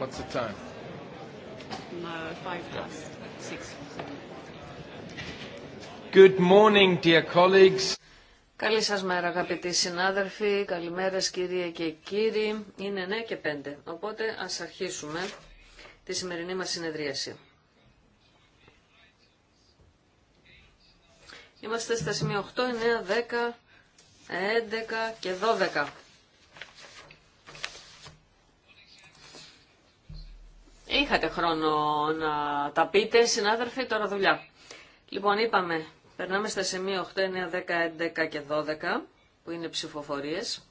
What's the time? Good morning, dear colleagues. Καλή σας μέρα αγαπητοί συνάδελφοι, καλημέρες κυρίε και κύριοι. Είναι 9 ναι και 5, οπότε ας αρχίσουμε τη σημερινή μας συνεδρίαση. Είμαστε στα σημεία 8, 9, 10, 11 και 12. Είχατε χρόνο να τα πείτε, συνάδελφοι, τώρα δουλειά. Λοιπόν, είπαμε, περνάμε στα σημεία 8, 9, 10, 11 και 12, που είναι ψηφοφορίες.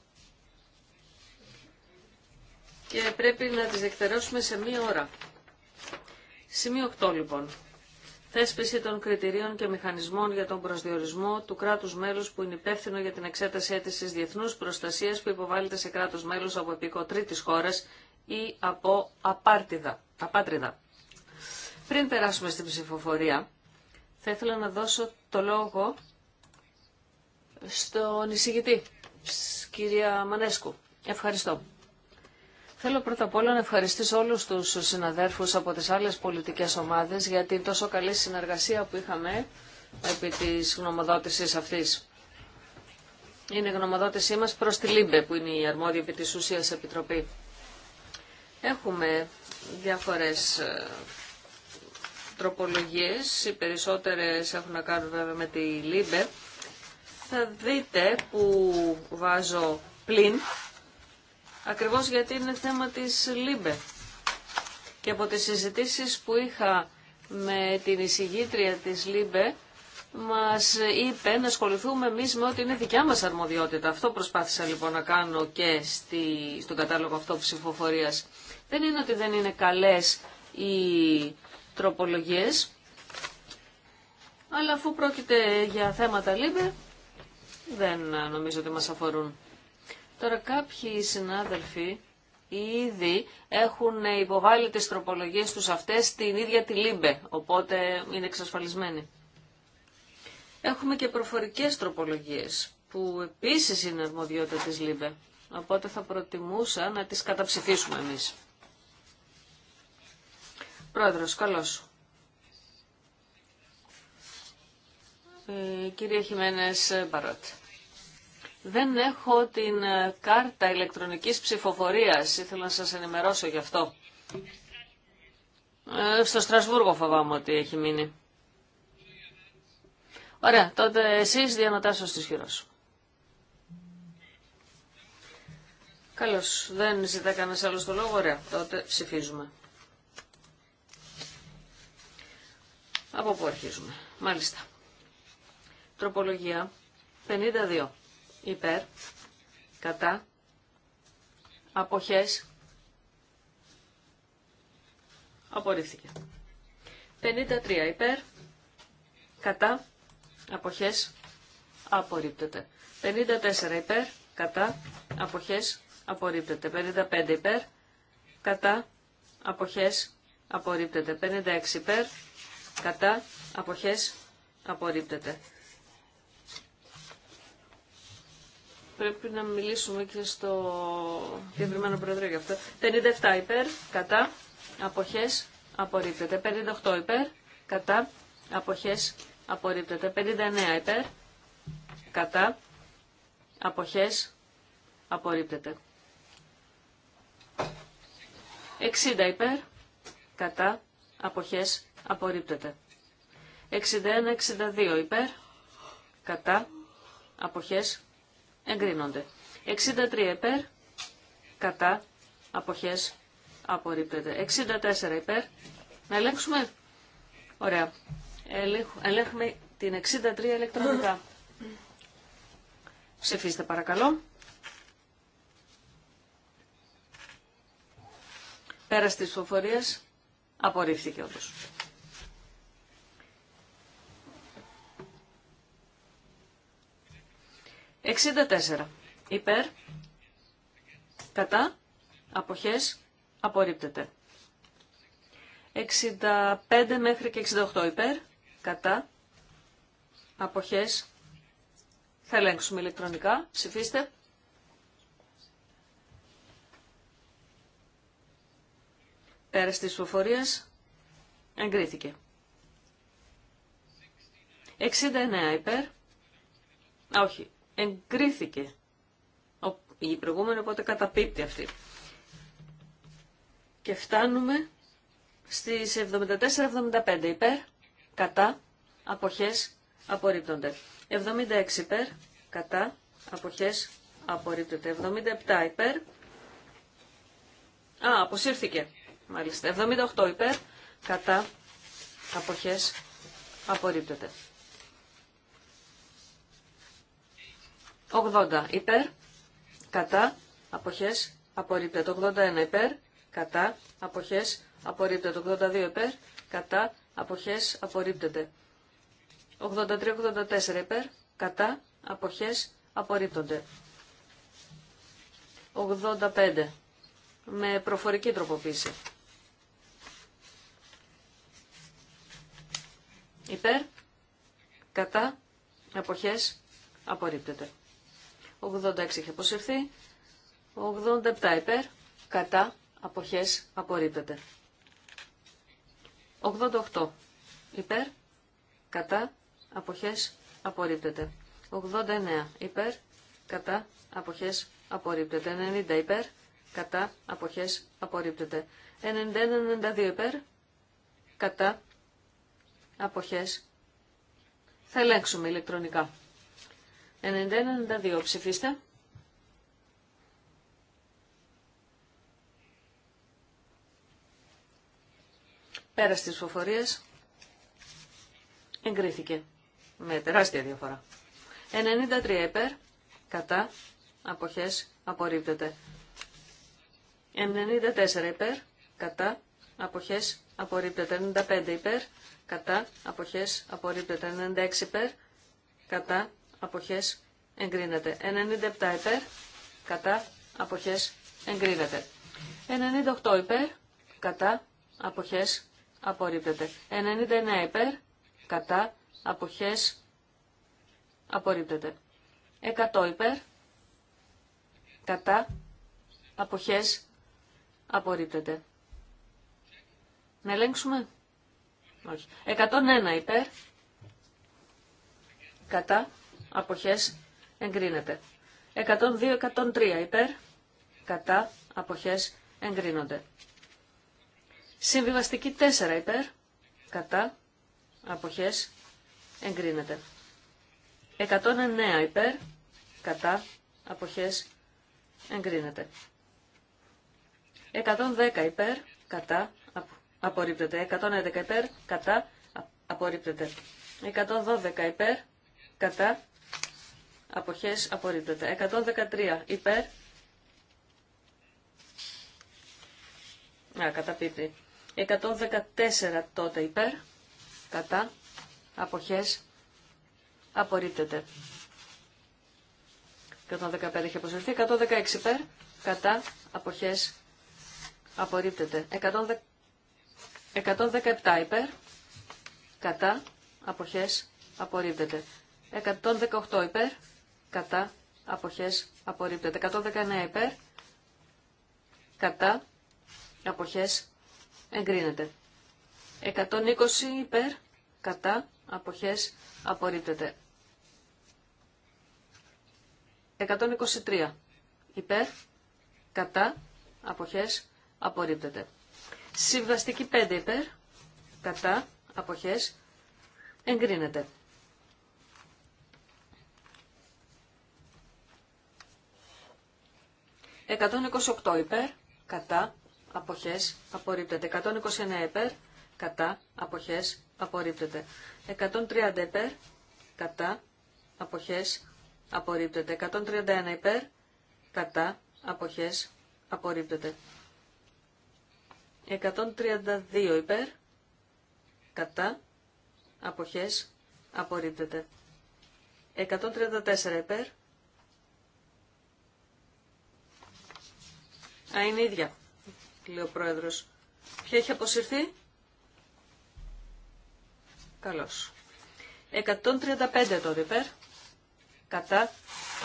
Και πρέπει να τις δεκτερώσουμε σε μία ώρα. Σημείο 8, λοιπόν. Θέσπιση των κριτηρίων και μηχανισμών για τον προσδιορισμό του κράτους μέλους που είναι υπεύθυνο για την εξέταση αίτηση διεθνού προστασία που υποβάλλεται σε κράτο μέλο από επίκο τρίτης χώρα ή από απάρτιδα τα Πάτρινα. Πριν περάσουμε στην ψηφοφορία, θα ήθελα να δώσω το λόγο στον εισηγητή, κυρία Μανέσκου. Ευχαριστώ. Θέλω πρώτα απ' όλα να ευχαριστήσω όλους τους συναδέρφους από τις άλλες πολιτικές ομάδες για την τόσο καλή συνεργασία που είχαμε επί της γνωμοδότησης αυτής. Είναι η γνωμοδότησή μας προς τη ΛΥΜΠΕ που είναι η αρμόδια επί της ουσίας επιτροπή. Έχουμε διάφορες ε, τροπολογίες, οι περισσότερες έχουν να κάνουν βέβαια με τη Λίμπε. Θα δείτε που βάζω πλην, ακριβώς γιατί είναι θέμα της Λίμπε. Και από τις συζητήσεις που είχα με την εισηγήτρια της Λίμπε, μας είπε να ασχοληθούμε εμεί με ό,τι είναι δικιά μας αρμοδιότητα. Αυτό προσπάθησα λοιπόν να κάνω και στη, στον κατάλογο αυτό ψηφοφορίας. Δεν είναι ότι δεν είναι καλές οι τροπολογίες, αλλά αφού πρόκειται για θέματα λίμπε, δεν νομίζω ότι μας αφορούν. Τώρα κάποιοι συνάδελφοι ήδη έχουν υποβάλει τις τροπολογίες τους αυτές στην ίδια τη λίμπε, οπότε είναι εξασφαλισμένοι. Έχουμε και προφορικές τροπολογίες, που επίσης είναι αρμοδιότητα της ΛΥΜΠΕ, οπότε θα προτιμούσα να τις καταψηφίσουμε εμείς. Πρόεδρος, καλώς. Κύριε Χιμένες Μπαρότ. Δεν έχω την ε, κάρτα ηλεκτρονικής ψηφοφορίας. Ήθελα να σας ενημερώσω γι' αυτό. Ε, στο Στρασβούργο φοβάμαι ότι έχει μείνει. Ωραία, τότε εσείς διανοτάσω στις χειρός. Καλώς, δεν ζητά κανένας άλλος το λόγο. Ωραία, τότε ψηφίζουμε. Από πού αρχίζουμε. Μάλιστα. Τροπολογία 52. Υπέρ. Κατά. Αποχές. Απορρίφθηκε. 53. Υπέρ. Κατά. Αποχές. Απορρίπτεται. 54. Υπέρ. Κατά. Αποχές. Απορρίπτεται. 55. Υπέρ. Κατά. Αποχές. Απορρίπτεται. 56. Υπέρ κατά, αποχές, απορρίπτεται. Πρέπει να μιλήσουμε και στο διευρυμένο πρόεδρο για αυτό. 57 υπέρ, κατά, αποχές, απορρίπτεται. 58 υπέρ, κατά, αποχές, απορρίπτεται. 59 υπέρ, κατά, αποχές, απορρίπτεται. 60 υπέρ, κατά, αποχές, Απορρίπτεται. 61-62 υπέρ. Κατά. Αποχές. Εγκρίνονται. 63 υπέρ. Κατά. Αποχές. Απορρίπτεται. 64 υπέρ. Να ελέγξουμε. Ωραία. Ελέγχουμε την 63 ηλεκτρονικά. Ψηφίστε παρακαλώ. Πέρα τη φοφορίες απορρίφθηκε όντως. 64. Υπέρ, κατά, αποχές, απορρίπτεται. 65 μέχρι και 68 υπέρ, κατά, αποχές, θα ελέγξουμε ηλεκτρονικά, ψηφίστε. Πέρας της ψηφοφορίας, εγκρίθηκε. 69 υπέρ, όχι, εγκρίθηκε η προηγούμενη, οπότε καταπίπτει αυτή. Και φτάνουμε στις 74-75 υπέρ, κατά, αποχές, απορρίπτονται. 76 υπέρ, κατά, αποχές, απορρίπτονται. 77 υπέρ, α, αποσύρθηκε, μάλιστα. 78 υπέρ, κατά, αποχές, απορρίπτονται. 80 υπέρ, κατά, αποχές, απορρίπτεται. 81 υπέρ, κατά, αποχές, απορρίπτεται. 82 υπέρ, κατά, αποχές, απορρίπτεται. 83-84 υπέρ, κατά, αποχές, απορρίπτονται. 85 με προφορική τροποποίηση. Υπέρ, κατά, αποχές, απορρίπτεται. 86 έχει αποσυρθεί. 87 υπέρ. Κατά. Αποχές απορρίπτεται. 88 υπέρ. Κατά. Αποχές απορρίπτεται. 89 υπέρ. Κατά. Αποχές απορρίπτεται. 90 υπέρ. Κατά. Αποχές απορρίπτεται. 91-92 υπέρ. Κατά. Αποχές. Θα ελέγξουμε ηλεκτρονικά. 91-92 ψηφίστε. Πέρα στις φοφορίες. εγκρίθηκε με τεράστια διαφορά. 93 υπέρ, κατά, αποχές, απορρίπτεται. 94 υπέρ, κατά, αποχές, απορρίπτεται. 95 υπέρ, κατά, αποχές, απορρίπτεται. 96 υπέρ, κατά, αποχές εγκρίνεται. 97 υπέρ, κατά, αποχές εγκρίνεται. 98 υπέρ, κατά, αποχές απορρίπτεται. 99 υπέρ, κατά, αποχές απορρίπτεται. 100 υπέρ, κατά, αποχές απορρίπτεται. Να ελέγξουμε. Όχι. 101 υπέρ, κατά, αποχές εγκρίνεται. 102-103 υπέρ, κατά, αποχές εγκρίνονται. Συμβιβαστική 4 υπέρ, κατά, αποχές εγκρίνεται. 109 υπέρ, κατά, αποχές εγκρίνεται. 110 υπέρ, κατά, απορρίπτεται. 111 υπέρ, κατά, απορρίπτεται. 112 υπέρ, κατά, Αποχές απορρίπτεται. 113 υπέρ. Α, καταπίτη. 114 τότε υπέρ. Κατά. Αποχές απορρίπτεται. 115 είχε αποσυρθεί. 116 υπέρ. Κατά. Αποχές απορρίπτεται. 117 υπέρ. Κατά. Αποχές απορρίπτεται. 118 υπέρ κατά, αποχές, απορρίπτεται. 119 υπέρ, κατά, αποχές, εγκρίνεται. 120 υπέρ, κατά, αποχές, απορρίπτεται. 123 υπέρ, κατά, αποχές, απορρίπτεται. Συμβαστική 5 υπέρ, κατά, αποχές, εγκρίνεται. 128 υπέρ, κατά, αποχές, απορρίπτεται. 129 υπέρ, κατά, αποχές, απορρίπτεται. 130 υπέρ, κατά, αποχές, απορρίπτεται. 131 υπέρ, κατά, αποχές, απορρίπτεται. 132 υπέρ, κατά, αποχές, απορρίπτεται. 134 υπέρ, Α, είναι ίδια, λέει ο πρόεδρος. Ποια έχει αποσυρθεί? Καλώς. 135 τότε υπέρ. Κατά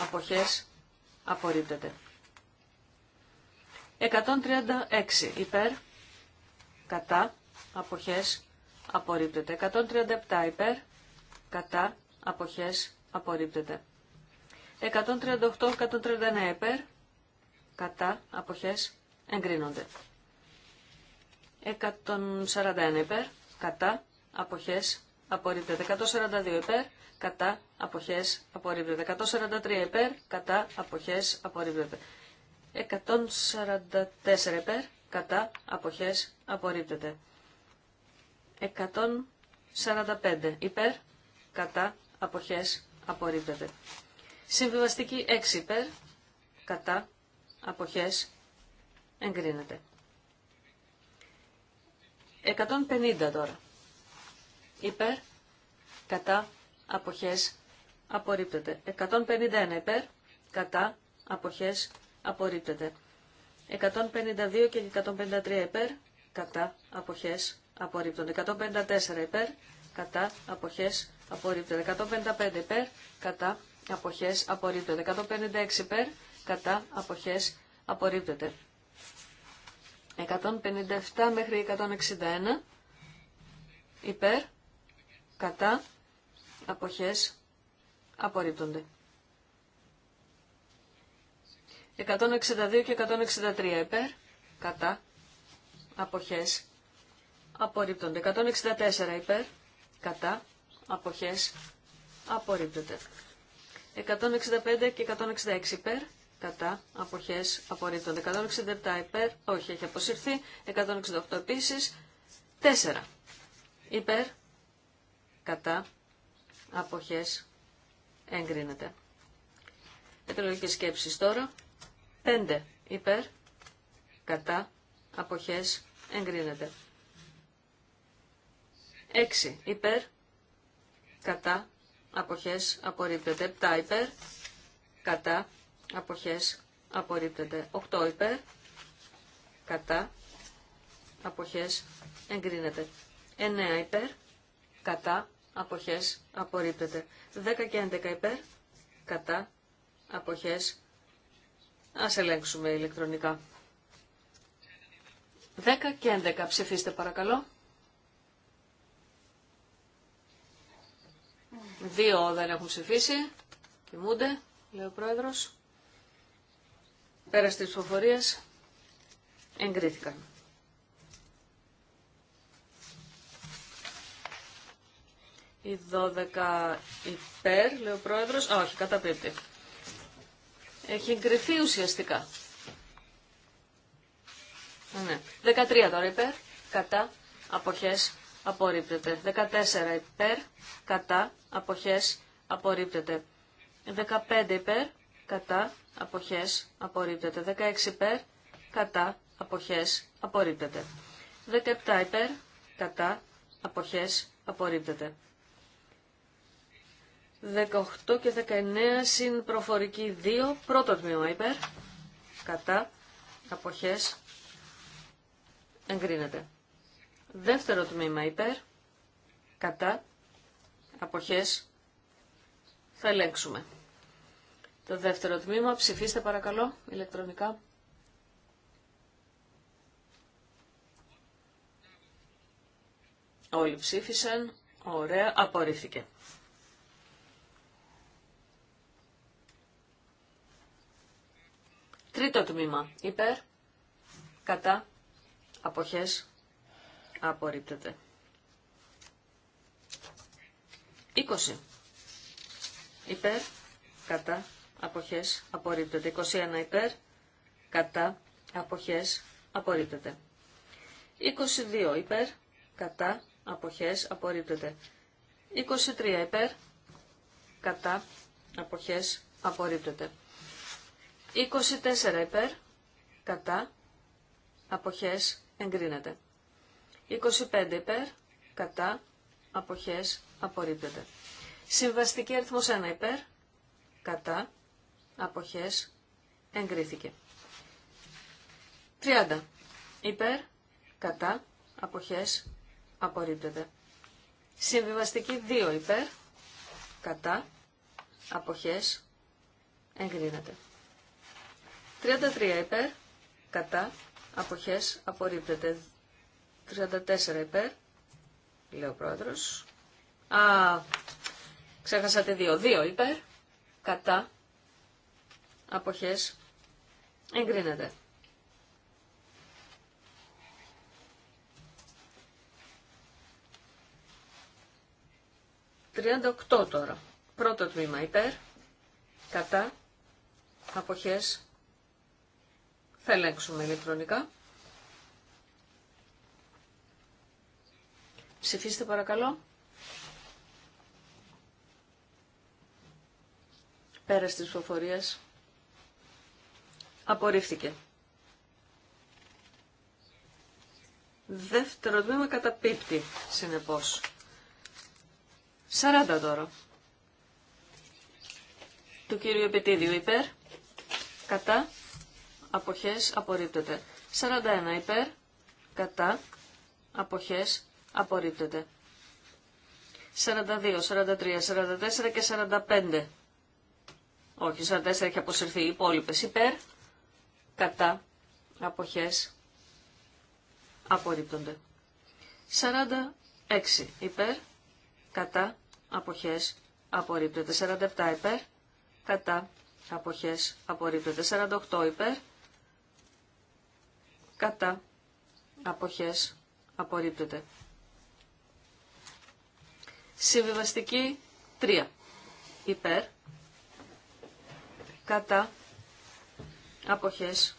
αποχές απορρίπτεται. 136 υπέρ. Κατά αποχές απορρίπτεται. 137 υπέρ. Κατά αποχές απορρίπτεται. 138-139 υπέρ κατά, αποχές, εγκρίνονται. 141 υπέρ, κατά, αποχές, απορρίπτεται. 142 υπέρ, κατά, αποχές, απορρίπτεται. 143 υπέρ, κατά, αποχές, απορρίπτεται. 144 υπέρ, κατά, αποχές, απορρίπτεται. 145 υπέρ, κατά, αποχές, απορρίπτεται. Συμβιβαστική 6 υπέρ, κατά, αποχές εγκρίνεται. 150 τώρα. Υπέρ, κατά, αποχές, απορρίπτεται. 151 υπέρ, κατά, αποχές, απορρίπτεται. 152 και 153 υπέρ, κατά, αποχές, απορρίπτονται. 154 υπέρ, κατά, αποχές, απορρίπτεται. 155 υπέρ, κατά, αποχές, απορρίπτονται. 156 υπέρ, κατά αποχές απορρίπτεται. 157 μέχρι 161 υπέρ κατά αποχές απορρίπτονται. 162 και 163 υπέρ κατά αποχές απορρίπτονται. 164 υπέρ κατά αποχές απορρίπτονται. 165 και 166 υπέρ κατά, αποχές, 167 υπέρ, όχι, έχει αποσυρθεί. 168 επίσης, 4 υπέρ, κατά, αποχές, εγκρίνεται. Μετρολογικές σκέψει τώρα. 5 υπέρ, κατά, αποχές, εγκρίνεται. 6 υπέρ, κατά, αποχές, απορρίπτεται. 7 υπέρ, κατά, αποχές απορρίπτεται. 8 υπέρ, κατά, αποχές εγκρίνεται. 9 υπέρ, κατά, αποχές απορρίπτεται. 10 και 11 υπέρ, κατά, αποχές Ας ελέγξουμε ηλεκτρονικά. 10 και 11 ψηφίστε παρακαλώ. Δύο δεν έχουν ψηφίσει. Κοιμούνται, λέει ο πρόεδρος. Πέρα στις ψηφοφορίες εγκρίθηκαν. Η 12 υπέρ, λέει ο πρόεδρος. Α, όχι, καταπίπτει. Έχει εγκριθεί ουσιαστικά. Ναι. 13 τώρα υπέρ, κατά, αποχές, απορρίπτεται. 14 υπέρ, κατά, αποχές, απορρίπτεται. 15 υπέρ, κατά, αποχές απορρίπτεται. 16 υπέρ, κατά, αποχές απορρίπτεται. 17 υπέρ, κατά, αποχές απορρίπτεται. 18 και 19 συν προφορική 2, πρώτο τμήμα υπέρ, κατά, αποχές εγκρίνεται. Δεύτερο τμήμα υπέρ, κατά, αποχές θα ελέγξουμε. Το δεύτερο τμήμα, ψηφίστε παρακαλώ ηλεκτρονικά. Όλοι ψήφισαν. Ωραία, απορρίφθηκε. Τρίτο τμήμα, υπέρ, κατά, αποχές, απορρίπτεται. 20. Υπέρ, κατά, αποχές απορρίπτεται. 21 υπέρ, κατά, αποχές απορρίπτεται. 22 υπέρ, κατά, αποχές απορρίπτεται. 23 υπέρ, κατά, αποχές απορρίπτεται. 24 υπέρ, κατά, αποχές εγκρίνεται. 25 υπέρ, κατά, αποχές απορρίπτεται. Συμβαστική αριθμός 1 υπέρ, κατά, αποχές εγκρίθηκε. 30. Υπέρ, κατά, αποχές απορρίπτεται. Συμβιβαστική 2 υπέρ, κατά, αποχές εγκρίνεται. 33 υπέρ, κατά, αποχές απορρίπτεται. 34 υπέρ, λέει ο πρόεδρος. Α, ξέχασατε 2. 2 υπέρ, κατά, αποχές εγκρίνεται. Τριάντα τώρα. Πρώτο τμήμα υπέρ, κατά, αποχές, θα ελέγξουμε ηλεκτρονικά. Ψηφίστε παρακαλώ. Πέρα της προφορίας Απορρίφθηκε. Δεύτερο τμήμα καταπίπτει, συνεπώς. 40 τώρα. Το κύριου Επιτίδιου υπέρ, κατά, αποχές, απορρίπτεται. 41 υπέρ, κατά, αποχές, απορρίπτεται. 42, 43, 44 και 45. Όχι, 44 έχει αποσυρθεί. Οι υπόλοιπε υπέρ, κατά αποχές απορρίπτονται. 46 υπέρ κατά αποχές Απορρίπτονται. 47 υπέρ κατά αποχές Απορρίπτονται. 48 υπέρ κατά αποχές Απορρίπτονται. Συμβιβαστική 3 υπέρ κατά αποχές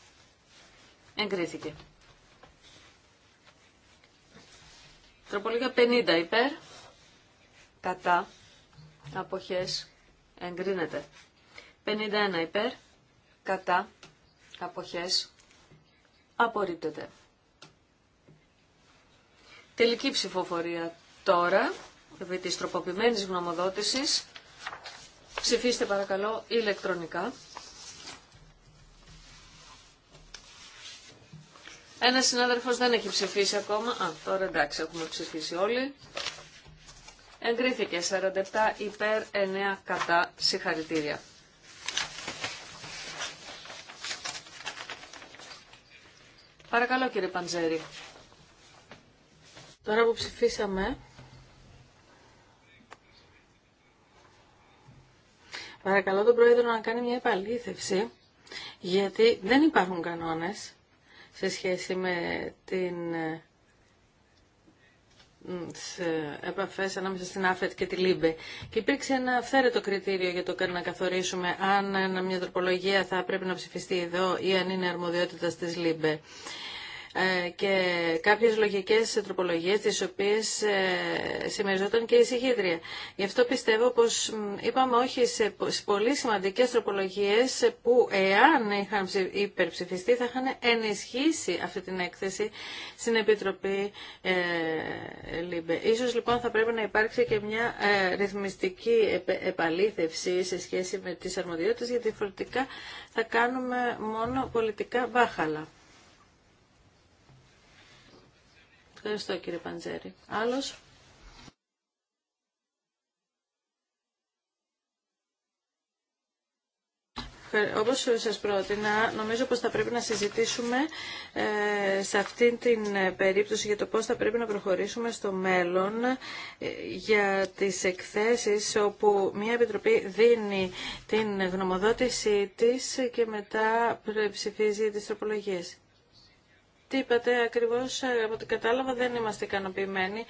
εγκρίθηκε. Τροπολογία 50 υπέρ, κατά, αποχές εγκρίνεται. 51 υπέρ, κατά, αποχές απορρίπτεται. Τελική ψηφοφορία τώρα, επί της τροποποιημένης γνωμοδότησης. Ψηφίστε παρακαλώ ηλεκτρονικά. Ένα συνάδελφο δεν έχει ψηφίσει ακόμα. Α, τώρα εντάξει, έχουμε ψηφίσει όλοι. Εγκρίθηκε 47 υπέρ 9 κατά συγχαρητήρια. Παρακαλώ κύριε Παντζέρη. Τώρα που ψηφίσαμε, παρακαλώ τον Πρόεδρο να κάνει μια επαλήθευση, γιατί δεν υπάρχουν κανόνες σε σχέση με την ε, επαφέ ανάμεσα στην ΑΦΕΤ και τη ΛΥΜΠΕ. Και υπήρξε ένα αυθαίρετο κριτήριο για το να καθορίσουμε αν μια τροπολογία θα πρέπει να ψηφιστεί εδώ ή αν είναι αρμοδιότητα της ΛΥΜΠΕ. Ε, και κάποιες λογικές τροπολογίες τις οποίες ε, συμμεριζόταν και η συγχύτρια. Γι' αυτό πιστεύω πως είπαμε όχι σε πολύ σημαντικές τροπολογίες που εάν είχαν υπερψηφιστεί θα είχαν ενισχύσει αυτή την έκθεση στην Επιτροπή ε, ΛΥΜΠΕ. Ίσως λοιπόν θα πρέπει να υπάρξει και μια ρυθμιστική επαλήθευση σε σχέση με τις αρμοδιότητες γιατί φορτικά θα κάνουμε μόνο πολιτικά βάχαλα. Ευχαριστώ κύριε Παντζέρη. Άλλος. όπως σας πρότεινα, νομίζω πως θα πρέπει να συζητήσουμε ε, σε αυτήν την ε, περίπτωση για το πώς θα πρέπει να προχωρήσουμε στο μέλλον ε, για τις εκθέσεις όπου μια επιτροπή δίνει την γνωμοδότησή της και μετά ψηφίζει τις τροπολογίε. Τι είπατε ακριβώς, ε, από ό,τι κατάλαβα δεν είμαστε ικανοποιημένοι,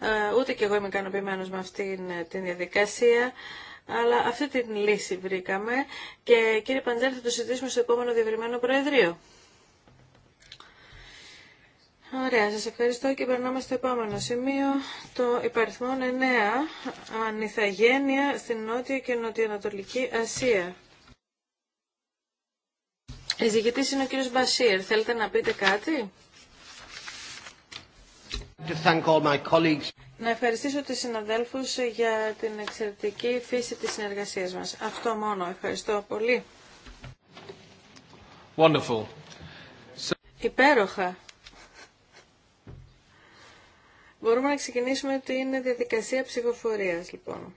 ε, ούτε κι εγώ είμαι ικανοποιημένο με αυτή ε, τη διαδικασία, αλλά αυτή την λύση βρήκαμε και κύριε Παντζέρ θα το συζητήσουμε στο επόμενο διευρυμένο Προεδρείο. Ωραία, σας ευχαριστώ και περνάμε στο επόμενο σημείο, το υπαριθμό 9, ανιθαγένεια στην Νότια και Νοτιοανατολική Ασία. Εισηγητή είναι ο κύριο Μπασίρ. Θέλετε να πείτε κάτι? Να ευχαριστήσω τους συναδέλφους για την εξαιρετική φύση της συνεργασίας μας. Αυτό μόνο. Ευχαριστώ πολύ. Wonderful. Υπέροχα. Μπορούμε να ξεκινήσουμε την διαδικασία ψηφοφορίας, λοιπόν.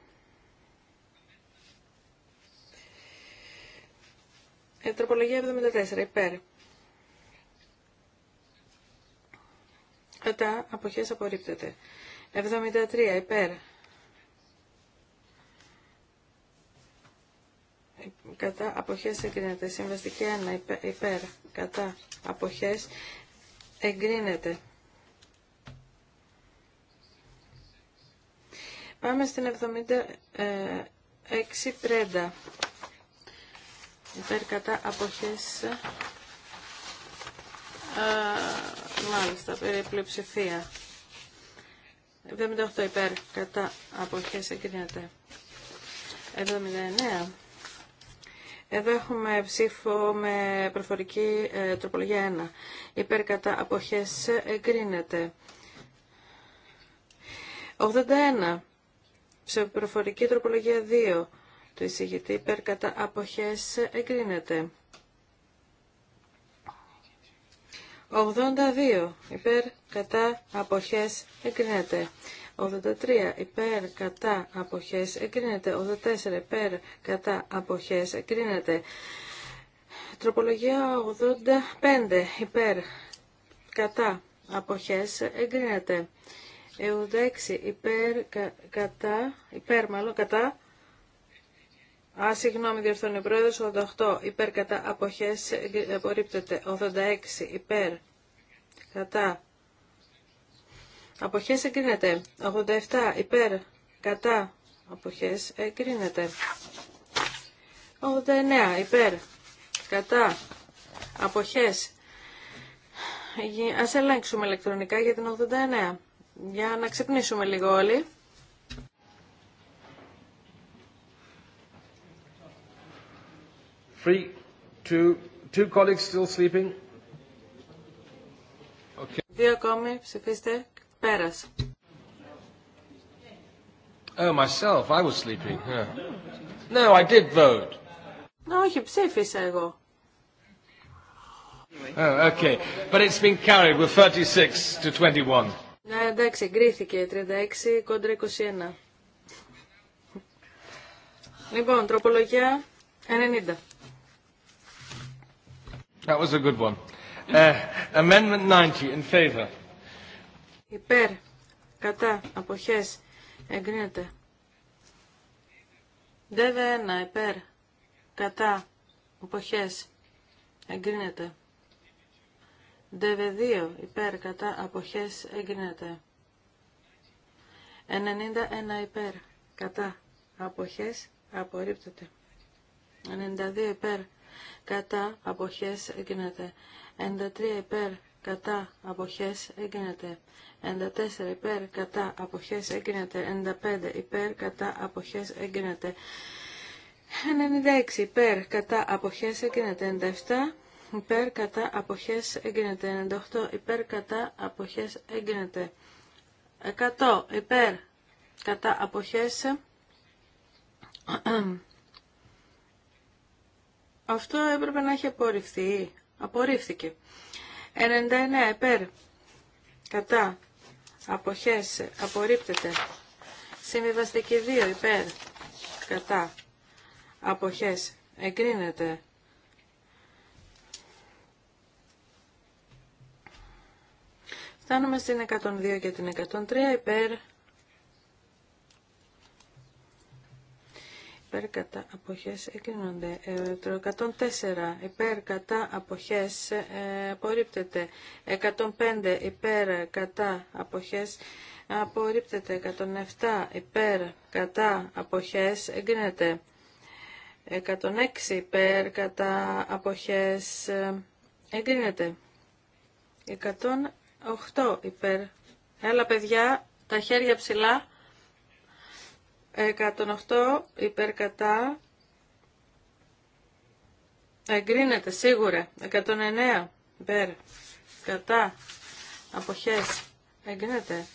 Ε, τροπολογία 74. Υπέρ. Κατά αποχές απορρίπτεται. 73. Υπέρ. Ε, κατά αποχές εγκρίνεται. Συμβαστική 1. Υπέρ. Κατά αποχές εγκρίνεται. Πάμε στην 76 ε, πρέντα. Υπέρκατα. κατά αποχές Α, μάλιστα, ε, πλειοψηφία. 78 υπέρ κατά αποχές εγκρίνεται. 79. Εδώ έχουμε ψήφο με προφορική ε, τροπολογία 1. Υπέρ κατά αποχές εγκρίνεται. 81. Ψευπροφορική τροπολογία 2. Το εισηγητή υπέρ κατά αποχές εγκρίνεται. 82 υπέρ κατά αποχές εγκρίνεται. 83 υπέρ κατά αποχές εγκρίνεται. 84 υπέρ κατά αποχές εγκρίνεται. Τροπολογία 85 υπέρ κατά αποχές εγκρίνεται. 86 υπέρ κα, κατά, υπέρ μάλλον κατά Α, συγγνώμη, διορθώνει ο πρόεδρος, 88 υπέρ κατά αποχές απορρίπτεται, 86 υπέρ κατά αποχές εγκρίνεται, 87 υπέρ κατά αποχές εγκρίνεται, 89 υπέρ κατά αποχές. Ας ελέγξουμε ηλεκτρονικά για την 89, για να ξυπνήσουμε λίγο όλοι. Three, two, two colleagues still sleeping. Okay. Δύο ακόμη ψηφίστε. Πέρας. Oh, myself, I was sleeping. Yeah. No, I did vote. No, Όχι, ψήφισα εγώ. Oh, okay. But it's been carried with 36 to 21. Ναι, εντάξει, εγκρίθηκε 36 κόντρα 21. Λοιπόν, τροπολογία 90. That was a good one. Uh, amendment 90 in favor. Υπέρ, κατά, αποχές, εγκρίνεται. Δεύε 1, υπέρ, κατά, αποχές, εγκρίνεται. Δεύε 2, υπέρ, κατά, αποχές, εγκρίνεται. 91 υπέρ, κατά, αποχές, απορρίπτεται. 92 υπέρ, κατά αποχές εγκρίνεται. 93 υπέρ κατά αποχές εγκρίνεται. 94 υπέρ κατά αποχές εγκρίνεται. 95 υπέρ κατά αποχές εγκρίνεται. 96 υπέρ κατά αποχές εγκρίνεται. 97 υπέρ κατά αποχές εγκρίνεται. 98 υπέρ κατά αποχές εγκρίνεται. 100 υπέρ κατά αποχές αυτό έπρεπε να έχει απορριφθεί. Απορρίφθηκε. 99 επέρ, Κατά. Αποχές. Απορρίπτεται. Συμβιβαστική 2 υπέρ. Κατά. Αποχές. Εγκρίνεται. Φτάνουμε στην 102 και την 103 υπέρ υπέρ κατά αποχές εγκρίνονται. Ε, το 104 υπέρ κατά αποχές ε, απορρίπτεται. 105 υπέρ κατά αποχές απορρίπτεται. 107 υπέρ κατά αποχές εγκρίνεται. 106 υπέρ κατά αποχές ε, εγκρίνεται. 108 υπέρ. Έλα παιδιά, τα χέρια ψηλά. 108 υπέρ κατά. Εγκρίνεται σίγουρα. 109 υπέρ κατά. Αποχές. Εγκρίνεται.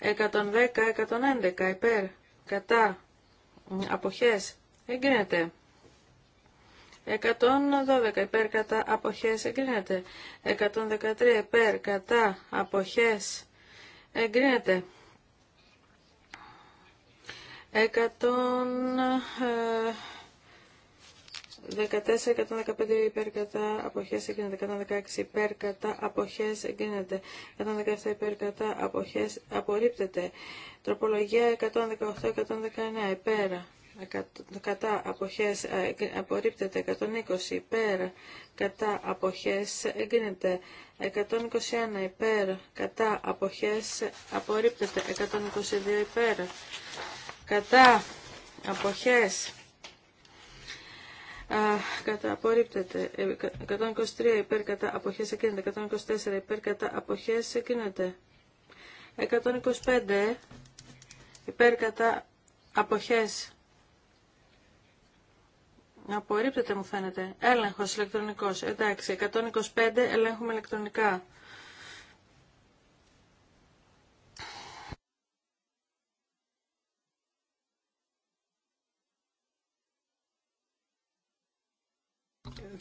110-111 υπέρ κατά. Αποχές. Εγκρίνεται. 112 υπέρ κατά αποχές εγκρίνεται. 113 υπέρ κατά αποχές εγκρίνεται. 114-115 ε, υπέρ κατά αποχές εγκρίνεται, 116 υπέρ κατά αποχές εγκρίνεται, 117 υπέρ κατά αποχές απορρίπτεται. Τροπολογία 118-119 ε, υπέρ κατά αποχές απορρίπτεται 120 υπέρ κατά αποχές εγκρίνεται 121 υπέρ κατά αποχές απορρίπτεται 122 υπέρ κατά αποχές κατά απορρίπτεται 123 ε, υπέρ κατά αποχές εκείνεται 124 υπέρ κατά αποχές εκείνεται 125 υπέρ κατά αποχές απορρίπτεται μου φαίνεται έλεγχος ηλεκτρονικός εντάξει 125 ελέγχουμε ηλεκτρονικά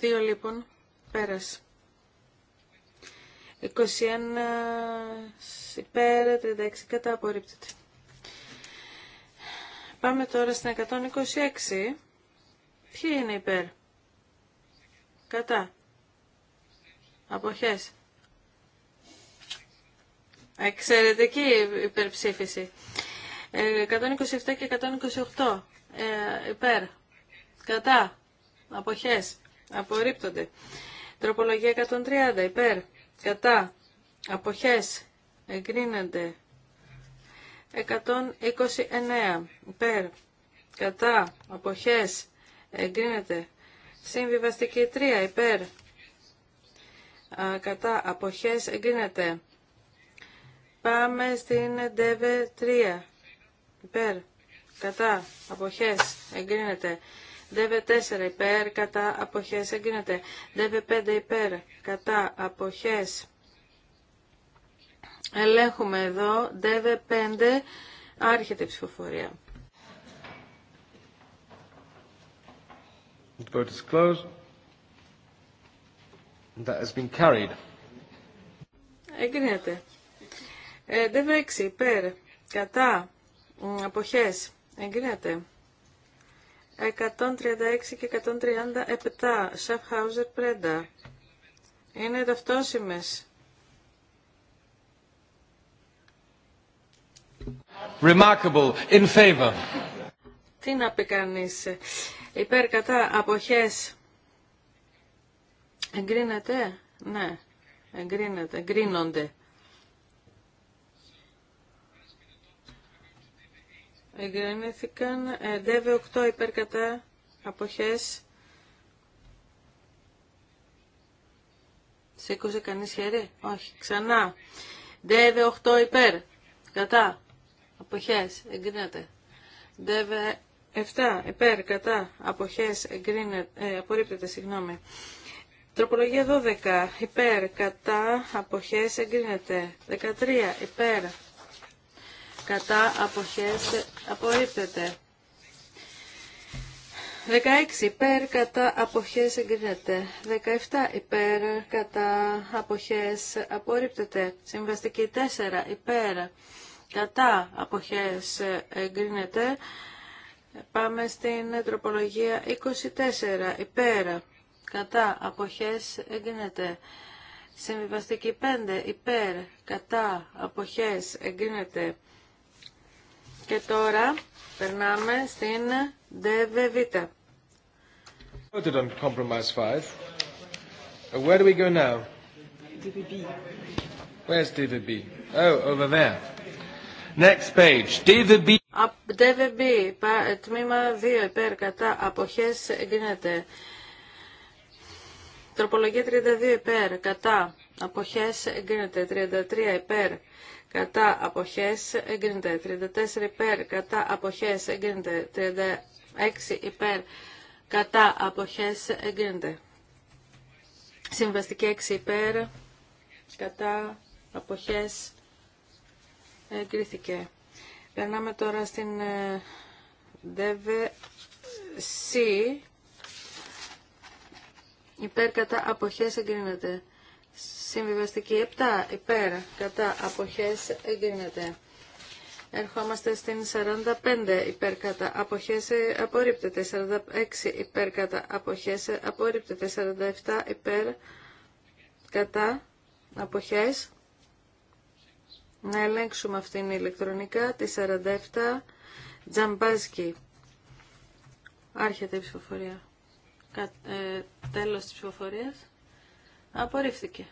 Δύο λοιπόν πέρασε. 21 υπέρ, 36 κατά απορρίπτεται. Πάμε τώρα στην 126. Ποιοι είναι υπέρ. Κατά. Αποχές. Εξαιρετική υπερψήφιση. 127 ε, και 128. Ε, υπέρ. Κατά. Αποχές απορρίπτονται. Τροπολογία 130 υπέρ, κατά, αποχές, εγκρίνεται. 129 υπέρ, κατά, αποχές, εγκρίνεται. Συμβιβαστική 3 υπέρ, κατά, αποχές, εγκρίνεται. Πάμε στην ΔΕΒΕ 3 υπέρ, κατά, αποχές, εγκρίνεται. ΔΕΒΕ 4 υπέρ κατά αποχές εγκρινεται ΔΕΒΕ DV5 υπέρ κατά αποχές ελέγχουμε ΔΕΒΕ DV5 άρχεται η ψηφοφορία. The vote is closed. That has been carried. Εγκρίνεται. Ε, 6 υπέρ κατά αποχές εγκρίνεται. 136 και 137, Σαφχάουζερ Πρέντα. Είναι ταυτόσιμες. Remarkable, in favor. Τι να πει κανείς. Υπέρ κατά αποχές. Εγκρίνεται. Ναι. Εγκρίνεται. Εγκρίνονται. εγκρίνηθηκαν. Ε, ΔΕΒΕ 8 υπέρ κατά αποχές. Σήκωσε κανείς χέρι. Όχι. Ξανά. ΔΕΒΕ 8 υπέρ κατά αποχές. Εγκρίνεται. ΔΕΒΕ 7 ε, υπέρ κατά αποχές. Εγκρίνεται. απορρίπτεται. Συγγνώμη. Τροπολογία 12. Υπέρ, κατά, αποχές, εγκρίνεται. 13. Υπέρ, κατά αποχές απορρίπτεται. 16 υπέρ κατά αποχές εγκρίνεται. 17 υπέρ κατά αποχές απορρίπτεται. Συμβαστική 4 υπέρ κατά αποχές εγκρίνεται. Πάμε στην τροπολογία 24 υπέρ κατά αποχές εγκρίνεται. Συμβιβαστική 5 υπέρ κατά αποχές εγκρίνεται. Και τώρα περνάμε στην ΔΒΒ. Voted on compromise 5. Uh, where do we go now? DVB. Where's DVB? Oh, over there. Next page. DVB. DVB. Τμήμα 2 υπέρ κατά αποχές εγκρίνεται. Τροπολογία 32 υπέρ κατά αποχές εγκρίνεται. 33 υπέρ κατά αποχές εγκρίνεται 34 υπέρ, κατά αποχές εγκρίνεται 36 υπέρ, κατά αποχές εγκρίνεται. Συμβαστική 6 υπέρ, κατά αποχές εγκρίθηκε. Περνάμε τώρα στην ε, ΔΕΒΕΣΥ. Υπέρ κατά αποχές εγκρίνεται. Συμβιβαστική 7 υπέρ κατά αποχές εγκρίνεται. Ερχόμαστε στην 45 υπέρ κατά αποχές ε, απορρίπτεται. 46 υπέρ κατά αποχές ε, απορρίπτεται. 47 υπέρ κατά αποχές. Να ελέγξουμε αυτήν ηλεκτρονικά τη 47 Τζαμπάσκι. Άρχεται η ψηφοφορία. Κα, ε, τέλος της ψηφοφορίας. Απορρίφθηκε.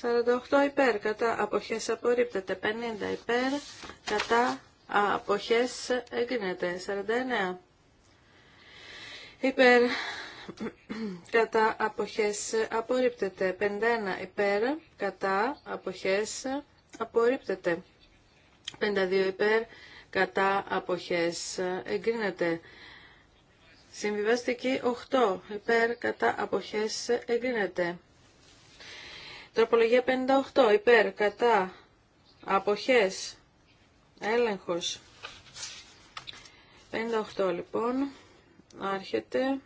48 υπέρ κατά αποχές απορρίπτεται. 50 υπέρ κατά αποχές εγκρίνεται. 49 υπέρ κατά αποχές απορρίπτεται. 51 υπέρ κατά αποχές απορρίπτεται. 52 υπέρ κατά αποχές εγκρίνεται. Συμβιβαστική 8 υπέρ κατά αποχές εγκρίνεται. Τροπολογία 58. Υπέρ. Κατά. Αποχές. Έλεγχος. 58 λοιπόν. Άρχεται.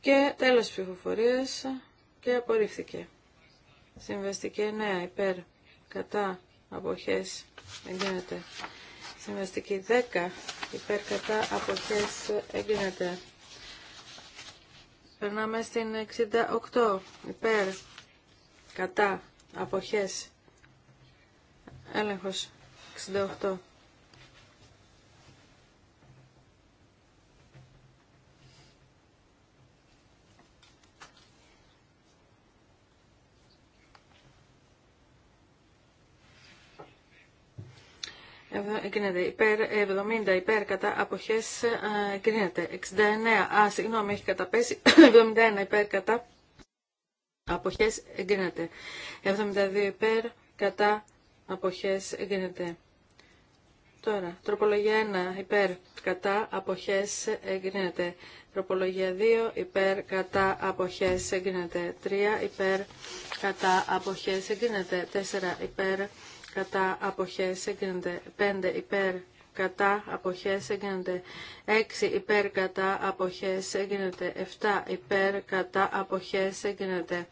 Και τέλος της ψηφοφορίας και απορρίφθηκε. Συμβαστική 9. Υπέρ. Κατά. Αποχές. Εγκρίνεται. Συμβαστική 10. Υπέρ. Κατά. Αποχές. Εγκρίνεται. Περνάμε στην 68. Υπέρ. Κατά. Αποχές. Έλεγχος. 68. Εγκρίνεται υπέρ 70 ε, ε, υπέρ κατά αποχές εγκρίνεται 69 α συγγνώμη έχει καταπέσει 71 υπέρ κατά αποχές εγκρίνεται 72 υπέρ κατά αποχές εγκρίνεται Τώρα, τροπολογία 1 υπέρ κατά αποχές εγκρίνεται. Τροπολογία 2 υπέρ κατά αποχές εγκρίνεται. 3 υπέρ κατά αποχές εγκρίνεται. 4 υπέρ κατά αποχές έγκρινται, 5 υπέρ κατά αποχές έγκρινται, 6 υπέρ κατά αποχές έγκρινται, 7 υπέρ κατά αποχές έγκρινται.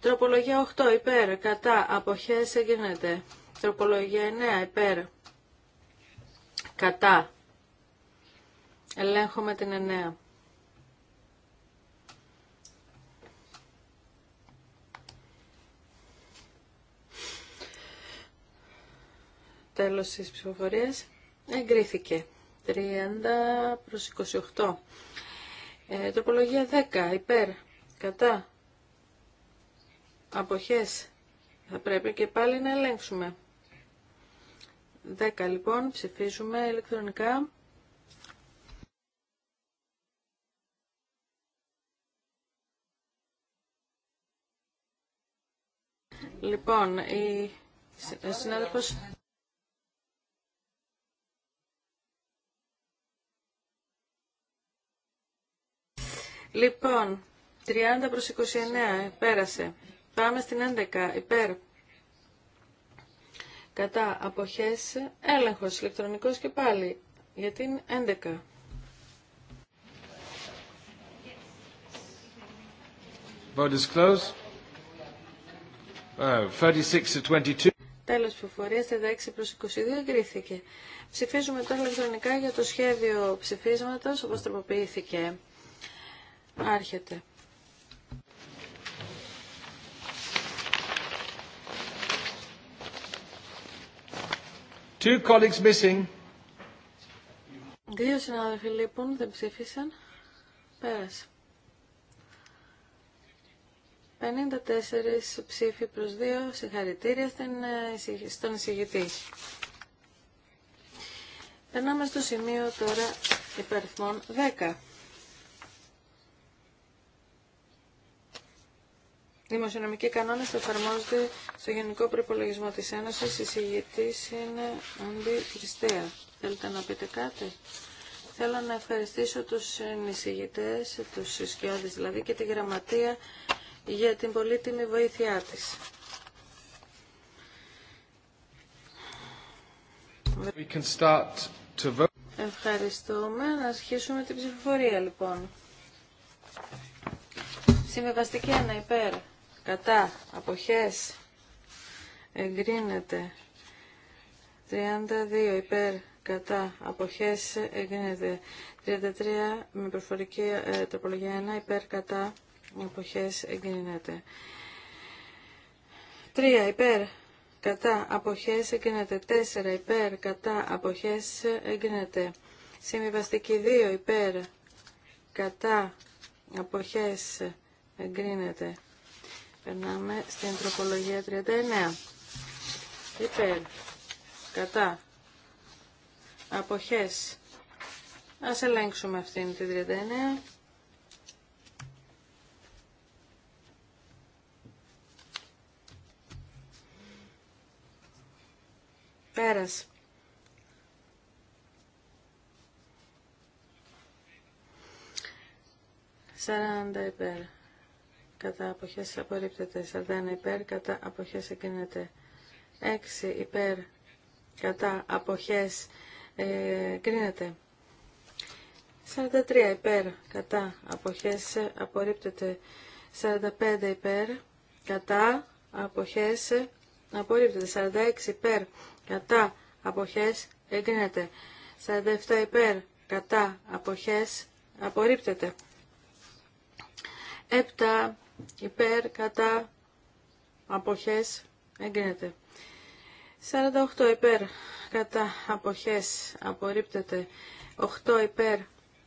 τροπολογία 8 υπέρ κατά αποχές έγκρινται, τροπολογία 9 υπέρ κατά ελέγχουμε την 9 Τέλος της ψηφοφορίας. Εγκρίθηκε. 30 προς 28. Ε, τροπολογία 10. Υπέρ. Κατά. Αποχές. Θα πρέπει και πάλι να ελέγξουμε. 10 λοιπόν. Ψηφίζουμε ηλεκτρονικά. Λοιπόν, η... συνάδελφος... Λοιπόν, 30 προς 29, πέρασε. Πάμε στην 11, υπέρ. Κατά αποχές, έλεγχος ηλεκτρονικός και πάλι για την 11. Vote is closed. Uh, 36 to 22. Τέλος ψηφοφορίας, 36 προς 22 εγκρίθηκε. Ψηφίζουμε τώρα ηλεκτρονικά για το σχέδιο ψηφίσματος, όπως τροποποιήθηκε. Άρχεται. Two colleagues missing. Δύο συνάδελφοι λοιπόν δεν ψήφισαν. Πέρασε. 54 ψήφοι προς 2. Συγχαρητήρια ε, στον εισηγητή. Περνάμε στο σημείο τώρα υπερθμών 10. δημοσιονομικοί κανόνες εφαρμόζονται στο Γενικό Προπολογισμό τη Ένωση. Η συγγετή είναι Άντι Χριστέα. Θέλετε να πείτε κάτι. Θέλω να ευχαριστήσω τους εισηγητές, του σκιώδες δηλαδή και τη γραμματεία για την πολύτιμη βοήθειά τη. Ευχαριστούμε. Να αρχίσουμε την ψηφοφορία λοιπόν. Συμβεβαστική ένα υπέρ κατά αποχές εγκρίνεται 32 υπέρ κατά αποχές εγκρίνεται 33 με προφορική ε, τροπολογία 1 υπέρ κατά αποχές εγκρίνεται 3 υπέρ κατά αποχές εγκρίνεται 4 υπέρ κατά αποχές εγκρίνεται συμβιβαστική 2 υπέρ κατά αποχές εγκρίνεται Περνάμε στην τροπολογία 39. Υπέρ. Κατά. Αποχές. Ας ελέγξουμε αυτήν την 39. Πέρας. Σαράντα υπέρ κατά αποχές απορρίπτεται. 41 υπέρ κατά αποχές εγκρίνεται. 6 ε, υπέρ κατά αποχές εγκρίνεται. 43 υπέρ κατά αποχές απορρίπτεται. 45 υπέρ κατά αποχές απορρίπτεται. 46 υπέρ κατά αποχές εγκρίνεται. 47 υπέρ κατά αποχές απορρίπτεται. 7 υπέρ κατά αποχές εγκρίνεται. 48 υπέρ κατά αποχές απορρίπτεται. 8 υπέρ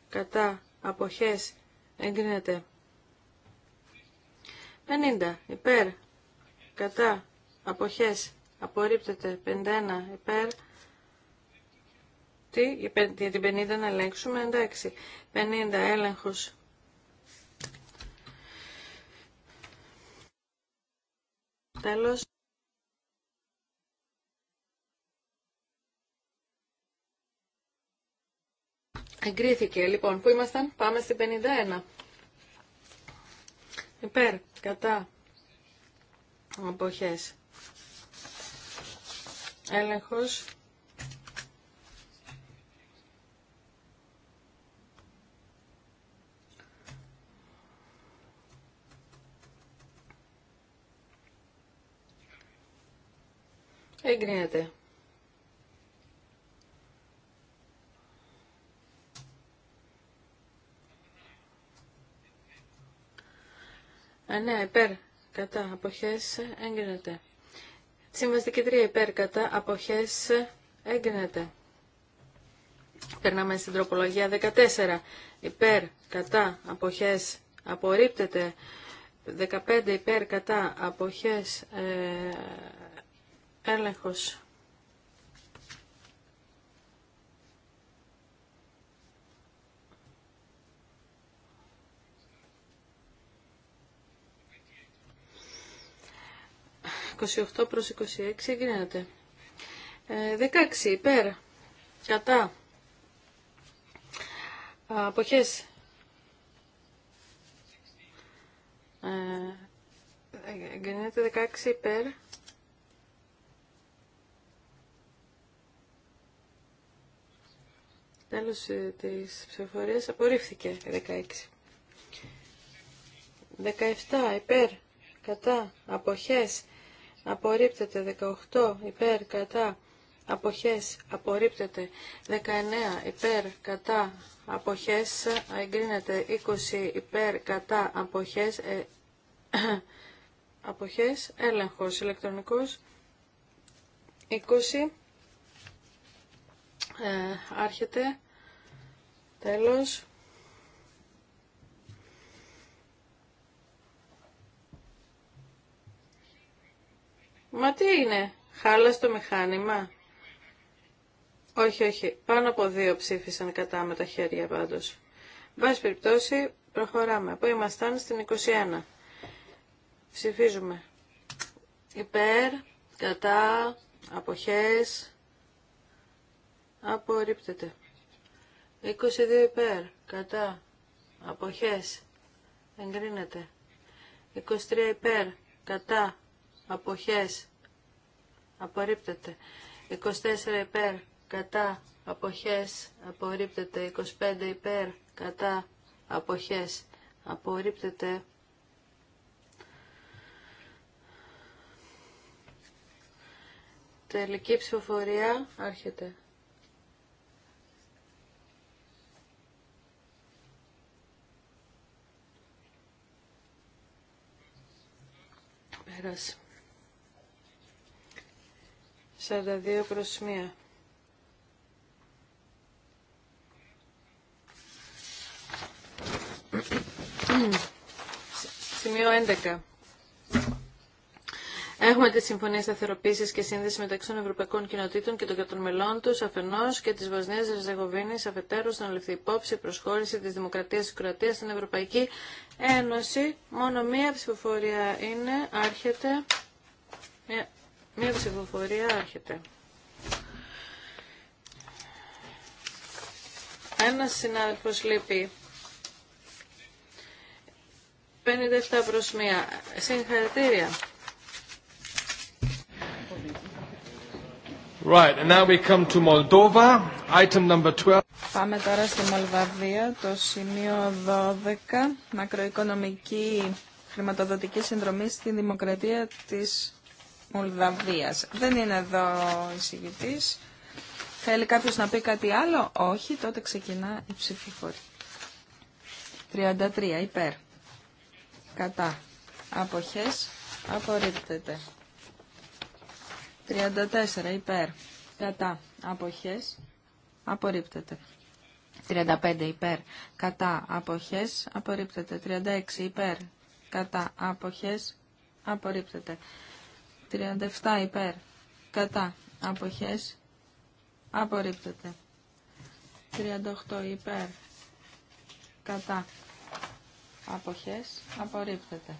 κατά αποχές εγκρίνεται. 50 υπέρ κατά αποχές απορρίπτεται. 51 υπέρ τι, για την 50 να ελέγξουμε, εντάξει. 50 έλεγχος Τέλος. Εγκρίθηκε. Λοιπόν, πού ήμασταν. Πάμε στην 51. Υπέρ. Κατά. Αποχές. Έλεγχος. Εγκρίνεται. ναι, υπέρ, κατά, αποχές, έγκρινεται. Συμβαστική 3 υπέρ, κατά, αποχές, έγκρινεται. Περνάμε στην τροπολογία 14. Υπέρ, κατά, αποχές, απορρίπτεται. 15 υπέρ, κατά, αποχές, ε, Έλεγχος. «28 προς 26 γίνεται 16 ε, υπέρ. Κατά. Αποχές. Ε, ε, γίνεται 16 υπέρ. Τέλος ε, της ψηφοφορίας απορρίφθηκε 16. 17 υπέρ κατά αποχές απορρίπτεται 18 υπέρ κατά αποχές απορρίπτεται 19 υπέρ κατά αποχές εγκρίνεται 20 υπέρ κατά αποχές ε, αποχές έλεγχος ηλεκτρονικός 20 ε, άρχεται, τέλος. Μα τι είναι, χάλα στο μηχάνημα. Όχι, όχι, πάνω από δύο ψήφισαν κατά με τα χέρια πάντως. Βάση περιπτώσει, προχωράμε. Πού ήμασταν στην 21. Ψηφίζουμε. Υπέρ, κατά, αποχές, απορρίπτεται. 22 υπέρ, κατά, αποχές, εγκρίνεται. 23 υπέρ, κατά, αποχές, απορρίπτεται. 24 υπέρ, κατά, αποχές, απορρίπτεται. 25 υπέρ, κατά, αποχές, απορρίπτεται. Τελική ψηφοφορία άρχεται. Πέρας. 42 προς 1. Σημείο 11. Έχουμε τη Συμφωνία Σταθεροποίηση και Σύνδεση μεταξύ των Ευρωπαϊκών Κοινοτήτων και των κρατών μελών του, αφενό και τη Βοσνία Ερζεγοβίνη, αφετέρου, στην ληφθεί υπόψη προσχώρηση τη Δημοκρατία τη Κροατία στην Ευρωπαϊκή Ένωση. Μόνο μία ψηφοφορία είναι, άρχεται. Μία, μία ψηφοφορία άρχεται. ενα συνάδελφο λείπει. 57 προς 1. Συγχαρητήρια. Right, to Moldova, item number 12. Πάμε τώρα στη Μολδαβία, το σημείο 12, μακροοικονομική χρηματοδοτική συνδρομή στη δημοκρατία της Μολδαβίας. Δεν είναι εδώ η Θέλει κάποιος να πει κάτι άλλο. Όχι, τότε ξεκινά η ψηφοφορία. 33 υπέρ. Κατά. Αποχές. Απορρίπτεται. 34 υπέρ. Κατά. Αποχές. Απορρίπτεται. 35 υπέρ. Κατά. Αποχές. Απορρίπτεται. 36 υπέρ. Κατά. Αποχές. Απορρίπτεται. 37 υπέρ. Κατά. Αποχές. Απορρίπτεται. 38 υπέρ. Κατά. Αποχές. Απορρίπτεται.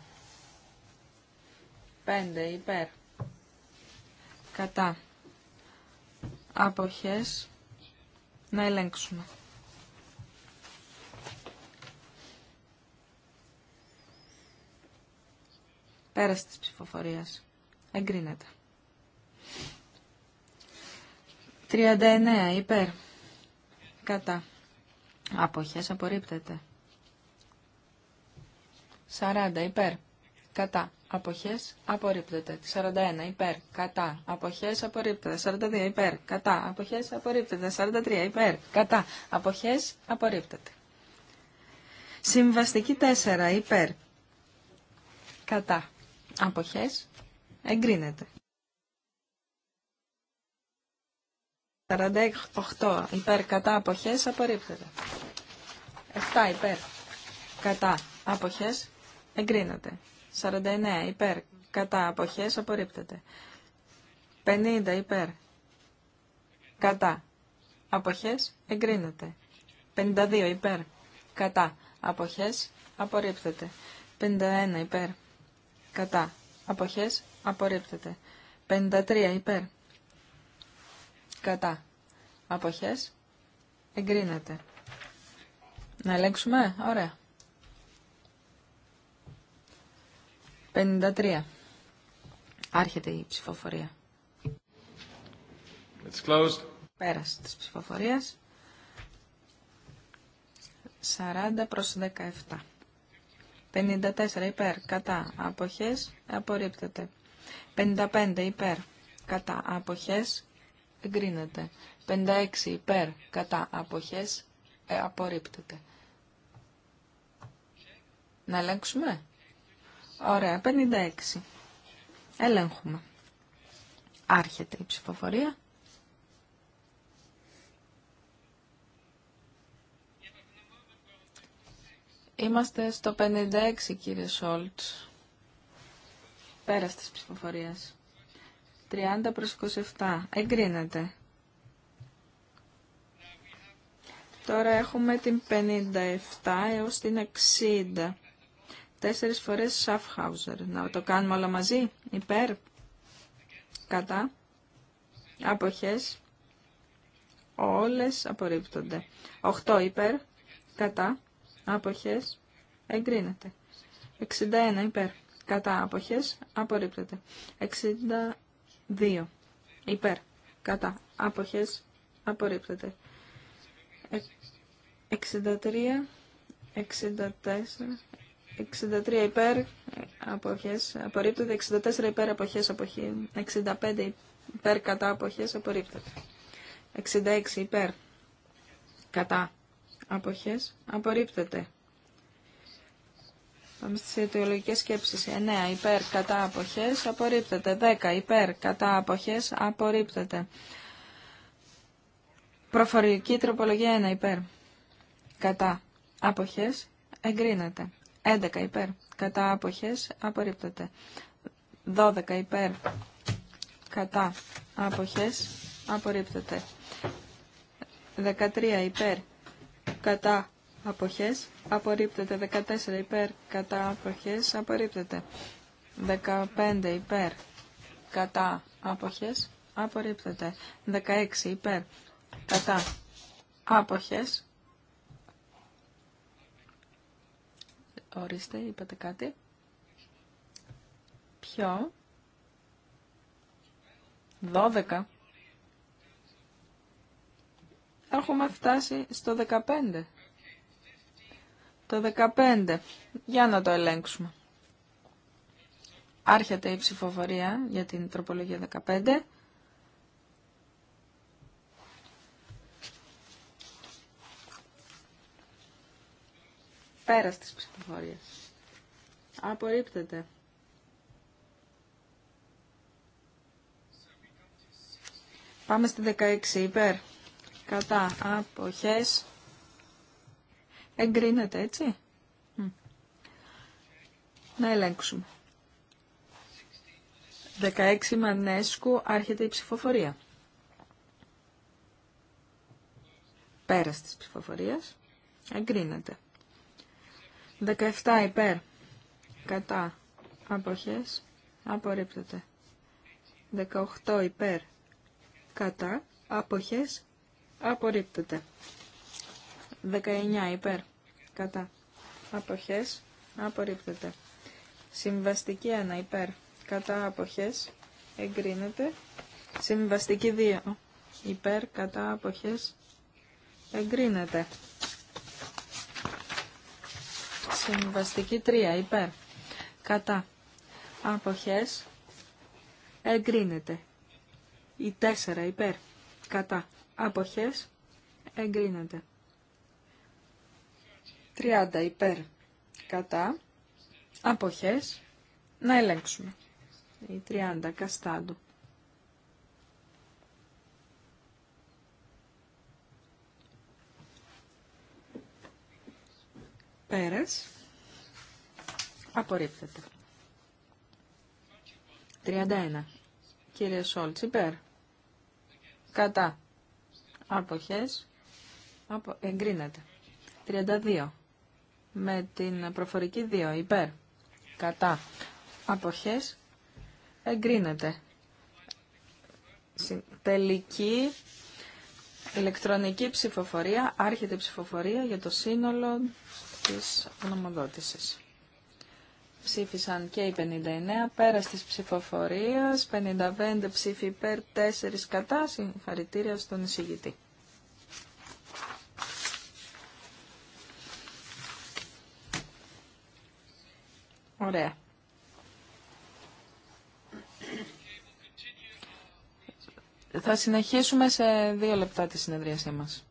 5 υπέρ κατά αποχές να ελέγξουμε. Πέρας της ψηφοφορίας. Εγκρίνεται. 39 υπέρ. Κατά. Αποχές απορρίπτεται. 40 υπέρ κατά, αποχές, απορρίπτεται. 41 υπέρ, κατά, αποχές, απορρίπτεται. 42 υπέρ, κατά, αποχές, απορρίπτεται. 43 υπέρ, κατά, αποχές, απορρίπτεται. Συμβαστική 4 υπέρ, κατά, αποχές, εγκρίνεται. 48 υπέρ, κατά, αποχές, απορρίπτεται. 7 υπέρ, κατά, αποχές, εγκρίνεται. 49 υπέρ. Κατά αποχές απορρίπτεται. 50 υπέρ. Κατά. Αποχές εγκρίνεται. 52 υπέρ. Κατά. Αποχές απορρίπτεται. 51 υπέρ. Κατά. Αποχές απορρίπτεται. 53 υπέρ. Κατά. Αποχές εγκρίνεται. Να ελέγξουμε. Ωραία. 53. Άρχεται η ψηφοφορία. It's closed. Πέρασε της ψηφοφορίας. 40 προς 17. 54 υπέρ, κατά, αποχές, απορρίπτεται. 55 υπέρ, κατά, αποχές, εγκρίνεται. 56 υπέρ, κατά, αποχές, ε, απορρίπτεται. Να ελέγξουμε. Ωραία, 56. Ελέγχουμε. Άρχεται η ψηφοφορία. Είμαστε στο 56, κύριε Σόλτ. Πέρα της ψηφοφορίας. 30 προς 27. Εγκρίνεται. Τώρα έχουμε την 57 έως την 60. Τέσσερις φορές Σαφχάουζερ. Να το κάνουμε όλα μαζί. Υπέρ. Κατά. Αποχές. Όλες απορρίπτονται. 8 υπέρ. Κατά. Αποχές. Εγκρίνεται. 61 υπέρ. Κατά. Αποχές. Απορρίπτεται. 62 υπέρ. Κατά. Αποχές. Απορρίπτεται. 63. 64. 63 υπέρ αποχές απορρίπτεται, 64 υπέρ αποχές αποχή, 65 υπέρ κατά αποχές απορρίπτεται, 66 υπέρ κατά αποχές απορρίπτεται. Πάμε στις αιτιολογικές σκέψεις. 9 υπέρ κατά αποχές απορρίπτεται, 10 υπέρ κατά αποχές απορρίπτεται. Προφορική τροπολογία 1 υπέρ κατά αποχές εγκρίνεται. 11 υπέρ. Κατά αποχές απορρίπτεται. 12 υπέρ. Κατά αποχές απορρίπτεται. 13 υπέρ. Κατά αποχές απορρίπτεται. 14 υπέρ. Κατά αποχές απορρίπτεται. 15 υπέρ. Κατά αποχές απορρίπτεται. 16 υπέρ. Κατά αποχές Ορίστε, είπατε κάτι. Ποιο. 12. Έχουμε φτάσει στο 15. Το 15. Για να το ελέγξουμε. Άρχεται η ψηφοφορία για την τροπολογία 15. πέρα τη ψηφοφορίας. Απορρίπτεται. Πάμε στη 16 υπέρ. Κατά αποχές. Εγκρίνεται έτσι. Να ελέγξουμε. 16 Μανέσκου άρχεται η ψηφοφορία. Πέρας της ψηφοφορίας εγκρίνεται. 17 υπέρ. Κατά. Αποχές. Απορρίπτεται. 18 υπέρ. Κατά. Αποχές. Απορρίπτεται. 19 υπέρ. Κατά. Αποχές. Απορρίπτεται. Συμβαστική 1 υπέρ. Κατά. Αποχές. Εγκρίνεται. Συμβαστική 2 υπέρ. Κατά. Αποχές. Εγκρίνεται. Συμβαστική 3 υπέρ. Κατά. Αποχές. Εγκρίνεται. Η 4 υπέρ. Κατά. Αποχές. Εγκρίνεται. 30 υπέρ. Κατά. Αποχές. Να ελέγξουμε. Η 30 καστάντου. Πέρας. Απορρίπτεται. 31. Κύριε Σόλτς, υπέρ. Κατά. Αποχές. Απο... Εγκρίνεται. 32. Με την προφορική 2. Υπέρ. Κατά. Αποχές. Εγκρίνεται. Τελική ηλεκτρονική ψηφοφορία. Άρχεται ψηφοφορία για το σύνολο της γνωμοδότησης. Ψήφισαν και οι 59 πέρα της ψηφοφορίας, 55 ψήφοι υπέρ, 4 κατά, συγχαρητήρια στον εισηγητή. Ωραία. Θα συνεχίσουμε σε δύο λεπτά τη συνεδρίασή μας.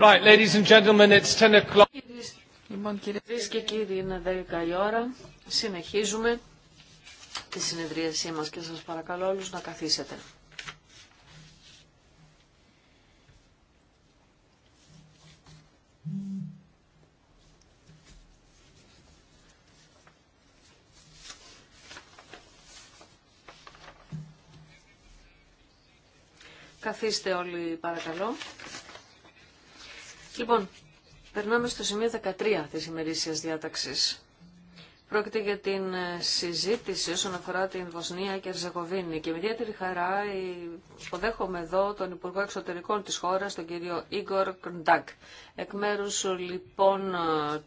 Right, ladies and gentlemen, it's 10 o'clock. Λοιπόν, κυρίες και κύριοι, είναι 10 η ώρα. Συνεχίζουμε τη συνεδρίασή μας και σας παρακαλώ όλους να καθίσετε. Καθίστε όλοι παρακαλώ. Λοιπόν, περνάμε στο σημείο 13 της ημερήσιας διάταξης. Πρόκειται για την ε, συζήτηση όσον αφορά την Βοσνία και Ερζεγοβίνη και με ιδιαίτερη χαρά ε, υποδέχομαι εδώ τον Υπουργό Εξωτερικών της χώρας, τον κύριο Ίγκορ Κντάκ. Εκ μέρους λοιπόν ε,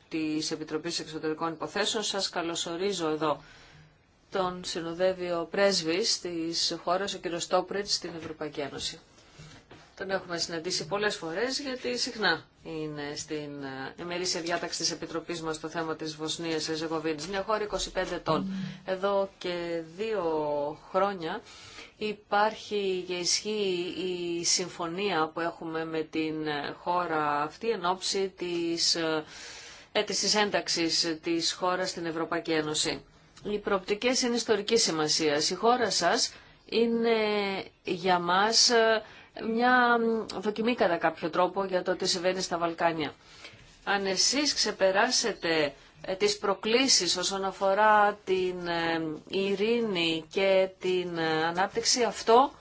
της Επιτροπής Εξωτερικών Υποθέσεων σας καλωσορίζω εδώ. Τον συνοδεύει ο πρέσβης της χώρας, ο κύριος Τόπριτς, στην Ευρωπαϊκή Ένωση. Τον έχουμε συναντήσει πολλέ φορέ γιατί συχνά είναι στην ε, ημερήσια διάταξη τη Επιτροπή μα το θέμα της Βοσνίας Ζεγοβίνη. Μια χώρα 25 ετών. Εδώ και δύο χρόνια υπάρχει και ισχύει η συμφωνία που έχουμε με την χώρα αυτή εν ώψη της ε, αίτηση ένταξη της χώρας στην Ευρωπαϊκή Ένωση. Οι προοπτικέ είναι ιστορική σημασία. Η χώρα σα είναι για μας ε, μια δοκιμή κατά κάποιο τρόπο για το τι συμβαίνει στα Βαλκάνια. Αν εσείς ξεπεράσετε ε, τις προκλήσεις όσον αφορά την ε, ειρήνη και την ε, ανάπτυξη, αυτό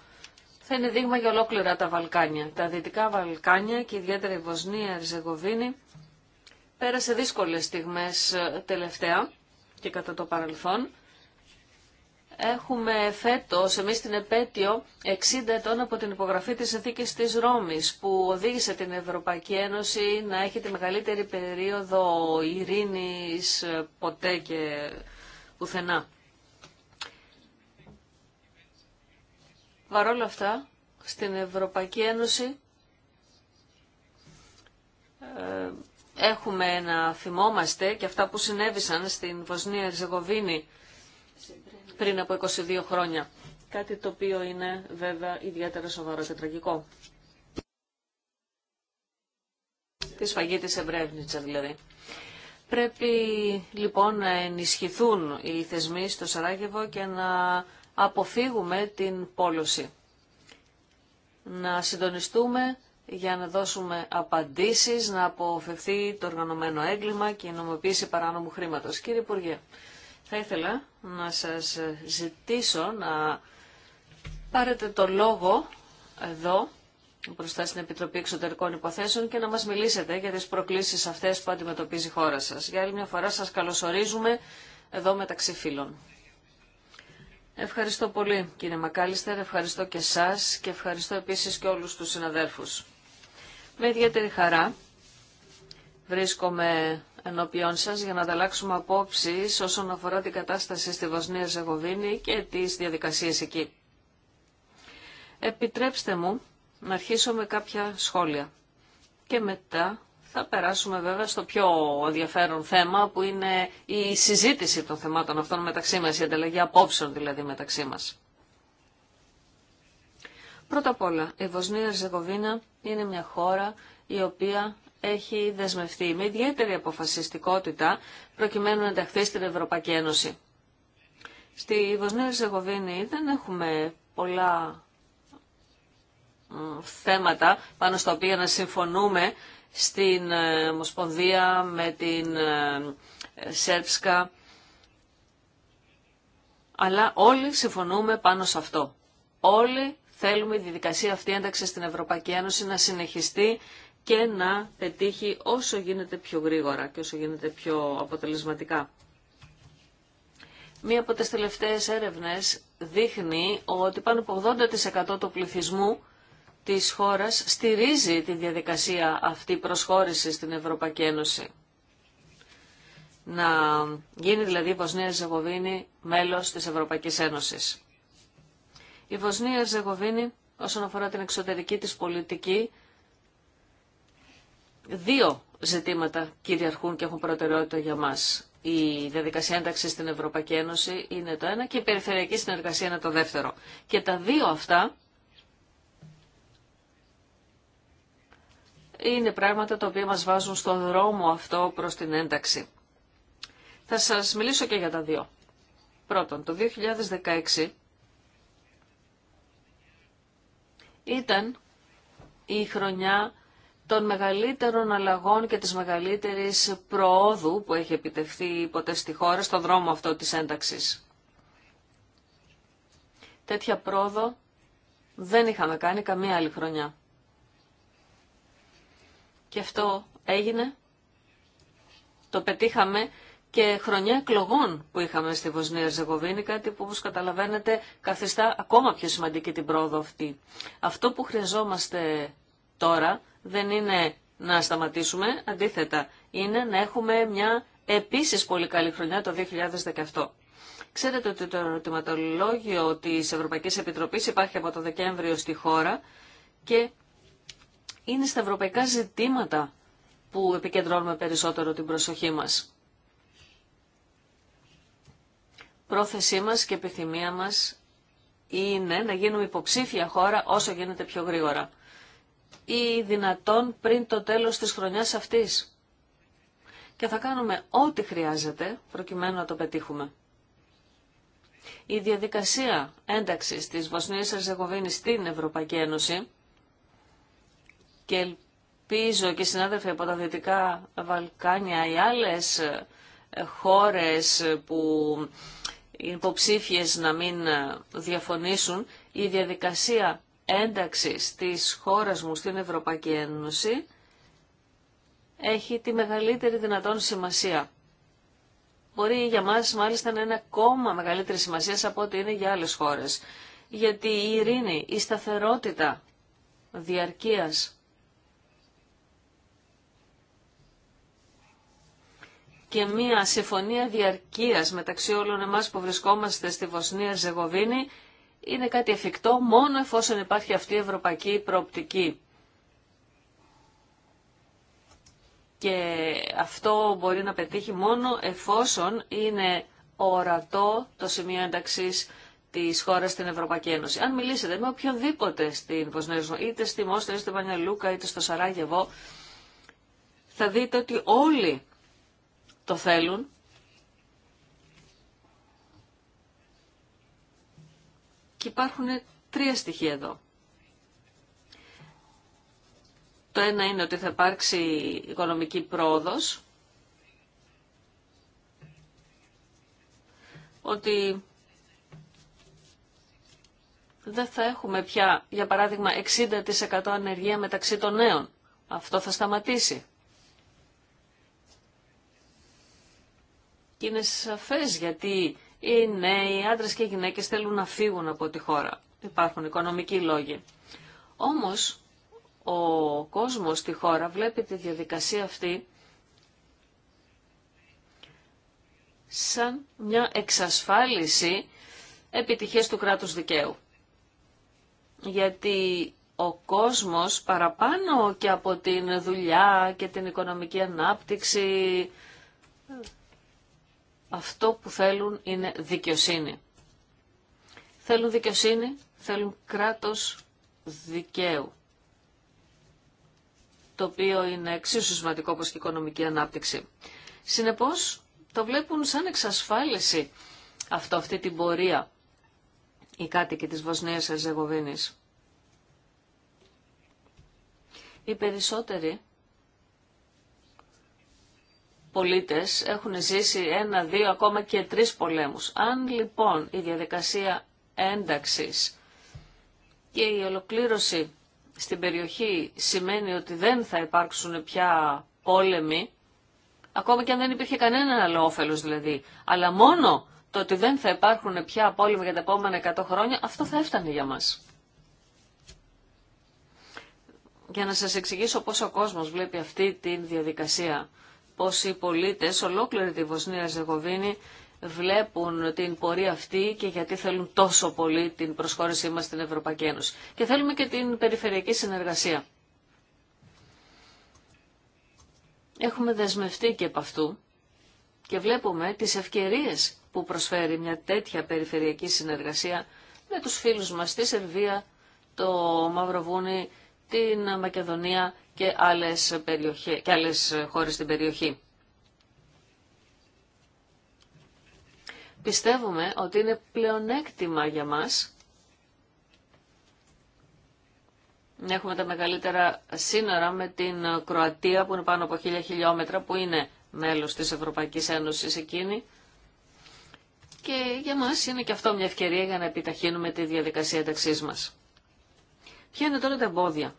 θα είναι δείγμα για ολόκληρα τα Βαλκάνια. Τα Δυτικά Βαλκάνια και ιδιαίτερα η Βοσνία, η Ριζεγοβίνη, πέρασε δύσκολες στιγμές τελευταία και κατά το παρελθόν Έχουμε φέτος, εμείς την επέτειο, 60 ετών από την υπογραφή της Εθήκης της Ρώμης, που οδήγησε την Ευρωπαϊκή Ένωση να έχει τη μεγαλύτερη περίοδο ειρήνης ε, ποτέ και πουθενά. Παρόλα αυτά, στην Ευρωπαϊκή Ένωση ε, έχουμε να θυμόμαστε και αυτά που συνέβησαν στην Βοσνία Ερζεγοβίνη πριν από 22 χρόνια. Κάτι το οποίο είναι βέβαια ιδιαίτερα σοβαρό και τραγικό. Τη σφαγή της Εμπρέβνητσα δηλαδή. Πρέπει λοιπόν να ενισχυθούν οι θεσμοί στο Σαράγεβο και να αποφύγουμε την πόλωση. Να συντονιστούμε για να δώσουμε απαντήσεις, να αποφευθεί το οργανωμένο έγκλημα και η νομοποίηση παράνομου χρήματος. Κύριε Υπουργέ, θα ήθελα να σας ζητήσω να πάρετε το λόγο εδώ μπροστά στην Επιτροπή Εξωτερικών Υποθέσεων και να μας μιλήσετε για τις προκλήσεις αυτές που αντιμετωπίζει η χώρα σας. Για άλλη μια φορά σας καλωσορίζουμε εδώ μεταξύ φίλων. Ευχαριστώ πολύ κύριε Μακάλιστερ, ευχαριστώ και εσάς και ευχαριστώ επίσης και όλους τους συναδέλφους. Με ιδιαίτερη χαρά βρίσκομαι ενώπιόν σας για να ανταλλάξουμε απόψεις όσον αφορά την κατάσταση στη Βοσνία Ζεγοβίνη και τις διαδικασίες εκεί. Επιτρέψτε μου να αρχίσω με κάποια σχόλια και μετά θα περάσουμε βέβαια στο πιο ενδιαφέρον θέμα που είναι η συζήτηση των θεμάτων αυτών μεταξύ μας, η ανταλλαγή απόψεων δηλαδή μεταξύ μας. Πρώτα απ' όλα, η Βοσνία Ζεγοβίνα είναι μια χώρα η οποία έχει δεσμευτεί με ιδιαίτερη αποφασιστικότητα προκειμένου να ενταχθεί στην Ευρωπαϊκή Ένωση. Στη Βοσνία Ζεγοβίνη δεν έχουμε πολλά θέματα πάνω στα οποία να συμφωνούμε στην ε, Ομοσπονδία με την ε, Σέρψκα αλλά όλοι συμφωνούμε πάνω σε αυτό. Όλοι θέλουμε η διαδικασία αυτή ένταξη στην Ευρωπαϊκή Ένωση να συνεχιστεί και να πετύχει όσο γίνεται πιο γρήγορα και όσο γίνεται πιο αποτελεσματικά. Μία από τις τελευταίες έρευνες δείχνει ότι πάνω από 80% του πληθυσμού της χώρας στηρίζει τη διαδικασία αυτή προσχώρηση στην Ευρωπαϊκή Ένωση. Να γίνει δηλαδή η Βοσνία Ζεγοβίνη μέλος της Ευρωπαϊκής Ένωσης. Η Βοσνία Ζεγοβίνη όσον αφορά την εξωτερική της πολιτική Δύο ζητήματα κυριαρχούν και έχουν προτεραιότητα για μας. Η διαδικασία ένταξη στην Ευρωπαϊκή Ένωση είναι το ένα και η περιφερειακή συνεργασία είναι το δεύτερο. Και τα δύο αυτά είναι πράγματα τα οποία μας βάζουν στον δρόμο αυτό προς την ένταξη. Θα σας μιλήσω και για τα δύο. Πρώτον, το 2016 ήταν η χρονιά των μεγαλύτερων αλλαγών και της μεγαλύτερης προόδου που έχει επιτευχθεί ποτέ στη χώρα στον δρόμο αυτό της ένταξης. Τέτοια πρόοδο δεν είχαμε κάνει καμία άλλη χρονιά. Και αυτό έγινε, το πετύχαμε και χρονιά εκλογών που είχαμε στη Βοσνία Ζεγοβίνη, κάτι που όπως καταλαβαίνετε καθιστά ακόμα πιο σημαντική την πρόοδο αυτή. Αυτό που χρειαζόμαστε τώρα δεν είναι να σταματήσουμε, αντίθετα είναι να έχουμε μια επίσης πολύ καλή χρονιά το 2017. Ξέρετε ότι το ερωτηματολόγιο της Ευρωπαϊκής Επιτροπής υπάρχει από το Δεκέμβριο στη χώρα και είναι στα ευρωπαϊκά ζητήματα που επικεντρώνουμε περισσότερο την προσοχή μας. Πρόθεσή μας και επιθυμία μας είναι να γίνουμε υποψήφια χώρα όσο γίνεται πιο γρήγορα ή δυνατόν πριν το τέλος της χρονιάς αυτής. Και θα κάνουμε ό,τι χρειάζεται προκειμένου να το πετύχουμε. Η διαδικασία ένταξης της Βοσνίας Αρζεγοβίνης στην Ευρωπαϊκή Ένωση και ελπίζω και συνάδελφοι από τα Δυτικά Βαλκάνια ή άλλες ε, χώρες που οι υποψήφιες να μην ε, διαφωνήσουν, η διαδικασία ένταξης της χώρας μου στην Ευρωπαϊκή Ένωση έχει τη μεγαλύτερη δυνατόν σημασία. Μπορεί για μας μάλιστα να είναι ακόμα μεγαλύτερη σημασία από ό,τι είναι για άλλες χώρες. Γιατί η ειρήνη, η σταθερότητα διαρκείας και μια συμφωνία διαρκείας μεταξύ όλων εμάς που βρισκόμαστε στη Βοσνία Ζεγοβίνη είναι κάτι εφικτό μόνο εφόσον υπάρχει αυτή η ευρωπαϊκή προοπτική. Και αυτό μπορεί να πετύχει μόνο εφόσον είναι ορατό το σημείο ένταξης τη χώρα στην Ευρωπαϊκή Ένωση. Αν μιλήσετε με οποιονδήποτε στην Βοσνέζο, είτε στη Μόστρα, είτε στη Πανιαλούκα, είτε στο Σαράγεβο, θα δείτε ότι όλοι το θέλουν Και υπάρχουν τρία στοιχεία εδώ. Το ένα είναι ότι θα υπάρξει οικονομική πρόοδος, ότι δεν θα έχουμε πια, για παράδειγμα, 60% ανεργία μεταξύ των νέων. Αυτό θα σταματήσει. Και είναι σαφές γιατί οι νέοι, άντρες και οι γυναίκες θέλουν να φύγουν από τη χώρα. Υπάρχουν οικονομικοί λόγοι. Όμως, ο κόσμος στη χώρα βλέπει τη διαδικασία αυτή σαν μια εξασφάλιση επιτυχίας του κράτους δικαίου. Γιατί ο κόσμος παραπάνω και από την δουλειά και την οικονομική ανάπτυξη αυτό που θέλουν είναι δικαιοσύνη. Θέλουν δικαιοσύνη, θέλουν κράτος δικαίου, το οποίο είναι εξίσου σημαντικό όπως και η οικονομική ανάπτυξη. Συνεπώς, το βλέπουν σαν εξασφάλιση αυτό, αυτή την πορεία οι κάτοικοι της Βοσνίας Ερζεγοβίνης. Οι περισσότεροι πολίτες έχουν ζήσει ένα, δύο, ακόμα και τρεις πολέμους. Αν λοιπόν η διαδικασία ένταξης και η ολοκλήρωση στην περιοχή σημαίνει ότι δεν θα υπάρξουν πια πόλεμοι, ακόμα και αν δεν υπήρχε κανένα άλλο όφελος δηλαδή, αλλά μόνο το ότι δεν θα υπάρχουν πια πόλεμοι για τα επόμενα 100 χρόνια, αυτό θα έφτανε για μας. Για να σας εξηγήσω πώς ο κόσμος βλέπει αυτή τη διαδικασία πως οι πολίτες ολόκληρη τη Βοσνία Ζεγοβίνη βλέπουν την πορεία αυτή και γιατί θέλουν τόσο πολύ την προσχώρησή μας στην Ευρωπαϊκή Ένωση. Και θέλουμε και την περιφερειακή συνεργασία. Έχουμε δεσμευτεί και από αυτού και βλέπουμε τις ευκαιρίες που προσφέρει μια τέτοια περιφερειακή συνεργασία με τους φίλους μας στη Σερβία, το Μαυροβούνι, την Μακεδονία και άλλες, περιοχές, και άλλες χώρες στην περιοχή. Πιστεύουμε ότι είναι πλεονέκτημα για μας να έχουμε τα μεγαλύτερα σύνορα με την Κροατία που είναι πάνω από 1000 χιλιόμετρα που είναι μέλος της Ευρωπαϊκής Ένωσης εκείνη και για μας είναι και αυτό μια ευκαιρία για να επιταχύνουμε τη διαδικασία ένταξής μας. Ποια είναι τώρα τα εμπόδια.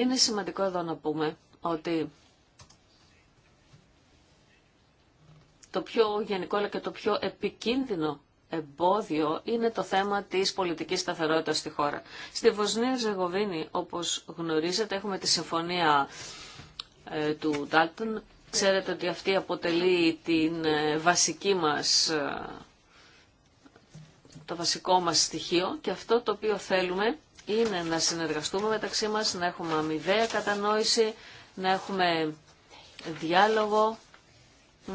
Είναι σημαντικό εδώ να πούμε ότι το πιο γενικό αλλά και το πιο επικίνδυνο εμπόδιο είναι το θέμα της πολιτικής σταθερότητας στη χώρα. Στη Βοσνία Ζεγοβίνη, όπως γνωρίζετε, έχουμε τη συμφωνία ε, του Ντάλτον. Ξέρετε ότι αυτή αποτελεί την ε, βασική μας, ε, το βασικό μας στοιχείο και αυτό το οποίο θέλουμε είναι να συνεργαστούμε μεταξύ μας, να έχουμε αμοιβαία κατανόηση, να έχουμε διάλογο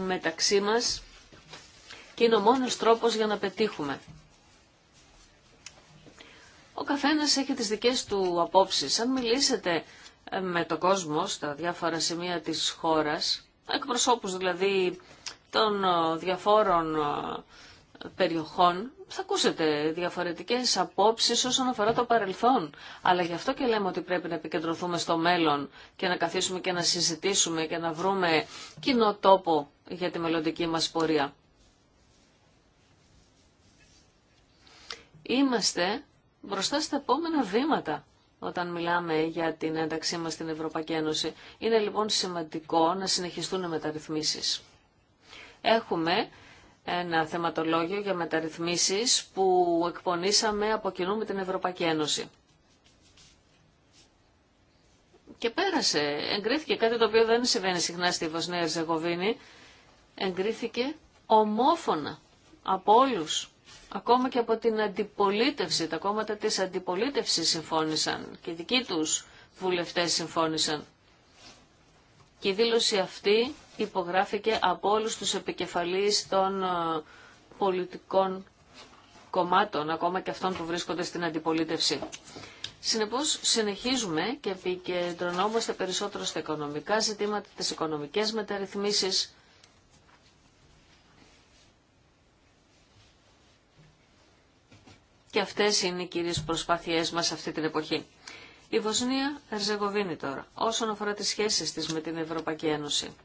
μεταξύ μας και είναι ο μόνος τρόπος για να πετύχουμε. Ο καθένας έχει τις δικές του απόψεις. Αν μιλήσετε ε, με τον κόσμο στα διάφορα σημεία της χώρας, εκπροσώπους δηλαδή των ε, διαφόρων ε, περιοχών, θα ακούσετε διαφορετικές απόψεις όσον αφορά το παρελθόν. Αλλά γι' αυτό και λέμε ότι πρέπει να επικεντρωθούμε στο μέλλον και να καθίσουμε και να συζητήσουμε και να βρούμε κοινό τόπο για τη μελλοντική μας πορεία. Είμαστε μπροστά στα επόμενα βήματα όταν μιλάμε για την ένταξή μας στην Ευρωπαϊκή Ένωση. Είναι λοιπόν σημαντικό να συνεχιστούν οι μεταρρυθμίσεις. Έχουμε ένα θεματολόγιο για μεταρρυθμίσεις που εκπονήσαμε από κοινού με την Ευρωπαϊκή Ένωση. Και πέρασε, εγκρίθηκε κάτι το οποίο δεν συμβαίνει συχνά στη Βοσνία Ζεγοβίνη. εγκρίθηκε ομόφωνα από όλους. Ακόμα και από την αντιπολίτευση, τα κόμματα της αντιπολίτευσης συμφώνησαν και οι δικοί τους βουλευτές συμφώνησαν. Και η δήλωση αυτή υπογράφηκε από όλους τους επικεφαλείς των ε, πολιτικών κομμάτων, ακόμα και αυτών που βρίσκονται στην αντιπολίτευση. Συνεπώς συνεχίζουμε και επικεντρωνόμαστε περισσότερο στα οικονομικά ζητήματα, τις οικονομικές μεταρρυθμίσεις, και αυτές είναι οι κυρίες προσπάθειές μας αυτή την εποχή. Η Βοσνία Ερζεγοβίνη τώρα, όσον αφορά τις σχέσεις της με την Ευρωπαϊκή Ένωση.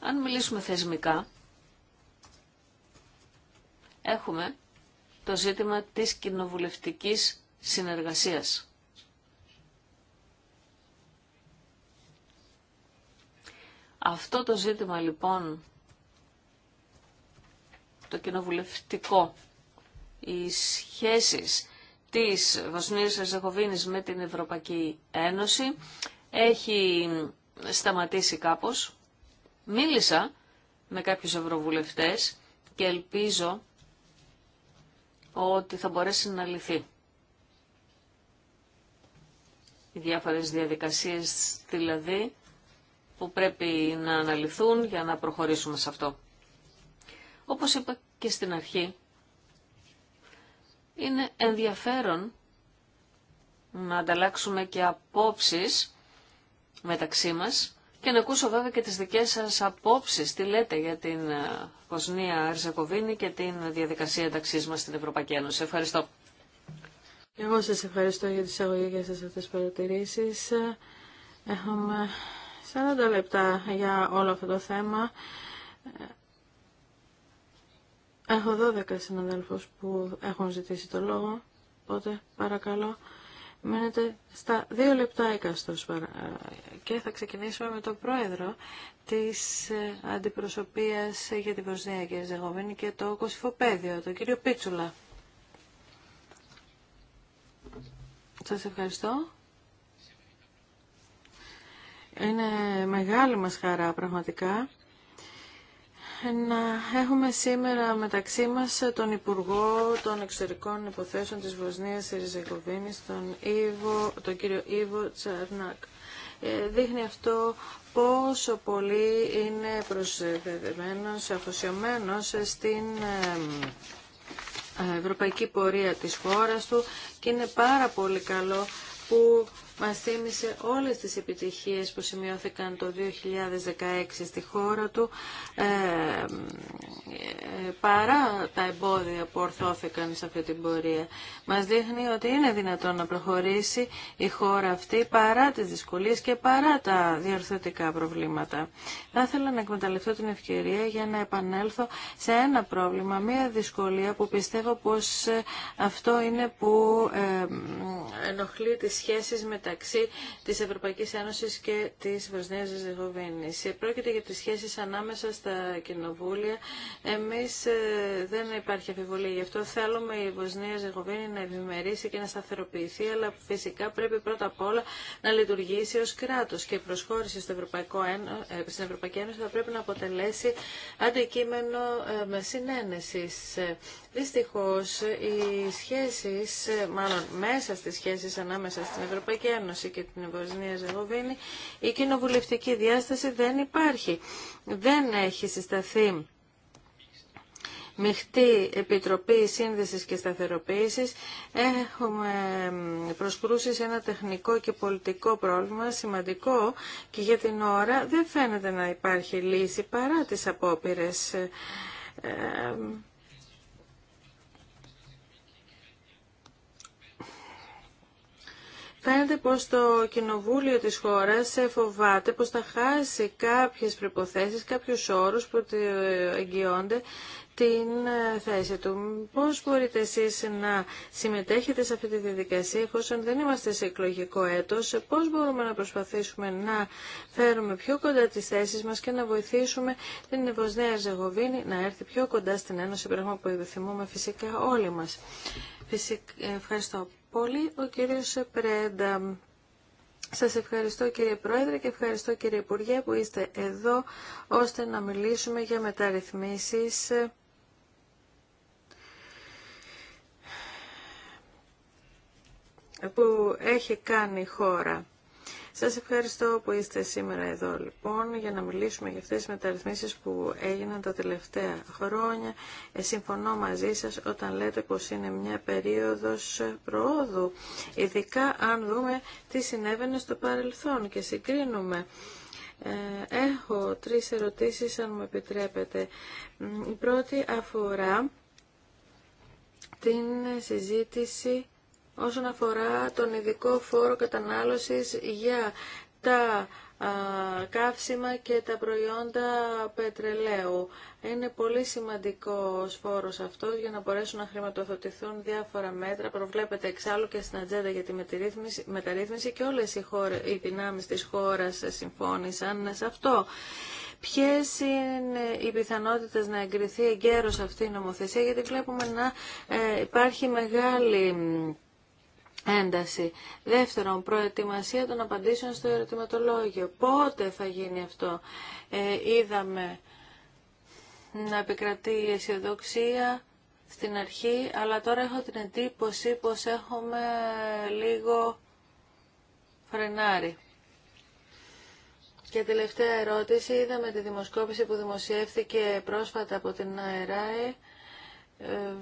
Αν μιλήσουμε θεσμικά, έχουμε το ζήτημα της κοινοβουλευτικής συνεργασίας. Αυτό το ζήτημα λοιπόν, το κοινοβουλευτικό, οι σχέσεις της Βοσνίας Ερζεγοβίνης με την Ευρωπαϊκή Ένωση έχει σταματήσει κάπως. Μίλησα με κάποιους ευρωβουλευτές και ελπίζω ότι θα μπορέσει να λυθεί. Οι διάφορες διαδικασίες δηλαδή που πρέπει να αναλυθούν για να προχωρήσουμε σε αυτό. Όπως είπα και στην αρχή, είναι ενδιαφέρον να ανταλλάξουμε και απόψεις μεταξύ μας και να ακούσω βέβαια και τις δικές σας απόψεις, τι λέτε για την Κοσνία ε, Αρζακοβίνη και την διαδικασία ενταξής μας στην Ευρωπαϊκή Ένωση. Ευχαριστώ. Εγώ σας ευχαριστώ για τις αγωγές σας αυτές τις παρατηρήσεις. Έχουμε 40 λεπτά για όλο αυτό το θέμα. Έχω 12 συναδέλφους που έχουν ζητήσει το λόγο, οπότε παρακαλώ μένετε στα δύο λεπτά έκαστος και θα ξεκινήσουμε με τον πρόεδρο της ε, αντιπροσωπείας για την Βοσνία και Ζεγοβίνη και το Κωσυφοπαίδιο, τον κύριο Πίτσουλα. Σας ευχαριστώ. Είναι μεγάλη μας χαρά πραγματικά να έχουμε σήμερα μεταξύ μας τον Υπουργό των Εξωτερικών Υποθέσεων της Βοσνίας Ριζεκοβίνης, τον, Ήβο, τον κύριο Ήβο Τσαρνάκ. Ε, δείχνει αυτό πόσο πολύ είναι προσδεδεμένος, αφοσιωμένος στην ε, ε, ευρωπαϊκή πορεία της χώρας του και είναι πάρα πολύ καλό που μας θύμισε όλες τις επιτυχίες που σημειώθηκαν το 2016 στη χώρα του ε, ε, παρά τα εμπόδια που ορθώθηκαν σε αυτή την πορεία. Μας δείχνει ότι είναι δυνατόν να προχωρήσει η χώρα αυτή παρά τις δυσκολίες και παρά τα διορθωτικά προβλήματα. Θα ήθελα να εκμεταλλευτώ την ευκαιρία για να επανέλθω σε ένα πρόβλημα, μία δυσκολία που πιστεύω πως ε, αυτό είναι που ενοχλεί τις σχέσεις με μεταξύ της Ευρωπαϊκής Ένωσης και τη Βοσνίας Ζεζεγοβίνη. Ε, πρόκειται για τι σχέσει ανάμεσα στα κοινοβούλια. Εμείς ε, δεν υπάρχει αφιβολία γι' αυτό. Θέλουμε η Βοσνία Ζεγοβίνη να ευημερήσει και να σταθεροποιηθεί, αλλά φυσικά πρέπει πρώτα απ' όλα να λειτουργήσει ω κράτο και η προσχώρηση στο Ευρωπαϊκό, ε, στην Ευρωπαϊκή Ένωση θα πρέπει να αποτελέσει αντικείμενο με συνένεση. Δυστυχώ, οι σχέσεις, μάλλον μέσα στι σχέσει ανάμεσα στην Ευρωπαϊκή Ένωση και την Βοσνία Ζεγοβίνη, η κοινοβουλευτική διάσταση δεν υπάρχει. Δεν έχει συσταθεί μειχτή επιτροπή σύνδεσης και σταθεροποίησης έχουμε προσκρούσει σε ένα τεχνικό και πολιτικό πρόβλημα σημαντικό και για την ώρα δεν φαίνεται να υπάρχει λύση παρά τις απόπειρες. Φαίνεται πως το κοινοβούλιο της χώρας φοβάται πως θα χάσει κάποιες προϋποθέσεις, κάποιους όρους που εγγυώνται την ε, θέση του. Πώς μπορείτε εσείς να συμμετέχετε σε αυτή τη διαδικασία, εφόσον δεν είμαστε σε εκλογικό έτος, πώς μπορούμε να προσπαθήσουμε να φέρουμε πιο κοντά τις θέσεις μας και να βοηθήσουμε την Βοσνία Ζεγοβίνη να έρθει πιο κοντά στην Ένωση, πράγμα που επιθυμούμε φυσικά όλοι μας. Ε, ευχαριστώ πολύ. Ο κύριος Πρέντα. Σας ευχαριστώ κύριε Πρόεδρε και ευχαριστώ κύριε Υπουργέ που είστε εδώ ώστε να μιλήσουμε για μεταρρυθμίσεις που έχει κάνει η χώρα. Σας ευχαριστώ που είστε σήμερα εδώ λοιπόν για να μιλήσουμε για αυτές τις μεταρρυθμίσεις που έγιναν τα τελευταία χρόνια. Ε, συμφωνώ μαζί σας όταν λέτε πως είναι μια περίοδος προόδου, ειδικά αν δούμε τι συνέβαινε στο παρελθόν και συγκρίνουμε. Ε, έχω τρεις ερωτήσεις αν μου επιτρέπετε. Η πρώτη αφορά την συζήτηση όσον αφορά τον ειδικό φόρο κατανάλωσης για τα καύσιμα και τα προϊόντα πετρελαίου. Είναι πολύ σημαντικό φόρος αυτό για να μπορέσουν να χρηματοδοτηθούν διάφορα μέτρα. Προβλέπεται εξάλλου και στην ατζέντα για τη μεταρρύθμιση και όλες οι, χώρες, οι δυνάμεις της χώρας συμφώνησαν σε αυτό. Ποιες είναι οι πιθανότητες να εγκριθεί εγκαίρως αυτή η νομοθεσία, γιατί βλέπουμε να ε, υπάρχει μεγάλη ένταση. Δεύτερον, προετοιμασία των απαντήσεων στο ερωτηματολόγιο. Πότε θα γίνει αυτό. Ε, είδαμε να επικρατεί η αισιοδοξία στην αρχή, αλλά τώρα έχω την εντύπωση πως έχουμε λίγο φρενάρι. Και τελευταία ερώτηση, είδαμε τη δημοσκόπηση που δημοσιεύθηκε πρόσφατα από την ΑΕΡΑΕ ε,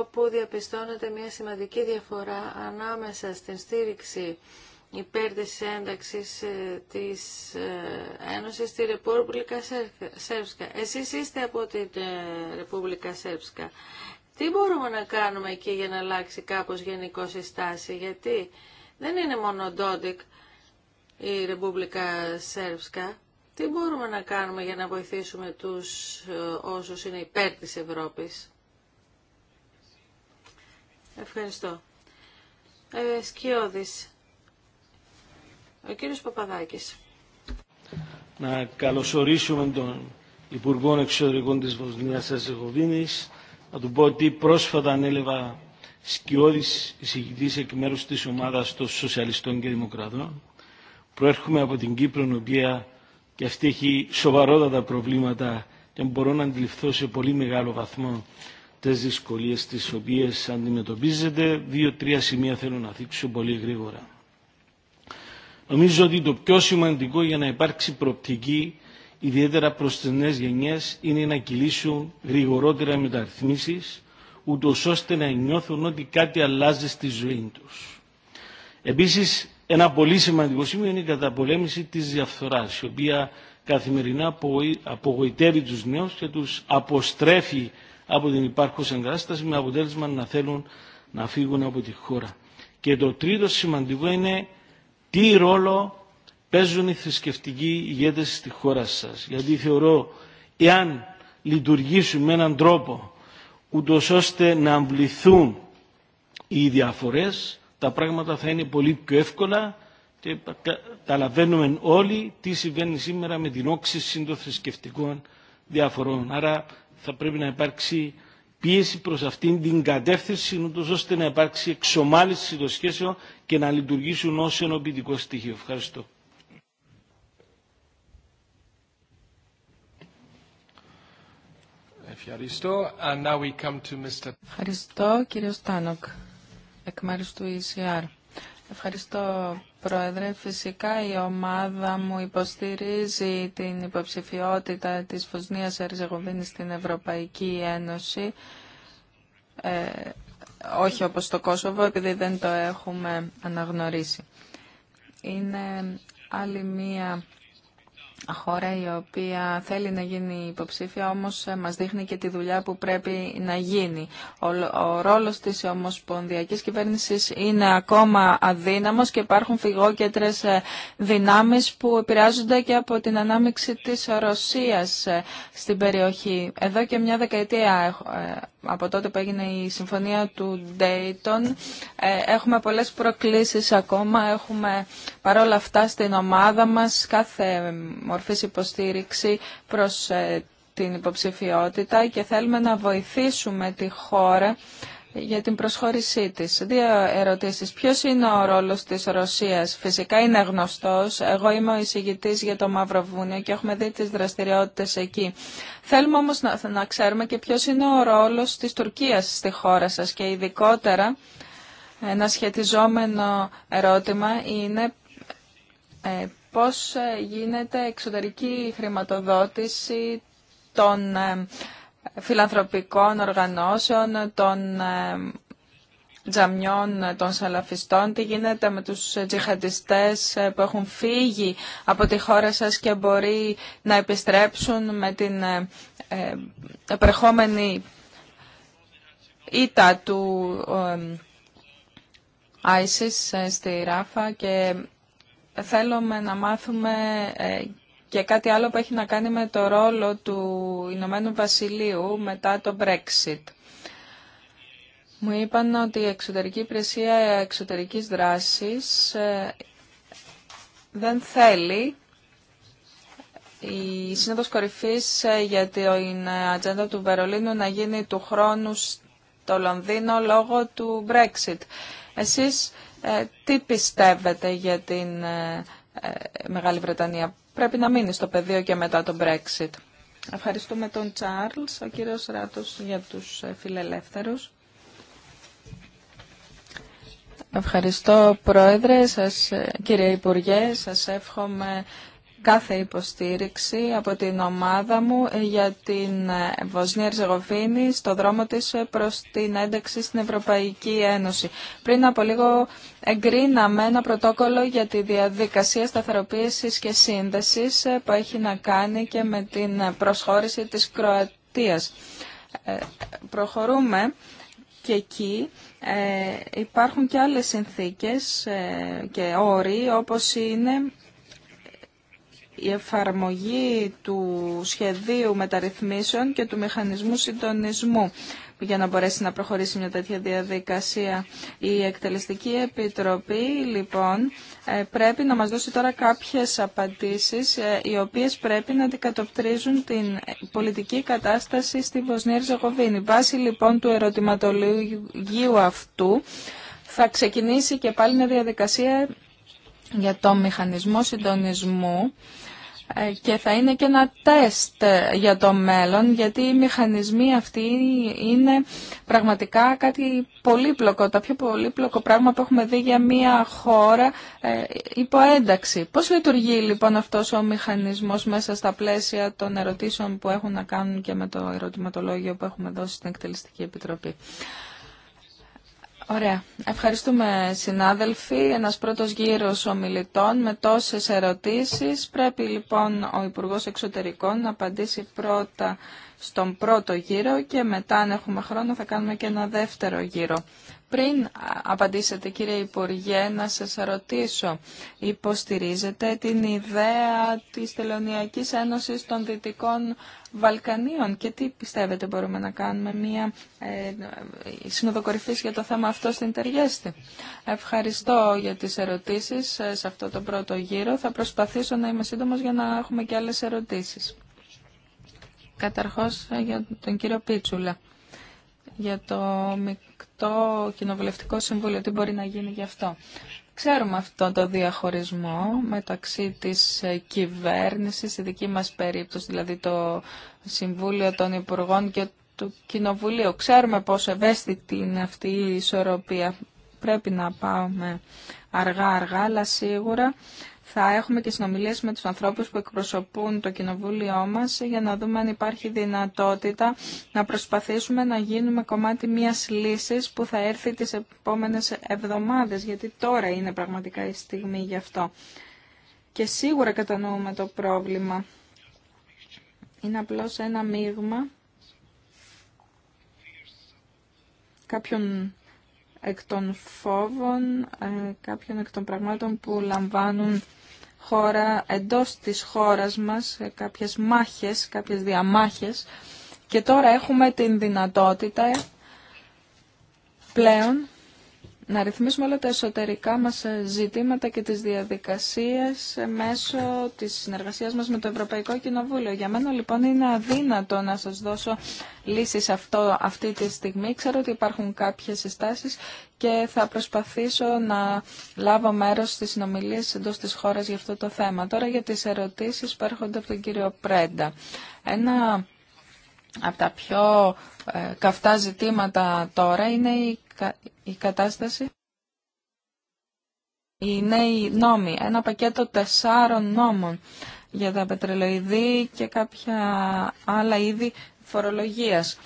όπου διαπιστώνεται μια σημαντική διαφορά ανάμεσα στην στήριξη υπέρ της ένταξης ε, της ε, Ένωσης στη Ρεπούμπλικα Σέρβσκα. Εσείς είστε από την Ρεπούμπλικα Σέρβσκα. Τι μπορούμε να κάνουμε εκεί για να αλλάξει κάπως γενικώ η στάση, γιατί δεν είναι μόνο Ντόντικ η Ρεπούμπλικα Σέρβσκα. Τι μπορούμε να κάνουμε για να βοηθήσουμε τους όσους είναι υπέρ της Ευρώπης. Ευχαριστώ. Ε, Σκιώδης. Ο κύριος Παπαδάκης. Να καλωσορίσουμε τον Υπουργό Εξωτερικών της Βοσνίας Αζεγοβίνης. Να του πω ότι πρόσφατα ανέλεβα σκιώδης εισηγητής εκ μέρους της ομάδας των Σοσιαλιστών και Δημοκρατών. Προέρχομαι από την Κύπρο, η οποία και αυτή έχει σοβαρότατα προβλήματα και μπορώ να αντιληφθώ σε πολύ μεγάλο βαθμό τις δυσκολίες τις οποίες αντιμετωπίζετε. Δύο-τρία σημεία θέλω να δείξω πολύ γρήγορα. Νομίζω ότι το πιο σημαντικό για να υπάρξει προοπτική, ιδιαίτερα προς τις νέες γενιές, είναι να κυλήσουν γρηγορότερα μεταρρυθμίσεις, ούτω ώστε να νιώθουν ότι κάτι αλλάζει στη ζωή τους. Επίσης, ένα πολύ σημαντικό σημείο είναι η καταπολέμηση της διαφθοράς, η οποία καθημερινά απογοητεύει τους νέους και τους αποστρέφει από την υπάρχουσα εγκατάσταση με αποτέλεσμα να θέλουν να φύγουν από τη χώρα. Και το τρίτο σημαντικό είναι τι ρόλο παίζουν οι θρησκευτικοί ηγέτες στη χώρα σας. Γιατί θεωρώ εάν λειτουργήσουν με έναν τρόπο ούτω ώστε να αμβληθούν οι διαφορές τα πράγματα θα είναι πολύ πιο εύκολα και καταλαβαίνουμε όλοι τι συμβαίνει σήμερα με την όξυση των θρησκευτικών διαφορών θα πρέπει να υπάρξει πίεση προς αυτήν την κατεύθυνση ούτως ώστε να υπάρξει εξομάλυση των σχέσεων και να λειτουργήσουν ως ενοποιητικό στοιχείο. Ευχαριστώ. Ευχαριστώ. And now we come to Mr. Ευχαριστώ κύριο Στάνοκ, εκ μέρους του ECR. Ευχαριστώ Πρόεδρε, φυσικά η ομάδα μου υποστηρίζει την υποψηφιότητα της Φωσνίας Ερζεγοβίνης στην Ευρωπαϊκή Ένωση. Ε, όχι όπως το Κόσοβο, επειδή δεν το έχουμε αναγνωρίσει. Είναι άλλη μία χώρα η οποία θέλει να γίνει υποψήφια όμως ε, μας δείχνει και τη δουλειά που πρέπει να γίνει. Ο, ρόλος της ομοσπονδιακής κυβέρνησης είναι ακόμα αδύναμος και υπάρχουν φυγόκεντρες ε, δυνάμεις που επηρεάζονται και από την ανάμειξη της Ρωσίας ε, στην περιοχή. Εδώ και μια δεκαετία από τότε που έγινε η συμφωνία του Dayton. Ε, έχουμε πολλές προκλήσεις ακόμα. Έχουμε παρόλα αυτά στην ομάδα μας κάθε μορφής υποστήριξη προς ε, την υποψηφιότητα και θέλουμε να βοηθήσουμε τη χώρα για την προσχώρησή της. Δύο ερωτήσεις. Ποιος είναι ο ρόλος της Ρωσίας. Φυσικά είναι γνωστός. Εγώ είμαι ο εισηγητής για το Μαυροβούνιο και έχουμε δει τις δραστηριότητες εκεί. Θέλουμε όμως να, να ξέρουμε και ποιος είναι ο ρόλος της Τουρκίας στη χώρα σας και ειδικότερα ένα σχετιζόμενο ερώτημα είναι ε, πώς γίνεται εξωτερική χρηματοδότηση των ε, φιλανθρωπικών οργανώσεων, των ε, τζαμιών ε, των σαλαφιστών, τι γίνεται με τους ε, τζιχαντιστές που έχουν φύγει από τη χώρα σας και μπορεί να επιστρέψουν με την επερχόμενη ήττα του ISIS στη Ράφα και θέλουμε να μάθουμε και κάτι άλλο που έχει να κάνει με το ρόλο του Ηνωμένου Βασιλείου μετά το Brexit. Μου είπαν ότι η εξωτερική υπηρεσία εξωτερικής δράσης ε, δεν θέλει η Σύνοδος Κορυφής ε, για την ατζέντα του Βερολίνου να γίνει του χρόνου στο Λονδίνο λόγω του Brexit. Εσείς ε, τι πιστεύετε για την Μεγάλη Βρετανία, πρέπει να μείνει στο πεδίο και μετά τον Brexit. Ευχαριστούμε τον Τσάρλς, ο κύριος Ράτος για τους ε, φιλελεύθερους. Ευχαριστώ Πρόεδρε, σας, ε, κύριε Υπουργέ, σας εύχομαι κάθε υποστήριξη από την ομάδα μου ε, για την ε, Βοσνία το στο δρόμο της ε, προς την ένταξη στην Ευρωπαϊκή Ένωση. Πριν από λίγο εγκρίναμε ένα πρωτόκολλο για τη διαδικασία σταθεροποίησης και σύνδεσης που έχει να κάνει και με την προσχώρηση της Κροατίας. Προχωρούμε και εκεί υπάρχουν και άλλες συνθήκες και όροι όπως είναι η εφαρμογή του σχεδίου μεταρρυθμίσεων και του μηχανισμού συντονισμού για να μπορέσει να προχωρήσει μια τέτοια διαδικασία. Η Εκτελεστική Επιτροπή, λοιπόν, ε, πρέπει να μας δώσει τώρα κάποιες απαντήσεις, ε, οι οποίες πρέπει να αντικατοπτρίζουν την πολιτική κατάσταση στη Βοσνία Ριζεγοβίνη. βάση, λοιπόν, του ερωτηματολογίου αυτού, θα ξεκινήσει και πάλι μια διαδικασία για το μηχανισμό συντονισμού ε, και θα είναι και ένα τεστ ε, για το μέλλον, γιατί οι μηχανισμοί αυτοί είναι πραγματικά κάτι πολύπλοκο, τα πιο πολύπλοκο πράγμα που έχουμε δει για μια χώρα ε, υπό ένταξη. Πώς λειτουργεί λοιπόν αυτός ο μηχανισμός μέσα στα πλαίσια των ερωτήσεων που έχουν να κάνουν και με το ερωτηματολόγιο που έχουμε δώσει στην Εκτελεστική Επιτροπή. Ωραία. Ευχαριστούμε συνάδελφοι. Ένας πρώτος γύρος ομιλητών με τόσες ερωτήσεις. Πρέπει λοιπόν ο Υπουργός Εξωτερικών να απαντήσει πρώτα στον πρώτο γύρο και μετά αν έχουμε χρόνο θα κάνουμε και ένα δεύτερο γύρο. Πριν απαντήσετε κύριε Υπουργέ να σας ρωτήσω, υποστηρίζετε την ιδέα της Τελωνιακής Ένωσης των Δυτικών Βαλκανίων και τι πιστεύετε μπορούμε να κάνουμε μια ε, ε συνοδοκορυφή για το θέμα αυτό στην Τεριέστη. Ευχαριστώ για τις ερωτήσεις ε, σε αυτό το πρώτο γύρο. Θα προσπαθήσω να είμαι σύντομος για να έχουμε και άλλες ερωτήσεις. Καταρχώς ε, για τον κύριο Πίτσουλα για το μεικτό κοινοβουλευτικό συμβούλιο. Τι μπορεί να γίνει γι' αυτό. Ξέρουμε αυτό το διαχωρισμό μεταξύ της ε, κυβέρνησης, στη δική μας περίπτωση, δηλαδή το Συμβούλιο των Υπουργών και του Κοινοβουλίου. Ξέρουμε πόσο ευαίσθητη είναι αυτή η ισορροπία. Πρέπει να πάμε αργά-αργά, αλλά σίγουρα θα έχουμε και συνομιλίε με του ανθρώπους που εκπροσωπούν το κοινοβούλιο μα για να δούμε αν υπάρχει δυνατότητα να προσπαθήσουμε να γίνουμε κομμάτι μια λύση που θα έρθει τις επόμενε εβδομάδες, γιατί τώρα είναι πραγματικά η στιγμή γι' αυτό. Και σίγουρα κατανοούμε το πρόβλημα. Είναι απλώς ένα μείγμα κάποιων εκ των φόβων, ε, κάποιων εκ των πραγμάτων που λαμβάνουν χώρα, εντός της χώρας μας, κάποιες μάχες, κάποιες διαμάχες και τώρα έχουμε την δυνατότητα πλέον να ρυθμίσουμε όλα τα εσωτερικά μας ζητήματα και τις διαδικασίες μέσω της συνεργασίας μας με το Ευρωπαϊκό Κοινοβούλιο. Για μένα λοιπόν είναι αδύνατο να σας δώσω λύσεις αυτό, αυτή τη στιγμή. Ξέρω ότι υπάρχουν κάποιες συστάσεις και θα προσπαθήσω να λάβω μέρος στις συνομιλίες εντός της χώρας για αυτό το θέμα. Τώρα για τις ερωτήσεις που έρχονται από τον κύριο Πρέντα. Ένα από τα πιο ε, καυτά ζητήματα τώρα είναι η η κατάσταση. Οι νέοι νόμοι, ένα πακέτο τεσσάρων νόμων για τα πετρελοειδή και κάποια άλλα είδη φορολογίας.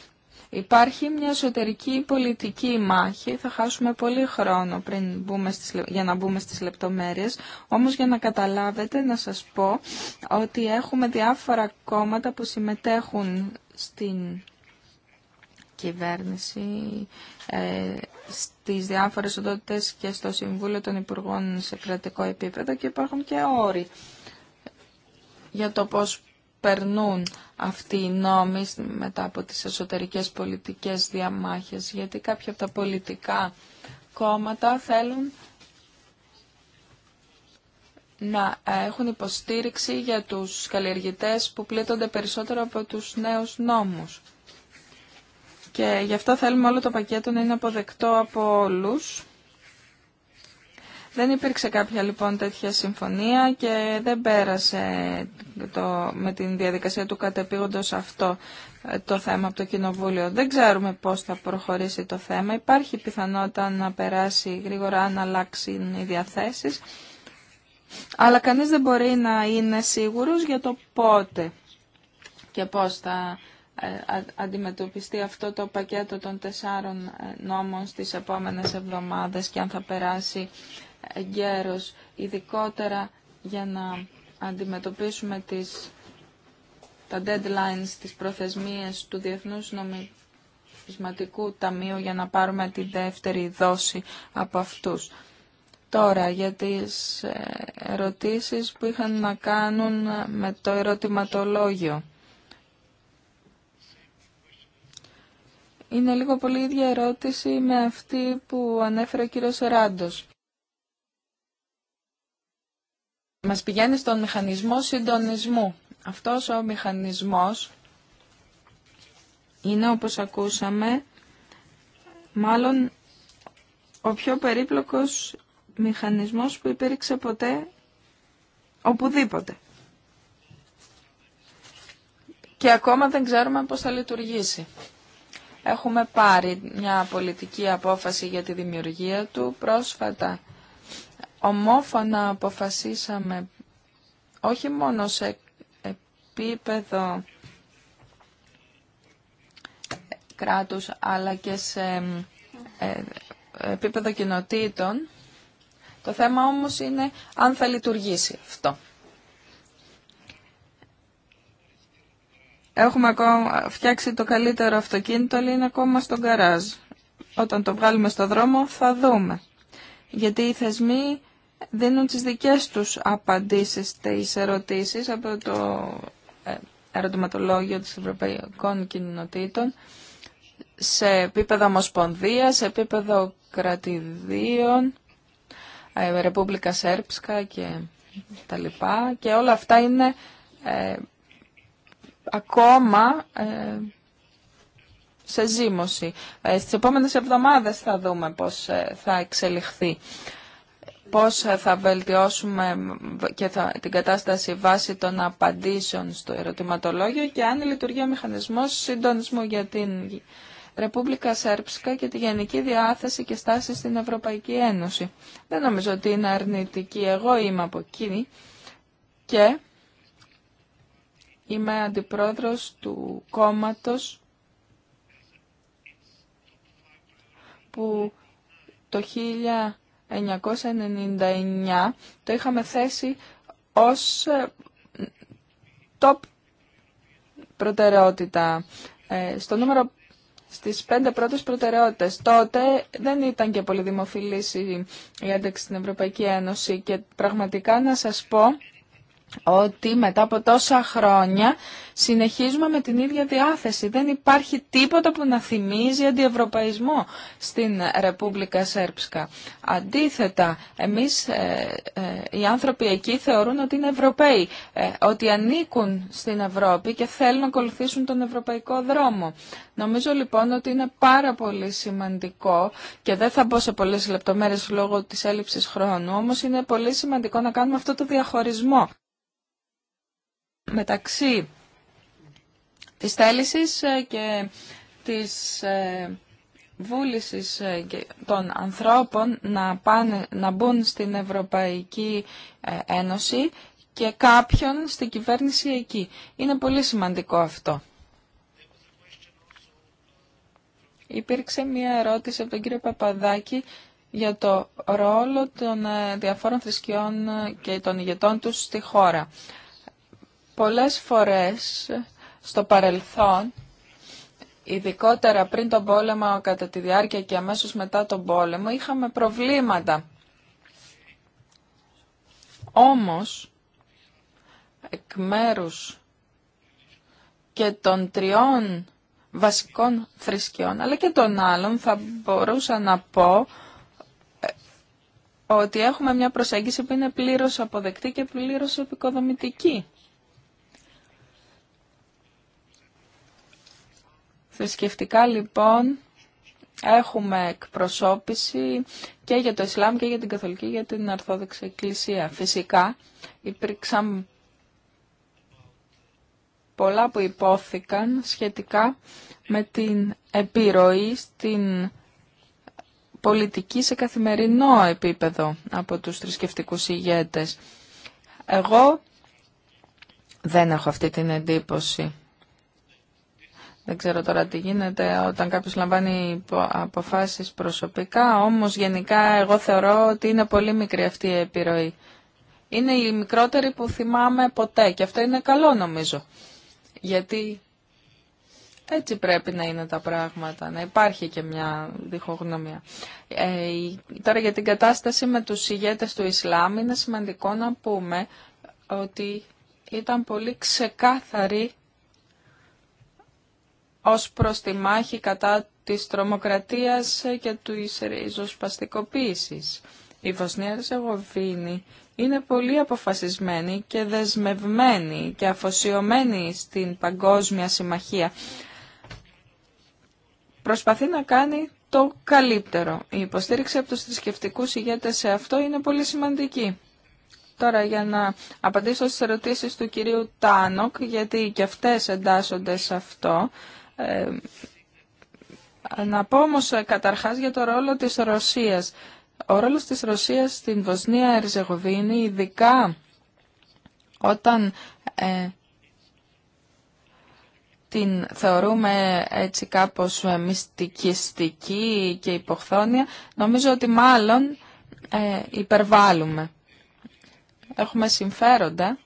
Υπάρχει μια εσωτερική πολιτική μάχη, θα χάσουμε πολύ χρόνο πριν μπούμε στις, για να μπούμε στις λεπτομέρειες, όμως για να καταλάβετε να σας πω ότι έχουμε διάφορα κόμματα που συμμετέχουν στην κυβέρνηση ε, στις διάφορες οντότητες και στο Συμβούλιο των Υπουργών σε κρατικό επίπεδο και υπάρχουν και όροι για το πώς περνούν αυτοί οι νόμοι μετά από τις εσωτερικές πολιτικές διαμάχες, γιατί κάποια από τα πολιτικά κόμματα θέλουν να ε, έχουν υποστήριξη για τους καλλιεργητές που πλήττονται περισσότερο από τους νέους νόμους. Και γι' αυτό θέλουμε όλο το πακέτο να είναι αποδεκτό από όλους. Δεν υπήρξε κάποια λοιπόν τέτοια συμφωνία και δεν πέρασε το, με την διαδικασία του κατεπήγοντος αυτό ε, το θέμα από το Κοινοβούλιο. Δεν ξέρουμε πώς θα προχωρήσει το θέμα. Υπάρχει πιθανότητα να περάσει γρήγορα, αν αλλάξουν οι διαθέσεις. Αλλά κανείς δεν μπορεί να είναι σίγουρος για το πότε και πώς θα ε, αντιμετωπιστεί αυτό το πακέτο των τεσσάρων ε, νόμων στις επόμενες εβδομάδες και αν θα περάσει γέρος, ειδικότερα για να αντιμετωπίσουμε τις, τα deadlines, τις προθεσμίες του Διεθνούς Νομισματικού Ταμείου για να πάρουμε τη δεύτερη δόση από αυτούς. Τώρα, για τις ε, ερωτήσεις που είχαν να κάνουν με το ερωτηματολόγιο. Είναι λίγο πολύ ίδια ερώτηση με αυτή που ανέφερε ο κύριος Ράντος. Μας πηγαίνει στον μηχανισμό συντονισμού. Αυτός ο μηχανισμός είναι όπως ακούσαμε μάλλον ο πιο περίπλοκος μηχανισμός που υπήρξε ποτέ οπουδήποτε. Και ακόμα δεν ξέρουμε πώς θα λειτουργήσει. Έχουμε πάρει μια πολιτική απόφαση για τη δημιουργία του πρόσφατα. Ομόφωνα αποφασίσαμε όχι μόνο σε επίπεδο κράτους αλλά και σε ε, επίπεδο κοινοτήτων. Το θέμα όμως είναι αν θα λειτουργήσει αυτό. έχουμε ακόμα φτιάξει το καλύτερο αυτοκίνητο, αλλά είναι ακόμα στο γκαράζ. Όταν το βγάλουμε στο δρόμο θα δούμε. Γιατί οι θεσμοί δίνουν τις δικές τους απαντήσεις στις ερωτήσεις από το ε, ερωτηματολόγιο της Ευρωπαϊκών Κοινοτήτων σε επίπεδο ομοσπονδία, σε επίπεδο κρατηδίων, ε, Ρεπούμπλικα Σέρψκα και τα λοιπά. Και όλα αυτά είναι ε, ακόμα ε, σε ζήμωση. Ε, στις επόμενες εβδομάδες θα δούμε πώς ε, θα εξελιχθεί πώς θα βελτιώσουμε και θα, την κατάσταση βάσει των απαντήσεων στο ερωτηματολόγιο και αν λειτουργεί ο μηχανισμός συντονισμού για την Ρεπούμπλικα Σέρψικα και τη γενική διάθεση και στάση στην Ευρωπαϊκή Ένωση. Δεν νομίζω ότι είναι αρνητική. Εγώ είμαι από εκείνη και Είμαι αντιπρόεδρος του κόμματος που το 1999 το είχαμε θέσει ως ε, top προτεραιότητα. Ε, στο νούμερο στις πέντε πρώτες προτεραιότητες. Τότε δεν ήταν και πολύ δημοφιλής η ένταξη στην Ευρωπαϊκή Ένωση και πραγματικά να σας πω ότι μετά από τόσα χρόνια συνεχίζουμε με την ίδια διάθεση. Δεν υπάρχει τίποτα που να θυμίζει αντιευρωπαϊσμό στην Ρεπούμπλικα Σέρψκα. Αντίθετα, εμείς ε, ε, οι άνθρωποι εκεί θεωρούν ότι είναι Ευρωπαίοι, ε, ότι ανήκουν στην Ευρώπη και θέλουν να ακολουθήσουν τον ευρωπαϊκό δρόμο. Νομίζω λοιπόν ότι είναι πάρα πολύ σημαντικό και δεν θα μπω σε πολλές λεπτομέρειες λόγω της έλλειψης χρόνου, όμως είναι πολύ σημαντικό να κάνουμε αυτό το διαχωρισμό μεταξύ της θέλησης ε, και της ε, βούλησης ε, των ανθρώπων να, να μπουν στην Ευρωπαϊκή Ένωση και κάποιον στην κυβέρνηση εκεί. Είναι πολύ σημαντικό αυτό. Υπήρξε μία ερώτηση από τον κύριο Παπαδάκη για το ρόλο των διαφόρων θρησκειών και των ηγετών τους στη χώρα. Πολλές φορές στο παρελθόν, ειδικότερα πριν τον πόλεμο, κατά τη διάρκεια και αμέσως μετά τον πόλεμο, είχαμε προβλήματα. Όμως, εκ μέρους και των τριών βασικών θρησκειών, αλλά και των άλλων, θα μπορούσα να πω ε, ότι έχουμε μια προσέγγιση που είναι πλήρως αποδεκτή και πλήρως επικοδομητική. Θρησκευτικά λοιπόν έχουμε εκπροσώπηση και για το Ισλάμ και για την Καθολική και για την Αρθόδεξη Εκκλησία. Φυσικά υπήρξαν πολλά που υπόθηκαν σχετικά με την επιρροή στην πολιτική σε καθημερινό επίπεδο από τους θρησκευτικού ηγέτες. Εγώ δεν έχω αυτή την εντύπωση. Δεν ξέρω τώρα τι γίνεται όταν κάποιος λαμβάνει αποφάσεις προσωπικά, όμως γενικά εγώ θεωρώ ότι είναι πολύ μικρή αυτή η επιρροή. Είναι η μικρότερη που θυμάμαι ποτέ και αυτό είναι καλό νομίζω. Γιατί έτσι πρέπει να είναι τα πράγματα, να υπάρχει και μια διχογνωμία. Ε, τώρα για την κατάσταση με τους ηγέτες του Ισλάμ είναι σημαντικό να πούμε ότι ήταν πολύ ξεκάθαρη ως προς τη μάχη κατά της τρομοκρατίας και του ριζοσπαστικοποίησης. Η Βοσνία Ριζεγοβίνη είναι πολύ αποφασισμένη και δεσμευμένη και αφοσιωμένη στην παγκόσμια συμμαχία. Προσπαθεί να κάνει το καλύτερο. Η υποστήριξη από τους θρησκευτικού ηγέτες σε αυτό είναι πολύ σημαντική. Τώρα για να απαντήσω στις ερωτήσεις του κυρίου Τάνοκ, γιατί και αυτές εντάσσονται σε αυτό, ε, να πω όμως ε, καταρχάς για το ρόλο της Ρωσίας. Ο ρόλος της Ρωσίας στην Βοσνία Ερζεγοβίνη, ειδικά όταν ε, την θεωρούμε έτσι κάπως μυστικιστική και υποχθόνια, νομίζω ότι μάλλον ε, υπερβάλλουμε. Έχουμε συμφέροντα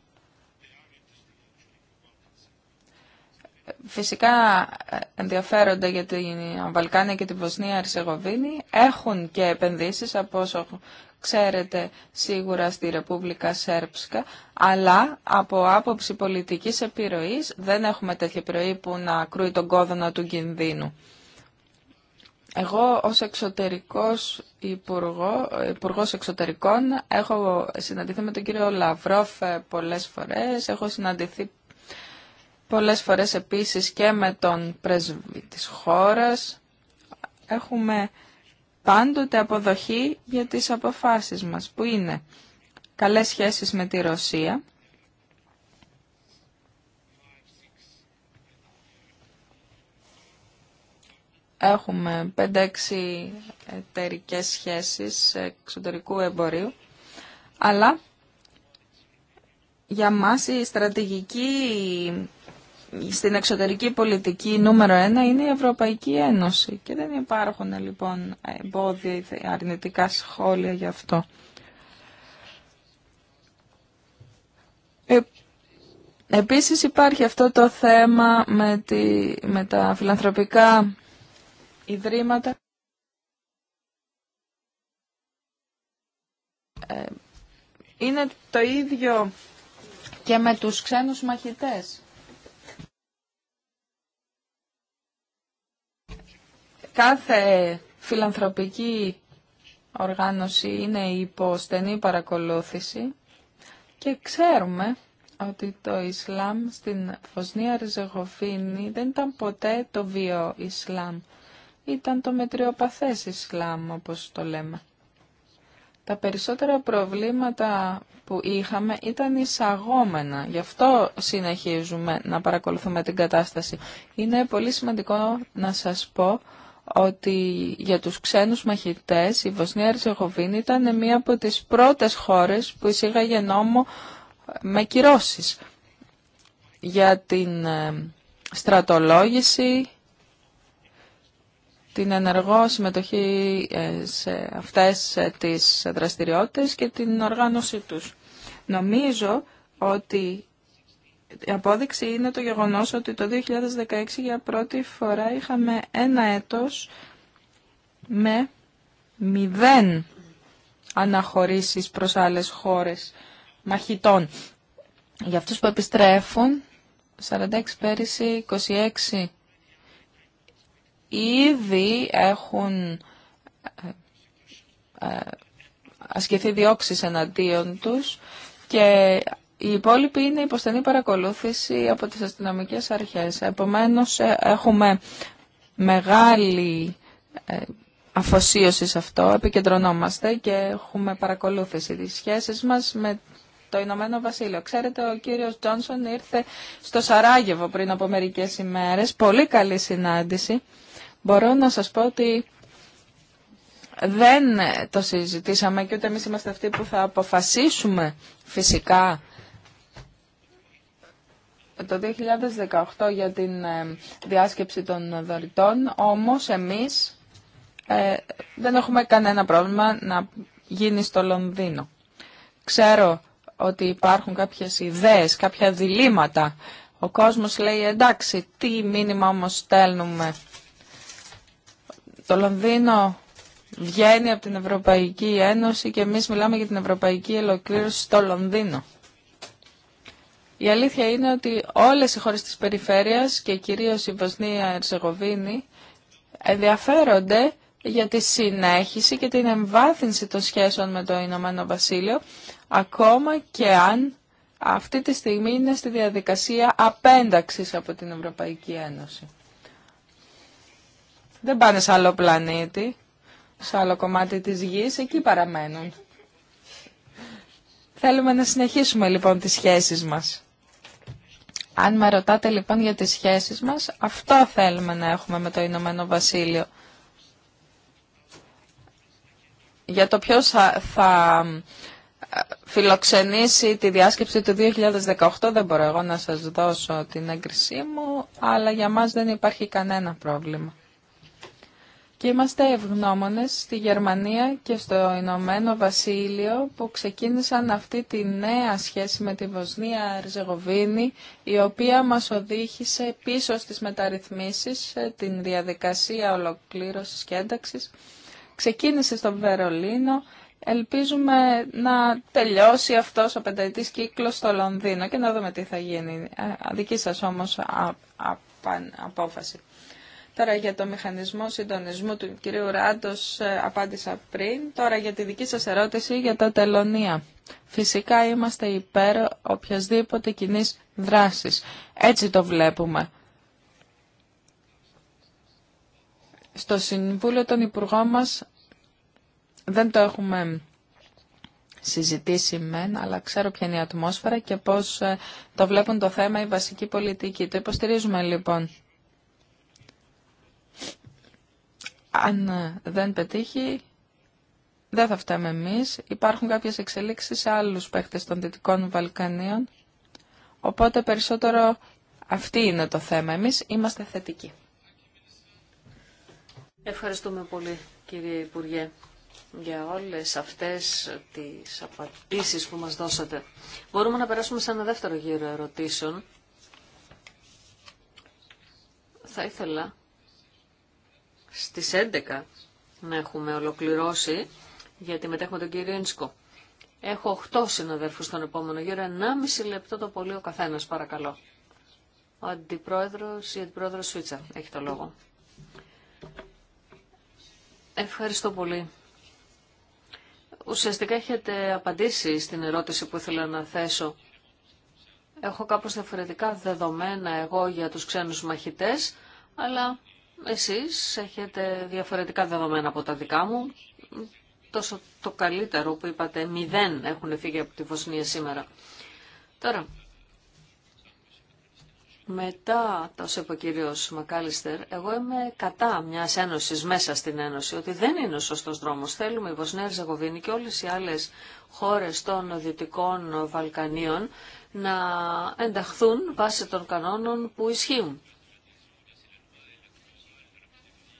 φυσικά ε, ενδιαφέρονται για την Βαλκάνια και την Βοσνία Ερσεγοβίνη. Έχουν και επενδύσεις από όσο ξέρετε σίγουρα στη Ρεπούμπλικα Σέρψκα, αλλά από άποψη πολιτικής επιρροής δεν έχουμε τέτοια επιρροή που να κρούει τον κόδωνα του κινδύνου. Εγώ ως εξωτερικός υπουργό, υπουργός εξωτερικών έχω συναντηθεί με τον κύριο Λαυρόφ ε, πολλές φορές, έχω συναντηθεί Πολλές φορές επίσης και με τον πρέσβη της χώρας έχουμε πάντοτε αποδοχή για τις αποφάσεις μας, που είναι καλές σχέσεις με τη Ρωσία, Έχουμε 5-6 εταιρικέ σχέσεις εξωτερικού εμπορίου, αλλά για μας η στρατηγική στην εξωτερική πολιτική νούμερο ένα είναι η Ευρωπαϊκή Ένωση και δεν υπάρχουν λοιπόν εμπόδια ή αρνητικά σχόλια γι' αυτό. Ε, επίσης υπάρχει αυτό το θέμα με, τα φιλανθρωπικά ιδρύματα. Ε, είναι το ίδιο και με τους ξένους μαχητές. Κάθε φιλανθρωπική οργάνωση είναι υπό στενή παρακολούθηση και ξέρουμε ότι το Ισλάμ στην φωσνία Ριζεγοφίνη δεν ήταν ποτέ το βίο Ισλάμ. Ήταν το μετριοπαθές Ισλάμ όπως το λέμε. Τα περισσότερα προβλήματα που είχαμε ήταν εισαγόμενα. Γι' αυτό συνεχίζουμε να παρακολουθούμε την κατάσταση. Είναι πολύ σημαντικό να σας πω ότι για τους ξένους μαχητές η Βοσνία Ριζεγοβίνη ήταν μία από τις πρώτες χώρες που εισήγαγε νόμο με κυρώσεις για την ε, στρατολόγηση, την ενεργό συμμετοχή ε, σε αυτές ε, τις δραστηριότητες και την οργάνωσή τους. Νομίζω ότι η απόδειξη είναι το γεγονός ότι το 2016 για πρώτη φορά είχαμε ένα έτος με μηδέν αναχωρήσεις προς άλλες χώρες μαχητών. Για αυτούς που επιστρέφουν, 46 πέρυσι, 26 ήδη έχουν ε, ε, ασκηθεί διώξεις εναντίον τους και οι υπόλοιποι είναι υποστενή παρακολούθηση από τις αστυνομικές αρχές. Επομένως, ε, έχουμε μεγάλη ε, αφοσίωση σε αυτό, επικεντρωνόμαστε και έχουμε παρακολούθηση τις σχέσεις μας με το Ηνωμένο Βασίλειο. Ξέρετε, ο κύριος Τζόνσον ήρθε στο Σαράγεβο πριν από μερικές ημέρες. Πολύ καλή συνάντηση. Μπορώ να σας πω ότι δεν το συζητήσαμε και ούτε εμείς είμαστε αυτοί που θα αποφασίσουμε φυσικά το 2018 για την ε, διάσκεψη των δωρητών, όμως εμείς ε, δεν έχουμε κανένα πρόβλημα να γίνει στο Λονδίνο. Ξέρω ότι υπάρχουν κάποιες ιδέες, κάποια διλήμματα. Ο κόσμος λέει εντάξει, τι μήνυμα όμως στέλνουμε. Το Λονδίνο βγαίνει από την Ευρωπαϊκή Ένωση και εμείς μιλάμε για την Ευρωπαϊκή Ελοκλήρωση στο Λονδίνο. Η αλήθεια είναι ότι όλες οι χώρες της περιφέρειας και κυρίως η Βοσνία ερσεγοβινη ενδιαφέρονται για τη συνέχιση και την εμβάθυνση των σχέσεων με το Ηνωμένο Βασίλειο, ακόμα και αν αυτή τη στιγμή είναι στη διαδικασία απένταξης από την Ευρωπαϊκή Ένωση. Δεν πάνε σε άλλο πλανήτη, σε άλλο κομμάτι της γης, εκεί παραμένουν. Θέλουμε να συνεχίσουμε λοιπόν τις σχέσεις μας. Αν με ρωτάτε λοιπόν για τις σχέσεις μας, αυτό θέλουμε να έχουμε με το Ηνωμένο Βασίλειο. Για το ποιος θα ε, φιλοξενήσει τη διάσκεψη του 2018 δεν μπορώ εγώ να σας δώσω την έγκρισή μου, αλλά για μας δεν υπάρχει κανένα πρόβλημα. Και είμαστε ευγνώμονε στη Γερμανία και στο Ηνωμένο Βασίλειο που ξεκίνησαν αυτή τη νέα σχέση με τη Βοσνία Ριζεγοβίνη η οποία μας οδήγησε πίσω στις μεταρρυθμίσεις, ε, την διαδικασία ολοκλήρωσης και ένταξης. Ξεκίνησε στο Βερολίνο, ελπίζουμε να τελειώσει αυτός ο πενταετής κύκλος στο Λονδίνο και να δούμε τι θα γίνει. Ε, δική σας όμως απόφαση. Τώρα για το μηχανισμό συντονισμού του κυρίου Ράντος ε, απάντησα πριν. Τώρα για τη δική σας ερώτηση για τα τελωνία. Φυσικά είμαστε υπέρ οποιασδήποτε κοινή δράση. Έτσι το βλέπουμε. Στο Συμβούλιο των Υπουργών μας δεν το έχουμε συζητήσει μεν, αλλά ξέρω ποια είναι η ατμόσφαιρα και πώς ε, το βλέπουν το θέμα η βασική πολιτική. Το υποστηρίζουμε λοιπόν. αν ε, δεν πετύχει, δεν θα φταίμε εμείς. Υπάρχουν κάποιες εξελίξεις σε άλλους παίχτες των Δυτικών Βαλκανίων. Οπότε περισσότερο αυτή είναι το θέμα. Εμείς είμαστε θετικοί. Ευχαριστούμε πολύ κύριε Υπουργέ για όλες αυτές τις απαντήσεις που μας δώσατε. Μπορούμε να περάσουμε σε ένα δεύτερο γύρο ερωτήσεων. Θα ήθελα στις 11 να έχουμε ολοκληρώσει, γιατί μετέχουμε τον κύριο Ίνσκο. Έχω 8 συναδέρφους στον επόμενο γύρο, 1,5 λεπτό το πολύ ο καθένας, παρακαλώ. Ο αντιπρόεδρος ή αντιπρόεδρος Σουίτσα έχει το λόγο. Ευχαριστώ πολύ. Ουσιαστικά έχετε απαντήσει στην ερώτηση που ήθελα να θέσω. Έχω κάπως διαφορετικά δεδομένα εγώ για τους ξένους μαχητές, αλλά εσείς έχετε διαφορετικά δεδομένα από τα δικά μου. Τόσο το καλύτερο που είπατε, μηδέν έχουν φύγει από τη Βοσνία σήμερα. Τώρα, μετά το είπε ο κύριος Μακάλιστερ, εγώ είμαι κατά μια ένωσης μέσα στην Ένωση, ότι δεν είναι ο σωστός δρόμος. Θέλουμε η Βοσνία Ζεγοβίνη και όλες οι άλλες χώρες των Δυτικών Βαλκανίων να ενταχθούν βάσει των κανόνων που ισχύουν.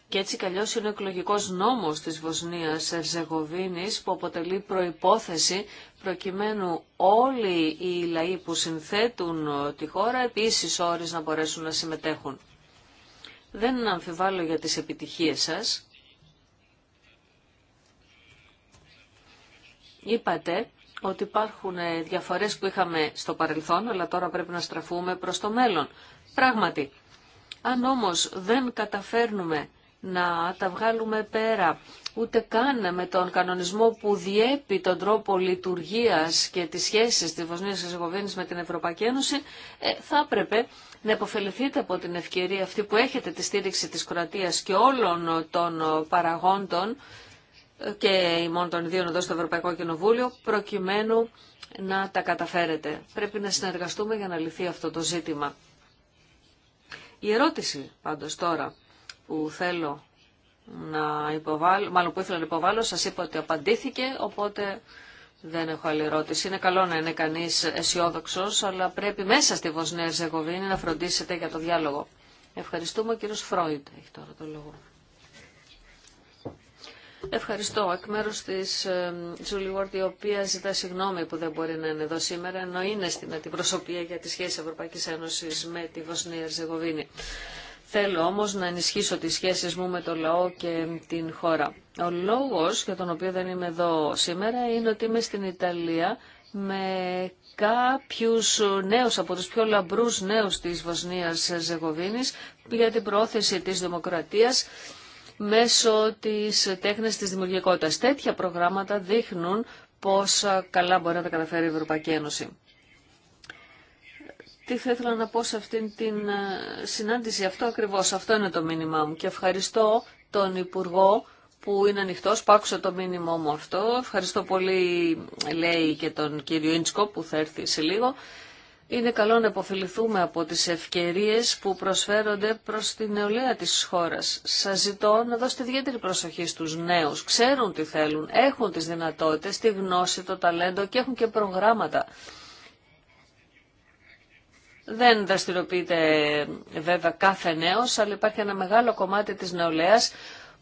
Και έτσι καλώς είναι ο εκλογικός νόμος της Βοσνίας Ερζεγοβίνης που αποτελεί προϋπόθεση προκειμένου όλοι οι λαοί που συνθέτουν τη χώρα επίσης όρις να μπορέσουν να συμμετέχουν. Δεν αμφιβάλλω για τις επιτυχίες σας. Είπατε ότι υπάρχουν ε, διαφορές που είχαμε στο παρελθόν, αλλά τώρα πρέπει να στραφούμε προς το μέλλον. Πράγματι, αν όμως δεν καταφέρνουμε να τα βγάλουμε πέρα ούτε καν με τον κανονισμό που διέπει τον τρόπο λειτουργίας και τις σχέσεις της Βοσνίας με την Ευρωπαϊκή Ένωση, ε, θα έπρεπε να υποφεληθείτε από την ευκαιρία αυτή που έχετε τη στήριξη της Κροατίας και όλων των παραγόντων ε, και ημών των ιδίων εδώ στο Ευρωπαϊκό Κοινοβούλιο, προκειμένου να τα καταφέρετε. Πρέπει να συνεργαστούμε για να λυθεί αυτό το ζήτημα. Η ερώτηση πάντως τώρα που θέλω να υποβάλω, μάλλον που ήθελα να υποβάλω, σας είπα ότι απαντήθηκε, οπότε δεν έχω άλλη ερώτηση. Είναι καλό να είναι κανείς αισιόδοξο, αλλά πρέπει μέσα στη Βοσνία Ζεγοβίνη να φροντίσετε για το διάλογο. Ευχαριστούμε. Ο κύριος Φρόιντ έχει τώρα το λόγο. Ευχαριστώ. Εκ μέρου τη Τζούλι Βόρτ, η οποία ζητά συγγνώμη που δεν μπορεί να είναι εδώ σήμερα, ενώ είναι στην αντιπροσωπεία για τη σχέση Ευρωπαϊκή Ένωση με τη Βοσνία Ερζεγοβίνη. Θέλω όμως να ενισχύσω τις σχέσεις μου με το λαό και την χώρα. Ο λόγος για τον οποίο δεν είμαι εδώ σήμερα είναι ότι είμαι στην Ιταλία με κάποιους νέους από τους πιο λαμπρούς νέους της Βοσνίας Ζεγοβίνης για την πρόθεση της δημοκρατίας μέσω της τέχνης της δημιουργικότητας. Τέτοια προγράμματα δείχνουν πόσα καλά μπορεί να τα καταφέρει η Ευρωπαϊκή Ένωση τι θα ήθελα να πω σε αυτήν την ε, συνάντηση. Αυτό ακριβώς, αυτό είναι το μήνυμά μου. Και ευχαριστώ τον Υπουργό που είναι ανοιχτό, άκουσε το μήνυμα μου αυτό. Ευχαριστώ πολύ, λέει και τον κύριο Ίντσκο που θα έρθει σε λίγο. Είναι καλό να υποφεληθούμε από τις ευκαιρίες που προσφέρονται προς την νεολαία της χώρας. Σας ζητώ να δώσετε ιδιαίτερη προσοχή στους νέους. Ξέρουν τι θέλουν, έχουν τις δυνατότητες, τη γνώση, το ταλέντο και έχουν και προγράμματα. Δεν δραστηριοποιείται βέβαια κάθε νέος, αλλά υπάρχει ένα μεγάλο κομμάτι της νεολαίας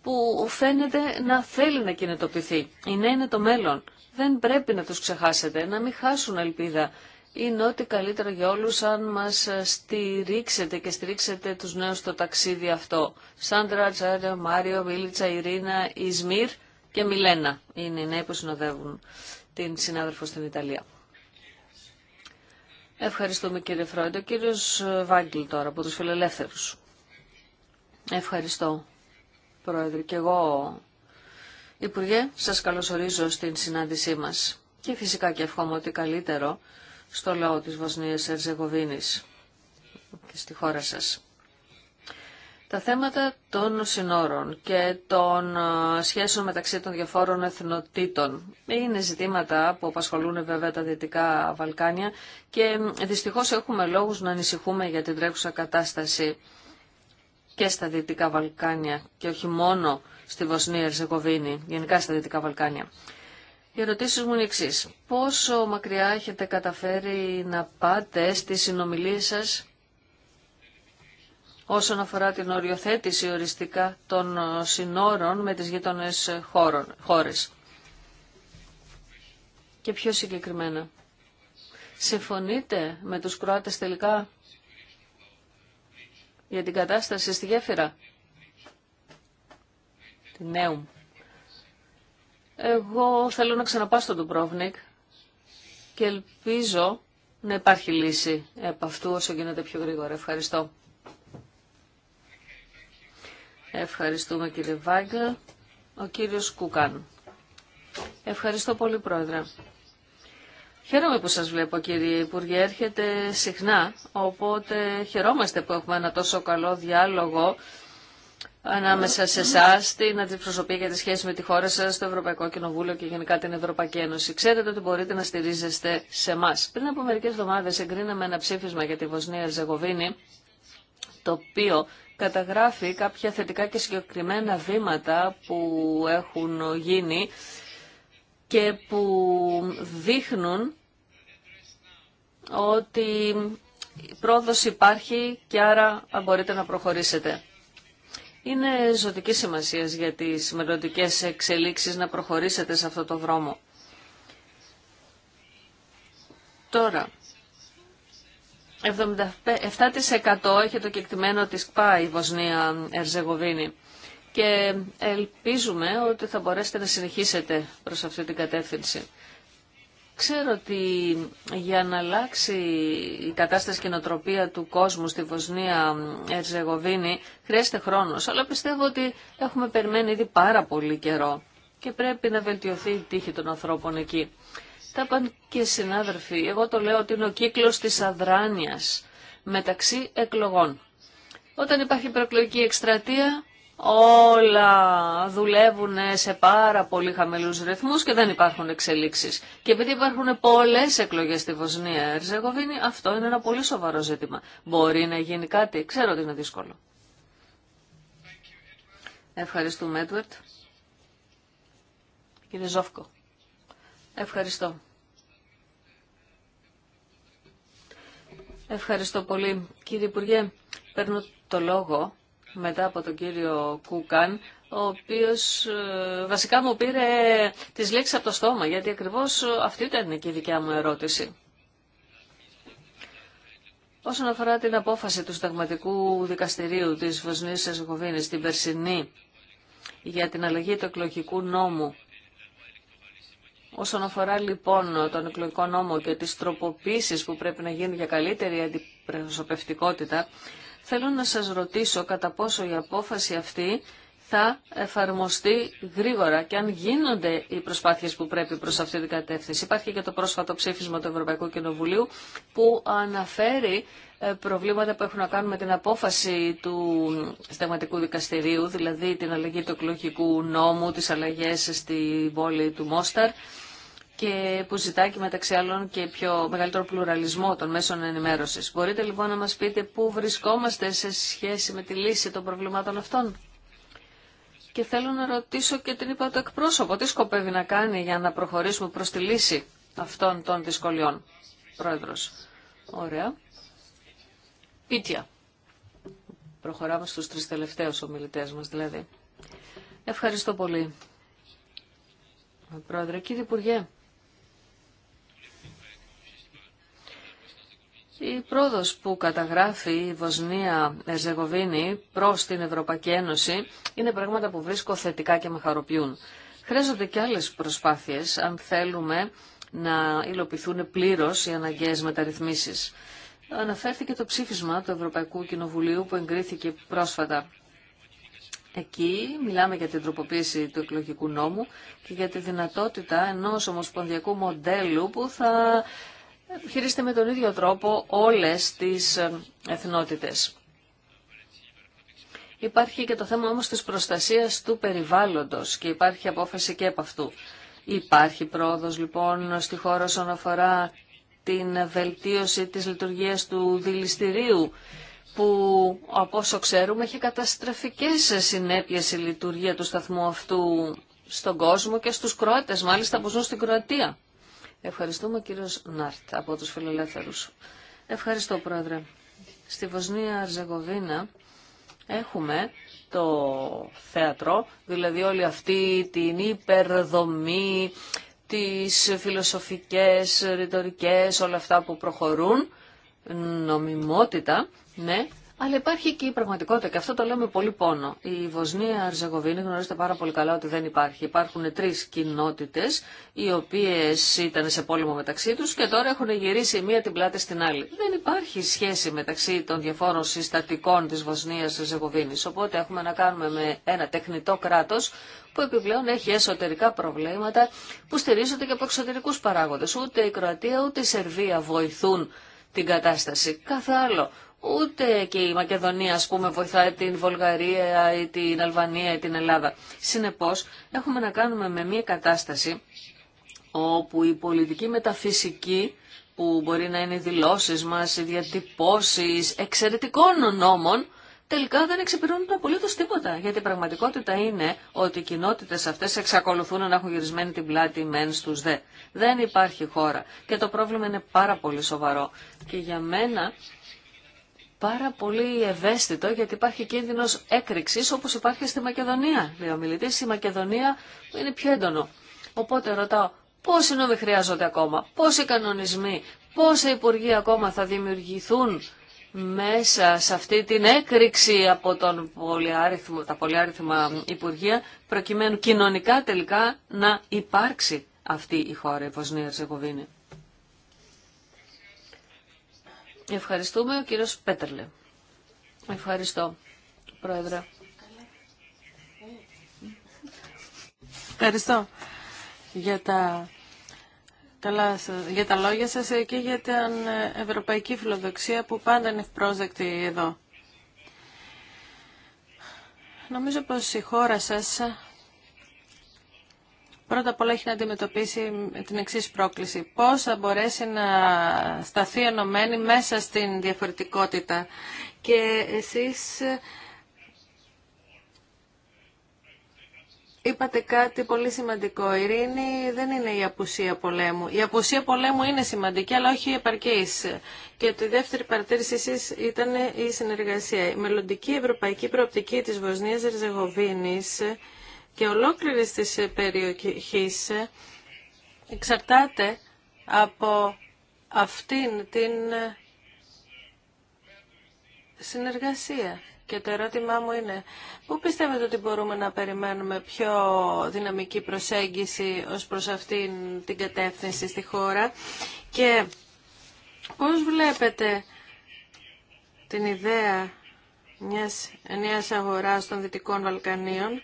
που φαίνεται να θέλει να κινητοποιηθεί. Οι νέοι είναι το μέλλον. Δεν πρέπει να τους ξεχάσετε, να μην χάσουν ελπίδα. Είναι ό,τι καλύτερο για όλους αν μας στηρίξετε και στηρίξετε τους νέους στο ταξίδι αυτό. Σάντρα, Τζάρε, Μάριο, Μίλιτσα, Ειρήνα, Ισμύρ και Μιλένα είναι οι νέοι που συνοδεύουν την συνάδελφο στην Ιταλία. Ευχαριστούμε κύριε Φρόντο. Κύριος Βάγκλ τώρα από τους φιλελεύθερους. Ευχαριστώ πρόεδρε και εγώ Υπουργέ, σας καλωσορίζω στην συνάντησή μας και φυσικά και ευχόμαι ότι καλύτερο στο λαό της Βοσνίας Ερζεγοβίνης και στη χώρα σας τα θέματα των συνόρων και των ε, σχέσεων μεταξύ των διαφόρων εθνοτήτων είναι ζητήματα που απασχολούν βέβαια τα Δυτικά Βαλκάνια και ε, δυστυχώς έχουμε λόγους να ανησυχούμε για την τρέχουσα κατάσταση και στα Δυτικά Βαλκάνια και όχι μόνο στη Βοσνία Ερζεγοβίνη, γενικά στα Δυτικά Βαλκάνια. Οι ερωτήσει μου είναι εξή. Πόσο μακριά έχετε καταφέρει να πάτε στι συνομιλίε σα όσον αφορά την οριοθέτηση οριστικά των ε, συνόρων με τις γείτονες χώρες. Και πιο συγκεκριμένα, συμφωνείτε με τους Κροάτες τελικά για την κατάσταση στη γέφυρα, την Νέου. Εγώ θέλω να ξαναπάσω τον Πρόβνικ και ελπίζω να υπάρχει λύση από αυτού όσο γίνεται πιο γρήγορα. Ευχαριστώ. Ευχαριστούμε κύριε Βάγκα. Ο κύριος Κουκάν. Ευχαριστώ πολύ πρόεδρε. Χαίρομαι που σας βλέπω κύριε Υπουργέ, έρχεται συχνά, οπότε χαιρόμαστε που έχουμε ένα τόσο καλό διάλογο ανάμεσα σε εσά, την αντιπροσωπή για τη σχέση με τη χώρα σα, το Ευρωπαϊκό Κοινοβούλιο και γενικά την Ευρωπαϊκή Ένωση. Ξέρετε ότι μπορείτε να στηρίζεστε σε εμά. Πριν από μερικέ εβδομάδε εγκρίναμε ένα ψήφισμα για τη Βοσνία Ζεγοβίνη, το οποίο καταγράφει κάποια θετικά και συγκεκριμένα βήματα που έχουν γίνει και που δείχνουν ότι η πρόοδος υπάρχει και άρα μπορείτε να προχωρήσετε. Είναι ζωτική σημασία για τις μελλοντικέ εξελίξεις να προχωρήσετε σε αυτό το δρόμο. Τώρα, 77% έχει το κεκτημένο της ΚΠΑ η Βοσνία Ερζεγοβίνη και ελπίζουμε ότι θα μπορέσετε να συνεχίσετε προς αυτή την κατεύθυνση. Ξέρω ότι για να αλλάξει η κατάσταση και η του κόσμου στη Βοσνία Ερζεγοβίνη χρειάζεται χρόνος, αλλά πιστεύω ότι έχουμε περιμένει ήδη πάρα πολύ καιρό και πρέπει να βελτιωθεί η τύχη των ανθρώπων εκεί. Τα είπαν και συνάδελφοι. Εγώ το λέω ότι είναι ο κύκλος της αδράνειας μεταξύ εκλογών. Όταν υπάρχει προεκλογική εκστρατεία, όλα δουλεύουν σε πάρα πολύ χαμηλούς ρυθμούς και δεν υπάρχουν εξελίξεις. Και επειδή υπάρχουν πολλές εκλογές στη Βοσνία Ερζεγοβίνη, αυτό είναι ένα πολύ σοβαρό ζήτημα. Μπορεί να γίνει κάτι, ξέρω ότι είναι δύσκολο. Ευχαριστούμε, Έντουερτ. Κύριε Ζόφκο. Ευχαριστώ. Ευχαριστώ πολύ. Κύριε Υπουργέ, παίρνω το λόγο μετά από τον κύριο Κούκαν, ο οποίος ε, βασικά μου πήρε τις λέξεις από το στόμα, γιατί ακριβώς αυτή ήταν και η δικιά μου ερώτηση. Όσον αφορά την απόφαση του Σταγματικού Δικαστηρίου της Βοσνίας Ερζεγοβίνης την Περσινή για την αλλαγή του εκλογικού νόμου Όσον αφορά λοιπόν τον εκλογικό νόμο και τις τροποποίησεις που πρέπει να γίνουν για καλύτερη αντιπροσωπευτικότητα, θέλω να σας ρωτήσω κατά πόσο η απόφαση αυτή θα εφαρμοστεί γρήγορα και αν γίνονται οι προσπάθειες που πρέπει προς αυτή την κατεύθυνση. Υπάρχει και το πρόσφατο ψήφισμα του Ευρωπαϊκού Κοινοβουλίου που αναφέρει ε, προβλήματα που έχουν να κάνουν με την απόφαση του στεγματικού Δικαστηρίου, δηλαδή την αλλαγή του εκλογικού νόμου, τις αλλαγές στη πόλη του Μόσταρ και που ζητάει και μεταξύ άλλων και πιο μεγαλύτερο πλουραλισμό των μέσων ενημέρωση. Μπορείτε λοιπόν να μας πείτε πού βρισκόμαστε σε σχέση με τη λύση των προβλημάτων αυτών. Και θέλω να ρωτήσω και την είπα το εκπρόσωπο. Τι σκοπεύει να κάνει για να προχωρήσουμε προς τη λύση αυτών των δυσκολιών. Πρόεδρος. Ωραία. Πίτια. Προχωράμε στους τρεις τελευταίους ομιλητές μας δηλαδή. Ευχαριστώ πολύ. Πρόεδρε, κύριε Υπουργέ, Η πρόοδος που καταγράφει η Βοσνία Ερζεγοβίνη προς την Ευρωπαϊκή Ένωση είναι πράγματα που βρίσκω θετικά και με χαροποιούν. Χρειάζονται και άλλες προσπάθειες αν θέλουμε να υλοποιηθούν πλήρως οι αναγκαίες μεταρρυθμίσεις. Αναφέρθηκε το ψήφισμα του Ευρωπαϊκού Κοινοβουλίου που εγκρίθηκε πρόσφατα. Εκεί μιλάμε για την τροποποίηση του εκλογικού νόμου και για τη δυνατότητα ενός ομοσπονδιακού μοντέλου που θα χειρίστε με τον ίδιο τρόπο όλες τις ε, εθνότητες. Υπάρχει και το θέμα όμως της προστασίας του περιβάλλοντος και υπάρχει απόφαση και από αυτού. Υπάρχει πρόοδος λοιπόν στη χώρα όσον αφορά την βελτίωση της λειτουργίας του δηληστηρίου που από όσο ξέρουμε έχει καταστροφικές συνέπειες η λειτουργία του σταθμού αυτού στον κόσμο και στους Κροάτες μάλιστα που ζουν στην Κροατία. Ευχαριστούμε κύριο Νάρτ από τους φιλελεύθερου. Ευχαριστώ πρόεδρε. Στη Βοσνία Αρζεγοβίνα έχουμε το θέατρο, δηλαδή όλη αυτή την υπερδομή, τις φιλοσοφικές, ρητορικές, όλα αυτά που προχωρούν, νομιμότητα, ναι, αλλά υπάρχει και η πραγματικότητα και αυτό το λέμε πολύ πόνο. Η Βοσνία Αρζεγοβίνη γνωρίζετε πάρα πολύ καλά ότι δεν υπάρχει. Υπάρχουν τρει κοινότητε, οι οποίε ήταν σε πόλεμο μεταξύ του και τώρα έχουν γυρίσει η μία την πλάτη στην άλλη. Δεν υπάρχει σχέση μεταξύ των διαφόρων συστατικών τη Βοσνίας Αρζεγοβίνη. Οπότε έχουμε να κάνουμε με ένα τεχνητό κράτο που επιπλέον έχει εσωτερικά προβλήματα που στηρίζονται και από εξωτερικούς παράγοντε Ούτε η Κροατία ούτε η Σερβία βοηθούν την κατάσταση. Κάθε άλλο. Ούτε και η Μακεδονία, ας πούμε, βοηθάει την Βολγαρία ή την Αλβανία ή την Ελλάδα. Συνεπώς, έχουμε να κάνουμε με μια κατάσταση όπου η πολιτική μεταφυσική που μπορεί να είναι οι δηλώσεις μας, οι διατυπώσεις εξαιρετικών νόμων, τελικά δεν εξυπηρώνουν απολύτω τίποτα. Γιατί η πραγματικότητα είναι ότι οι κοινότητε αυτέ εξακολουθούν να έχουν γυρισμένη την πλάτη μεν στου δε. Δεν υπάρχει χώρα. Και το πρόβλημα είναι πάρα πολύ σοβαρό. Και για μένα πάρα πολύ ευαίσθητο γιατί υπάρχει κίνδυνος έκρηξης όπως υπάρχει στη Μακεδονία. Λέει ο στη η Μακεδονία είναι πιο έντονο. Οπότε ρωτάω πόσοι νόμοι χρειάζονται ακόμα, πόσοι κανονισμοί, πόσα υπουργεία ακόμα θα δημιουργηθούν μέσα σε αυτή την έκρηξη από τον πολυάριθμο, τα πολυάριθμα υπουργεία προκειμένου κοινωνικά τελικά να υπάρξει αυτή η χώρα, η Βοσνία Ερζεγοβίνη. Ευχαριστούμε. Ο κύριος Πέτερλε. Ευχαριστώ, Πρόεδρε. Ευχαριστώ για τα, καλά, για τα λόγια σας και για την ευρωπαϊκή φιλοδοξία που πάντα είναι ευπρόσδεκτη εδώ. Νομίζω πως η χώρα σας πρώτα απ' όλα έχει να αντιμετωπίσει την εξή πρόκληση. Πώ θα μπορέσει να σταθεί ενωμένη μέσα στην διαφορετικότητα. Και εσείς είπατε κάτι πολύ σημαντικό. Η ειρήνη δεν είναι η απουσία πολέμου. Η απουσία πολέμου είναι σημαντική, αλλά όχι η επαρκής. Και τη δεύτερη παρατήρηση εσείς ήταν η συνεργασία. Η μελλοντική ευρωπαϊκή προοπτική της Βοσνίας Ριζεγοβίνης και ολόκληρης της περιοχής εξαρτάται από αυτήν την συνεργασία. Και το ερώτημά μου είναι, πού πιστεύετε ότι μπορούμε να περιμένουμε πιο δυναμική προσέγγιση ως προς αυτήν την κατεύθυνση στη χώρα και πώς βλέπετε την ιδέα μιας νέας αγοράς των Δυτικών Βαλκανίων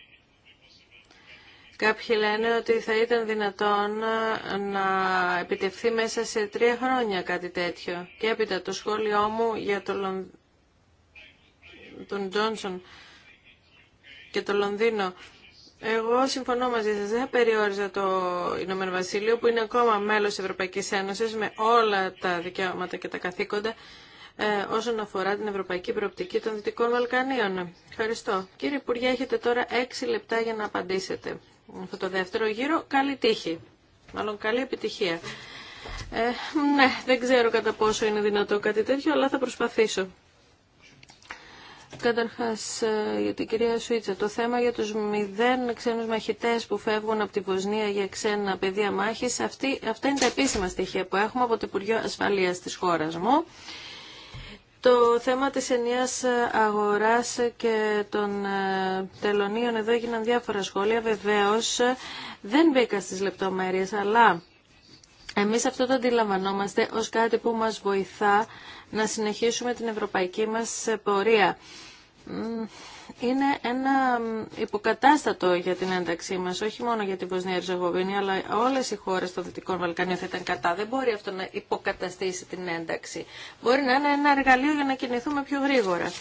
Κάποιοι λένε ότι θα ήταν δυνατόν ε, να επιτευχθεί μέσα σε τρία χρόνια κάτι τέτοιο. Και έπειτα το σχόλιο μου για το τον Τζόνσον και το Λονδίνο. Εγώ συμφωνώ μαζί σας. Δεν περιόριζα το Ηνωμένο Βασίλειο που είναι ακόμα μέλος Ευρωπαϊκής Ένωσης με όλα τα δικαιώματα και τα καθήκοντα ε, όσον αφορά την ευρωπαϊκή προοπτική των Δυτικών Βαλκανίων. Ευχαριστώ. Κύριε Υπουργέ, έχετε τώρα έξι λεπτά για να απαντήσετε αυτό το δεύτερο γύρο. Καλή τύχη. Μάλλον καλή επιτυχία. Ε, ναι, δεν ξέρω κατά πόσο είναι δυνατό κάτι τέτοιο, αλλά θα προσπαθήσω. Καταρχά ε, για την κυρία Σουίτσα, το θέμα για τους μηδέν ξένου μαχητές που φεύγουν από τη Βοσνία για ξένα πεδία μάχης, αυτά είναι τα επίσημα στοιχεία που έχουμε από το Υπουργείο Ασφαλεία τη χώρα μου. Το θέμα της ενίας αγοράς και των ε, τελωνίων εδώ έγιναν διάφορα σχόλια. Βεβαίως δεν μπήκα στις λεπτομέρειες, αλλά εμείς αυτό το αντιλαμβανόμαστε ως κάτι που μας βοηθά να συνεχίσουμε την ευρωπαϊκή μας πορεία είναι ένα υποκατάστατο για την ένταξή μας, όχι μόνο για την Βοσνία Ριζαγοβίνη, αλλά όλες οι χώρες των Δυτικών Βαλκανίων θα ήταν κατά. Δεν μπορεί αυτό να υποκαταστήσει την ένταξη. Μπορεί να είναι ένα εργαλείο για να κινηθούμε πιο γρήγορα.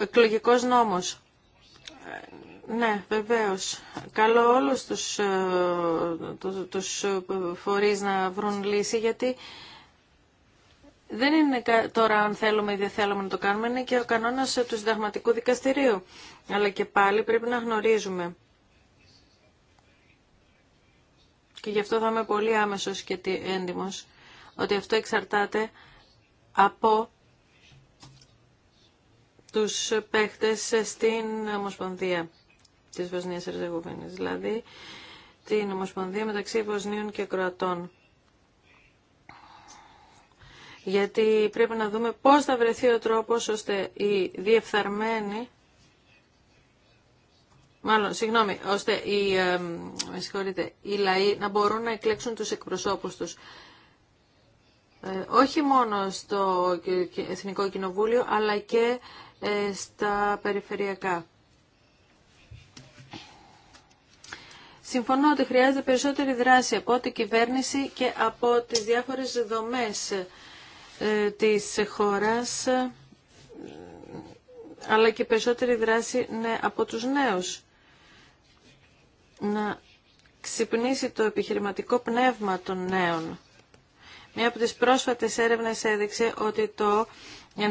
Ο εκλογικός νόμος. Ναι, βεβαίως. Καλό όλους τους, ε, τους ε, φορείς να βρουν λύση, γιατί δεν είναι τώρα αν θέλουμε ή δεν θέλουμε να το κάνουμε, είναι και ο κανόνας του συνταγματικού δικαστηρίου. Αλλά και πάλι πρέπει να γνωρίζουμε. Και γι' αυτό θα είμαι πολύ άμεσος και έντιμος ότι αυτό εξαρτάται από τους παίχτες στην Ομοσπονδία της Βοσνίας Ερζεγοβίνης, δηλαδή την Ομοσπονδία μεταξύ Βοσνίων και Κροατών γιατί πρέπει να δούμε πώς θα βρεθεί ο τρόπος ώστε οι διεφθαρμένοι Μάλλον, συγγνώμη, ώστε οι, ε, οι λαοί να μπορούν να εκλέξουν τους εκπροσώπους τους. Ε, όχι μόνο στο Εθνικό Κοινοβούλιο, αλλά και ε, στα περιφερειακά. Συμφωνώ ότι χρειάζεται περισσότερη δράση από την κυβέρνηση και από τις διάφορες δομές ε, της χώρας ε, αλλά και περισσότερη δράση ναι, από τους νέους. Να ξυπνήσει το επιχειρηματικό πνεύμα των νέων. Μία από τις πρόσφατες έρευνες έδειξε ότι το 97%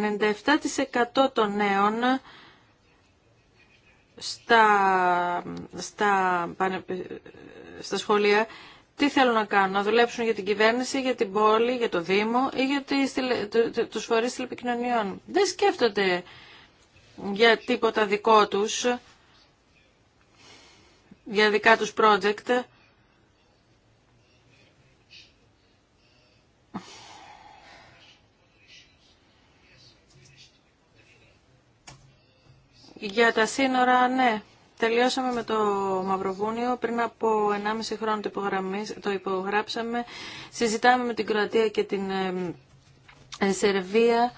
των νέων στα, στα σχολεία τι θέλουν να κάνουν, να δουλέψουν για την κυβέρνηση, για την πόλη, για το Δήμο ή για τους φορείς τηλεπικοινωνιών. Δεν σκέφτονται για τίποτα δικό τους, για δικά τους project. Για τα σύνορα, ναι. Τελειώσαμε με το Μαυροβούνιο. Πριν από 1,5 χρόνο το υπογράψαμε. Συζητάμε με την Κροατία και την ε, Σερβία.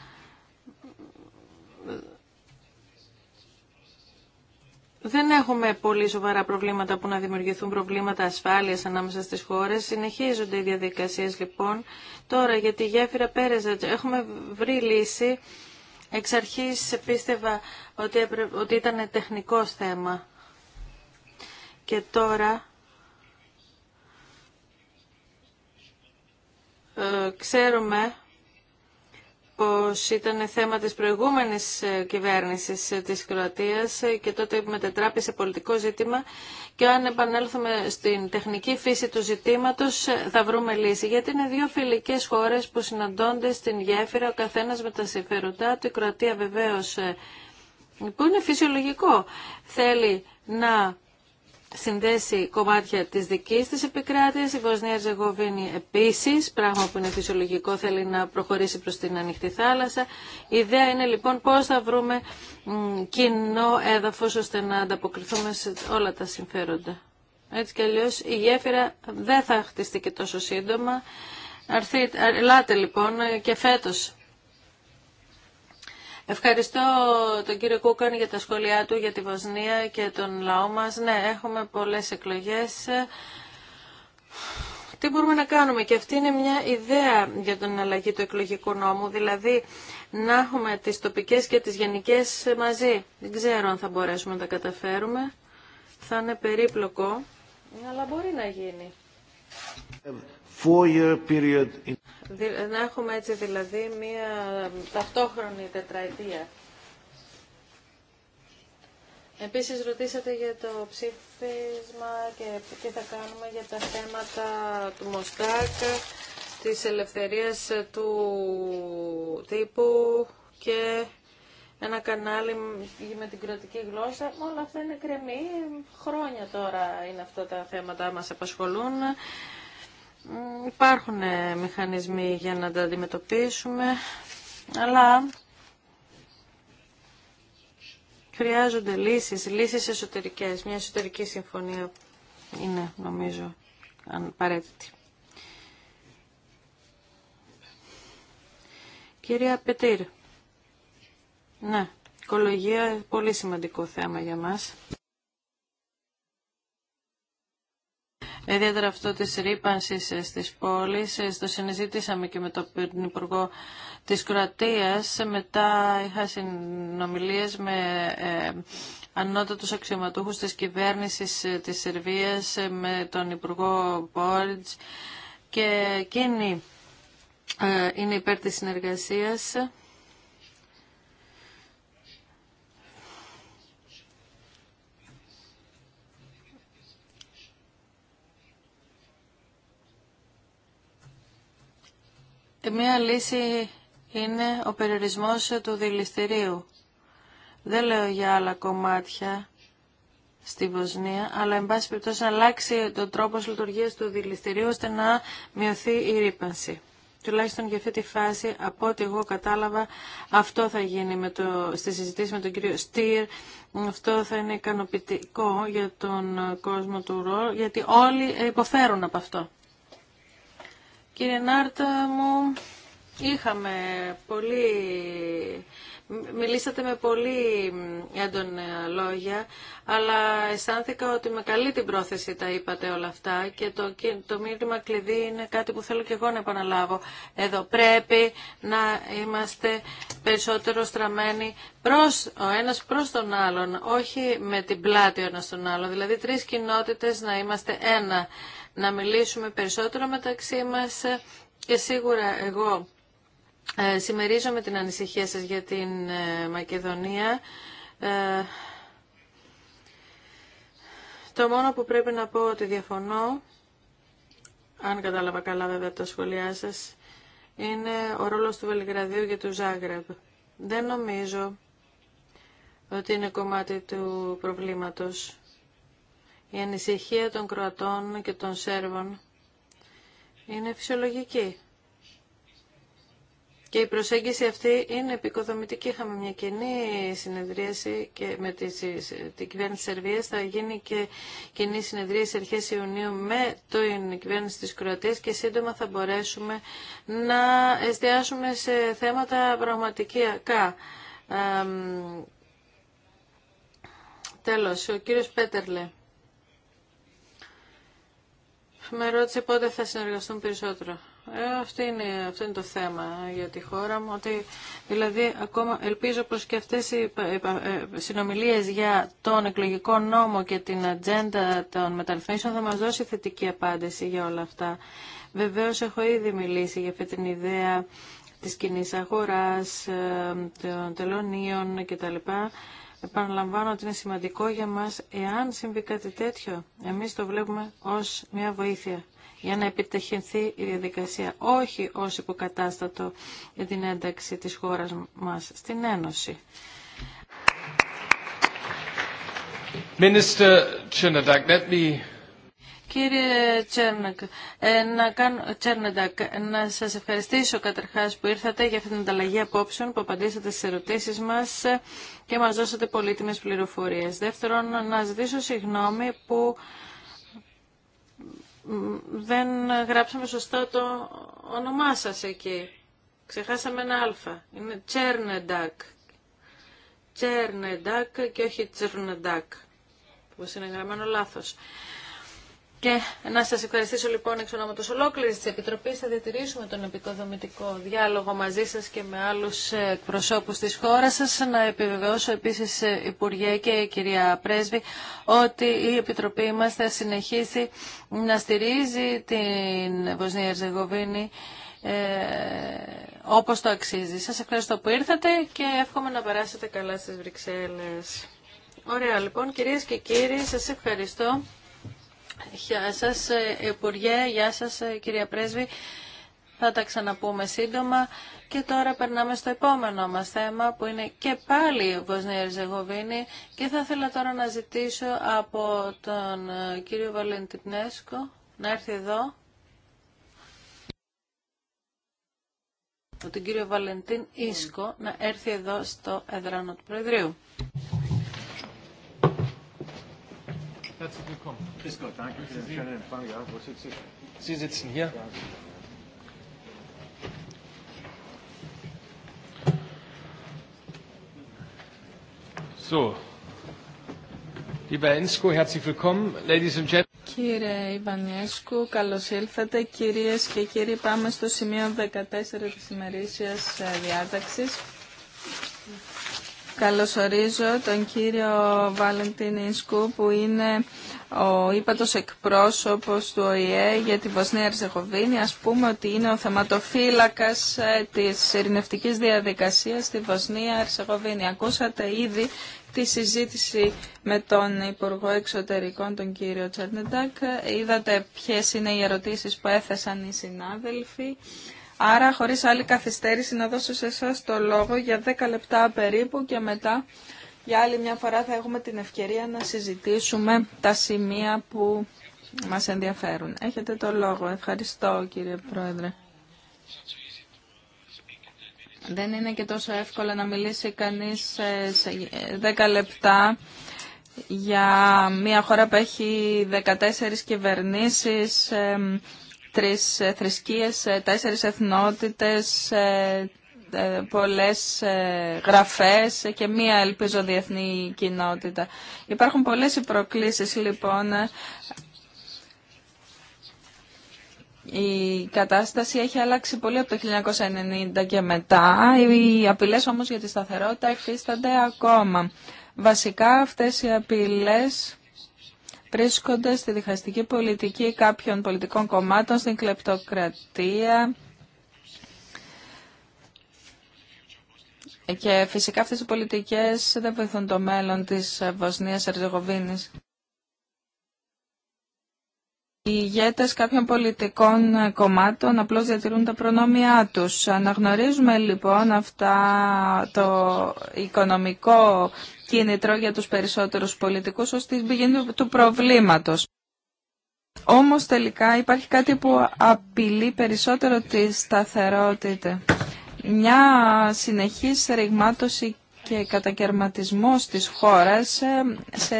Δεν έχουμε πολύ σοβαρά προβλήματα που να δημιουργηθούν προβλήματα ασφάλειας ανάμεσα στις χώρες. Συνεχίζονται οι διαδικασίες λοιπόν. Τώρα για τη γέφυρα Πέρεζα έχουμε βρει λύση. Εξ αρχής πίστευα ότι, ότι ήταν τεχνικό θέμα. Και τώρα ε, ξέρουμε πως ήταν θέμα της προηγούμενης ε, κυβέρνησης ε, της Κροατίας και τότε μετετράπησε σε πολιτικό ζήτημα και αν επανέλθουμε στην τεχνική φύση του ζητήματος θα βρούμε λύση. Γιατί είναι δύο φιλικές χώρες που συναντώνται στην γέφυρα ο καθένας με τα συμφέροντά του. Η Κροατία βεβαίως, που είναι φυσιολογικό, θέλει να συνδέσει κομμάτια της δικής της επικράτειας. Η Βοσνία Ζεγοβίνη επίσης, πράγμα που είναι φυσιολογικό, θέλει να προχωρήσει προς την ανοιχτή θάλασσα. Η ιδέα είναι λοιπόν πώς θα βρούμε κοινό έδαφος ώστε να ανταποκριθούμε σε όλα τα συμφέροντα. Έτσι κι αλλιώς η γέφυρα δεν θα χτιστεί και τόσο σύντομα. Ελάτε λοιπόν και φέτος Ευχαριστώ τον κύριο Κούκαν για τα σχόλιά του για τη Βοσνία και τον λαό μας. Ναι, έχουμε πολλές εκλογές. Τι μπορούμε να κάνουμε και αυτή είναι μια ιδέα για την αλλαγή του εκλογικού νόμου, δηλαδή να έχουμε τις τοπικές και τις γενικές μαζί. Δεν ξέρω αν θα μπορέσουμε να τα καταφέρουμε. Θα είναι περίπλοκο, αλλά μπορεί να γίνει. Ε, να έχουμε έτσι δηλαδή μία ταυτόχρονη τετραετία. Επίσης ρωτήσατε για το ψήφισμα και τι θα κάνουμε για τα θέματα του Μοστάκ της ελευθερίας του τύπου και ένα κανάλι με την κροτική γλώσσα. Όλα αυτά είναι κρεμή. Χρόνια τώρα είναι αυτά τα θέματα μας απασχολούν. Υπάρχουν μηχανισμοί για να τα αντιμετωπίσουμε, αλλά χρειάζονται λύσεις, λύσεις εσωτερικές. Μια εσωτερική συμφωνία είναι, νομίζω, απαραίτητη. Κυρία Πετήρ, ναι, οικολογία πολύ σημαντικό θέμα για μας. ιδιαίτερα αυτό της ρήπανσης ε, στις πόλεις. Ε, στο συνεζήτησαμε και με τον Υπουργό της Κροατίας. Μετά είχα συνομιλίες με ε, ανώτατους αξιωματούχους της κυβέρνησης της Σερβίας, με τον Υπουργό Μπόριτς και εκείνη είναι υπέρ της συνεργασίας. μία λύση είναι ο περιορισμός του δηληστηρίου. Δεν λέω για άλλα κομμάτια στη Βοσνία, αλλά εν πάση περιπτώσει να αλλάξει τον τρόπο λειτουργίας του δηληστηρίου ώστε να μειωθεί η ρήπανση. Τουλάχιστον για αυτή τη φάση, από ό,τι εγώ κατάλαβα, αυτό θα γίνει με το, στη συζητήση με τον κύριο Στυρ. Αυτό θα είναι ικανοποιητικό για τον κόσμο του ρόλου, γιατί όλοι υποφέρουν από αυτό. Κύριε Νάρτα μου, είχαμε πολύ... Μιλήσατε με πολύ έντονα λόγια, αλλά αισθάνθηκα ότι με καλή την πρόθεση τα είπατε όλα αυτά και το, το μήνυμα κλειδί είναι κάτι που θέλω και εγώ να επαναλάβω. Εδώ πρέπει να είμαστε περισσότερο στραμμένοι προς, ο ένας προς τον άλλον, όχι με την πλάτη ο ένας τον άλλον. Δηλαδή τρεις κοινότητες να είμαστε ένα να μιλήσουμε περισσότερο μεταξύ μας και σίγουρα εγώ ε, συμμερίζομαι την ανησυχία σας για την ε, Μακεδονία. Ε, το μόνο που πρέπει να πω ότι διαφωνώ, αν κατάλαβα καλά βέβαια τα σχολιά σας, είναι ο ρόλος του Βελιγραδίου για του Ζάγκρεπ. Δεν νομίζω ότι είναι κομμάτι του προβλήματος. Η ανησυχία των Κροατών και των Σέρβων είναι φυσιολογική. Και η προσέγγιση αυτή είναι επικοδομητική. Είχαμε μια κοινή συνεδρίαση και με την κυβέρνηση της Σερβίας. Θα γίνει και κοινή συνεδρίαση αρχές Ιουνίου με την κυβέρνηση της Κροατίας και σύντομα θα μπορέσουμε να εστιάσουμε σε θέματα πραγματικά. Τέλος, ο κύριος Πέτερλε με ρώτησε πότε θα συνεργαστούν περισσότερο. Ε, αυτό, είναι, αυτό είναι το θέμα για τη χώρα μου. Ότι, δηλαδή, ακόμα ελπίζω πως και αυτές οι ε, ε, ε, συνομιλίες για τον εκλογικό νόμο και την ατζέντα των μεταρρυθμίσεων θα μας δώσει θετική απάντηση για όλα αυτά. Βεβαίως, έχω ήδη μιλήσει για αυτή την ιδέα της κοινή αγοράς, των τελωνίων κτλ. Επαναλαμβάνω ότι είναι σημαντικό για μας εάν συμβεί κάτι τέτοιο. Εμείς το βλέπουμε ως μια βοήθεια για να επιτεχυνθεί η διαδικασία, όχι ως υποκατάστατο για την ένταξη της χώρας μας στην Ένωση. Κύριε Τσέρνακ, ε, να, κάνω, να σας ευχαριστήσω καταρχάς που ήρθατε για αυτή την ανταλλαγή απόψεων που απαντήσατε στις ερωτήσεις μας και μας δώσατε πολύτιμες πληροφορίες. Δεύτερον, να ζητήσω συγγνώμη που δεν γράψαμε σωστά το όνομά σας εκεί. Ξεχάσαμε ένα α. Είναι Τσέρνεντακ. Τσέρνεντακ και όχι Τσέρνεντακ, που είναι γραμμένο λάθος. Και να σας ευχαριστήσω λοιπόν εξ ονόματος ολόκληρης της Επιτροπής. Θα διατηρήσουμε τον επικοδομητικό διάλογο μαζί σας και με άλλους ε, προσώπους της χώρας σας. Να επιβεβαιώσω επίσης ε, Υπουργέ και κυρία Πρέσβη ότι η Επιτροπή μας θα συνεχίσει να στηρίζει την Βοσνία Ερζεγοβίνη ε, όπως το αξίζει. Σας ευχαριστώ που ήρθατε και εύχομαι να περάσετε καλά στις Βρυξέλλες. Ωραία λοιπόν κυρίες και κύριοι, σας ευχαριστώ. Γεια σας ε, Υπουργέ, γεια σας ε, κυρία Πρέσβη. Θα τα ξαναπούμε σύντομα και τώρα περνάμε στο επόμενο μας θέμα που είναι και πάλι Βοσνία Ριζεγοβίνη και θα ήθελα τώρα να ζητήσω από τον ε, κύριο Βαλεντινέσκο να έρθει εδώ. Από τον κύριο Βαλεντίν Ίσκο να έρθει εδώ στο έδρανο του Προεδρείου. Herzlich willkommen. Chris Gott, danke für den schönen Empfang. Ja, wo sitze ich? Sie sitzen hier. So. Lieber Ensko, herzlich willkommen. Ladies and gentlemen. Κύριε Ιβανιέσκου, καλώ ήλθατε. Κυρίε και κύριοι, πάμε στο σημείο 14 τη ημερήσια διάταξη. Καλωσορίζω τον κύριο Βαλεντίν Ινσκού που είναι ο ύπατος εκπρόσωπος του ΟΗΕ για τη Βοσνία Ερζεγοβίνη. Ας πούμε ότι είναι ο θεματοφύλακας ε, της ειρηνευτικής διαδικασίας στη Βοσνία Ερζεγοβίνη. Ακούσατε ήδη τη συζήτηση με τον Υπουργό Εξωτερικών, τον κύριο Τσέρνεντακ. Είδατε ποιες είναι οι ερωτήσεις που έθεσαν οι συνάδελφοι. Άρα, χωρίς άλλη καθυστέρηση, να δώσω σε εσά το λόγο για 10 λεπτά περίπου και μετά για άλλη μια φορά θα έχουμε την ευκαιρία να συζητήσουμε τα σημεία που μας ενδιαφέρουν. Έχετε το λόγο. Ευχαριστώ, κύριε Πρόεδρε. Δεν είναι και τόσο εύκολο να μιλήσει κανείς ε, σε 10 λεπτά για μια χώρα που έχει 14 κυβερνήσεις, ε, τρεις ε, θρησκείες, ε, τέσσερις εθνότητες, ε, πολλές γραφές και μία ελπίζω διεθνή κοινότητα. Υπάρχουν πολλές οι προκλήσεις λοιπόν. Η κατάσταση έχει αλλάξει πολύ από το 1990 και μετά. Οι απειλές όμως για τη σταθερότητα υφίστανται ακόμα. Βασικά αυτές οι απειλές βρίσκονται στη διχαστική πολιτική κάποιων πολιτικών κομμάτων, στην κλεπτοκρατία και φυσικά αυτές οι πολιτικές δεν βοηθούν το μέλλον της Βοσνίας Αρζεγοβίνης οι ηγέτες κάποιων πολιτικών κομμάτων απλώς διατηρούν τα προνόμια τους. Αναγνωρίζουμε λοιπόν αυτά το οικονομικό κίνητρο για τους περισσότερους πολιτικούς ως την πηγή του προβλήματος. Όμως τελικά υπάρχει κάτι που απειλεί περισσότερο τη σταθερότητα. Μια συνεχής ρηγμάτωση και κατακαιρματισμός της χώρας σε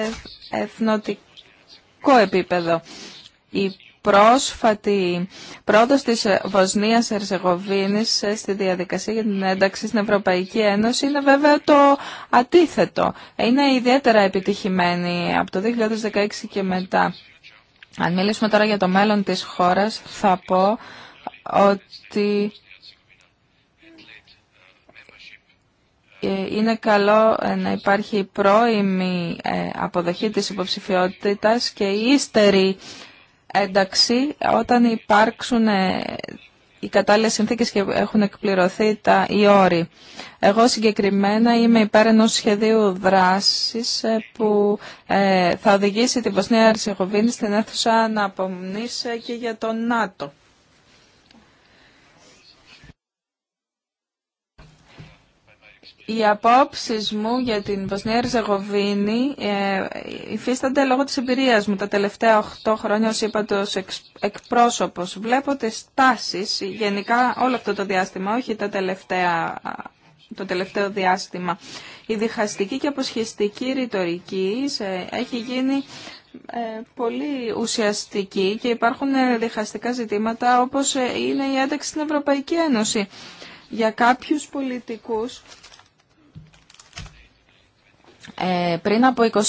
εθνοτικό επίπεδο η πρόσφατη πρόοδος της Βοσνίας Ερζεγοβίνης στη διαδικασία για την ένταξη στην Ευρωπαϊκή Ένωση είναι βέβαια το αντίθετο. Είναι ιδιαίτερα επιτυχημένη από το 2016 και μετά. Αν μιλήσουμε τώρα για το μέλλον της χώρας, θα πω ότι είναι καλό ε, να υπάρχει πρώιμη ε, αποδοχή της υποψηφιότητας και ύστερη ένταξη όταν υπάρξουν ε, οι κατάλληλες συνθήκες και έχουν εκπληρωθεί τα οι όροι. Εγώ συγκεκριμένα είμαι υπέρ ενός σχεδίου δράσης ε, που ε, θα οδηγήσει την Βοσνία Αρσεγοβίνη στην αίθουσα απομνήσει και για τον ΝΑΤΟ. Οι απόψει μου για την Βοσνία ε, υφίστανται λόγω της εμπειρίας μου τα τελευταία 8 χρόνια ως είπατε ως εκπρόσωπος. Βλέποτε στάσεις γενικά όλο αυτό το διάστημα, όχι τα τελευταία, το τελευταίο διάστημα. Η διχαστική και αποσχεστική ρητορική έχει γίνει ε, πολύ ουσιαστική και υπάρχουν ε, διχαστικά ζητήματα όπως ε, είναι η ένταξη στην Ευρωπαϊκή Ένωση. Για κάποιους πολιτικούς ε, πριν από 25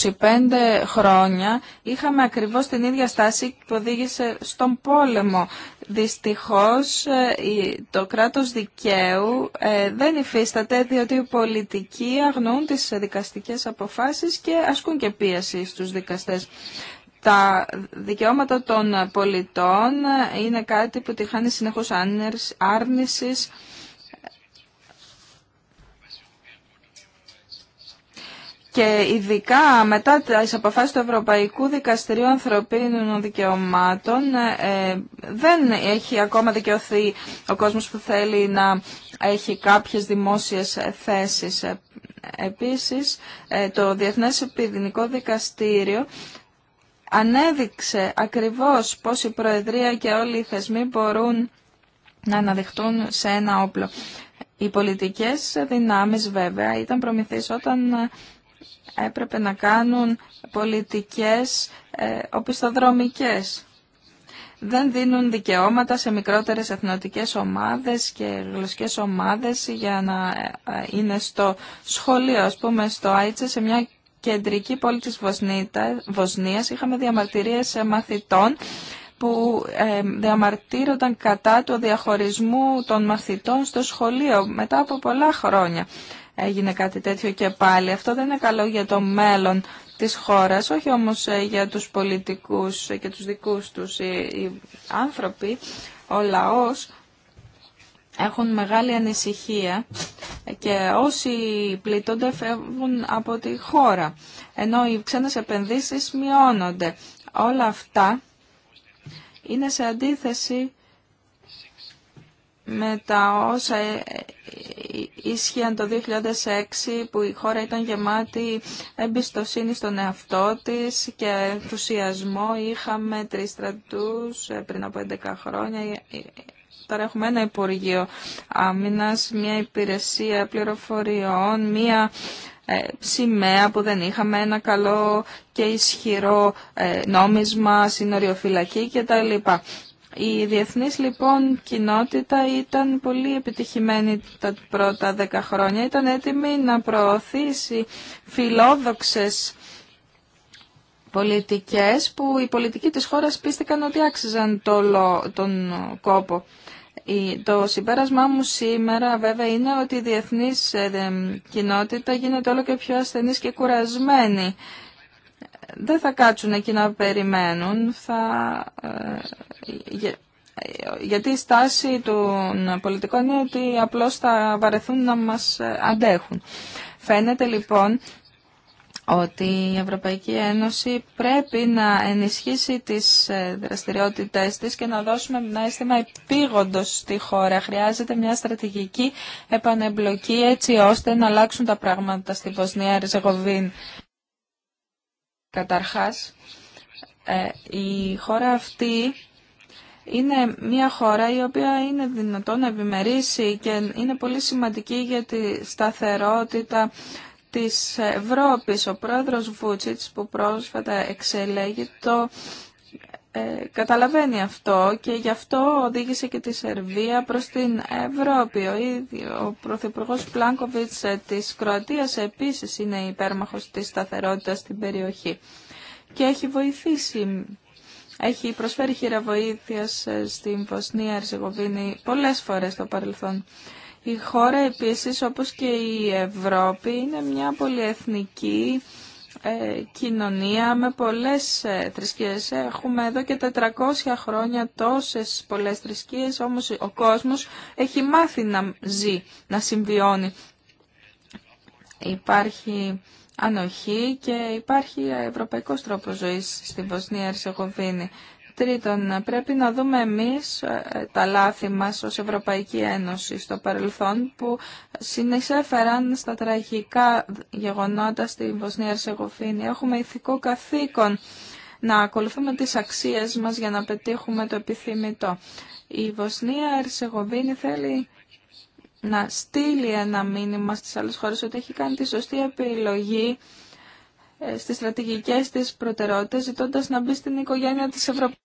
χρόνια είχαμε ακριβώς την ίδια στάση που οδήγησε στον πόλεμο. Δυστυχώς ε, το κράτος δικαίου ε, δεν υφίσταται διότι οι πολιτικοί αγνοούν τις δικαστικές αποφάσεις και ασκούν και πίεση στους δικαστές. Τα δικαιώματα των πολιτών ε, είναι κάτι που τη χάνει συνεχώς άρνησης Και ειδικά μετά τις αποφάσεις του Ευρωπαϊκού Δικαστηρίου Ανθρωπίνων Δικαιωμάτων ε, δεν έχει ακόμα δικαιωθεί ο κόσμος που θέλει να έχει κάποιες δημόσιες θέσεις. Επίσης, ε, το Διεθνές Επιδημικό Δικαστήριο ανέδειξε ακριβώς πώς η Προεδρία και όλοι οι θεσμοί μπορούν να αναδειχτούν σε ένα όπλο. Οι πολιτικές δυνάμεις βέβαια ήταν προμηθείς όταν ε, έπρεπε να κάνουν πολιτικές ε, οπισθοδρομικές. Δεν δίνουν δικαιώματα σε μικρότερες εθνοτικές ομάδες και γλωσσικές ομάδες για να ε, είναι στο σχολείο, ας πούμε, στο Άιτσε, σε μια κεντρική πόλη της Βοσνίας. Είχαμε διαμαρτυρίες ε, μαθητών που διαμαρτύρονταν κατά του διαχωρισμού των μαθητών στο σχολείο μετά από πολλά χρόνια έγινε κάτι τέτοιο και πάλι. Αυτό δεν είναι καλό για το μέλλον της χώρας, όχι όμως ε, για τους πολιτικούς ε, και τους δικούς τους οι άνθρωποι, ο λαός έχουν μεγάλη ανησυχία και όσοι πλήττονται φεύγουν από τη χώρα, ενώ οι ξένες επενδύσεις μειώνονται. Όλα αυτά είναι σε αντίθεση με τα όσα ε, ε, ίσχυαν το 2006 που η χώρα ήταν γεμάτη εμπιστοσύνη στον εαυτό της και ενθουσιασμό. Είχαμε τρεις στρατούς ε, πριν από 11 χρόνια. Τώρα έχουμε ένα Υπουργείο Άμυνας, μια υπηρεσία πληροφοριών, μια σημαία που δεν είχαμε, ένα καλό και ισχυρό νόμισμα, συνοριοφυλακή κτλ. Η διεθνής λοιπόν κοινότητα ήταν πολύ επιτυχημένη τα πρώτα δέκα χρόνια. Ήταν έτοιμη να προωθήσει φιλόδοξες πολιτικές που οι πολιτικοί της χώρας πίστηκαν ότι άξιζαν τον κόπο. Το συμπέρασμά μου σήμερα βέβαια είναι ότι η διεθνής ε, κοινότητα γίνεται όλο και πιο ασθενής και κουρασμένη δεν θα κάτσουν εκεί να περιμένουν, θα, ε, γιατί η στάση των πολιτικών είναι ότι απλώς θα βαρεθούν να μας ε, αντέχουν. Φαίνεται λοιπόν ότι η Ευρωπαϊκή Ένωση πρέπει να ενισχύσει τις ε, δραστηριότητες της και να δώσουμε ένα αίσθημα επίγοντος στη χώρα. Χρειάζεται μια στρατηγική επανεμπλοκή έτσι ώστε να αλλάξουν τα πράγματα στη Βοσνία ριζεγοβιν Καταρχάς, ε, η χώρα αυτή είναι μια χώρα η οποία είναι δυνατόν να ευημερήσει και είναι πολύ σημαντική για τη σταθερότητα της Ευρώπης. Ο πρόεδρος Βούτσιτς που πρόσφατα εξελέγει το ε, καταλαβαίνει αυτό και γι' αυτό οδήγησε και τη Σερβία προς την Ευρώπη. Ο, ο Πρωθυπουργός Πλάνκοβιτς ε, της Κροατίας επίσης είναι υπέρμαχος της σταθερότητας στην περιοχή και έχει βοηθήσει, έχει προσφέρει χειραβοήθειας ε, στην Βοσνία Ερζεγοβίνη πολλές φορές στο παρελθόν. Η χώρα επίσης όπως και η Ευρώπη είναι μια πολυεθνική ε, κοινωνία με πολλές ε, θρησκείες. Έχουμε εδώ και 400 χρόνια τόσες πολλές θρησκείες, όμως ο κόσμος έχει μάθει να ζει, να συμβιώνει. Υπάρχει ανοχή και υπάρχει ευρωπαϊκός τρόπος ζωής στην Βοσνία Ερσεγοβίνη. Τρίτον, πρέπει να δούμε εμείς ε, τα λάθη μας ως Ευρωπαϊκή Ένωση στο παρελθόν που συνεισέφεραν στα τραγικά γεγονότα στη Βοσνία Ερσεγοφίνη. Έχουμε ηθικό καθήκον να ακολουθούμε τις αξίες μας για να πετύχουμε το επιθυμητό. Η Βοσνία Ερσεγοβίνη θέλει να στείλει ένα μήνυμα στις άλλες χώρες ότι έχει κάνει τη σωστή επιλογή ε, στις στρατηγικές της προτεραιότητες ζητώντας να μπει στην οικογένεια της Ευρωπαϊκής.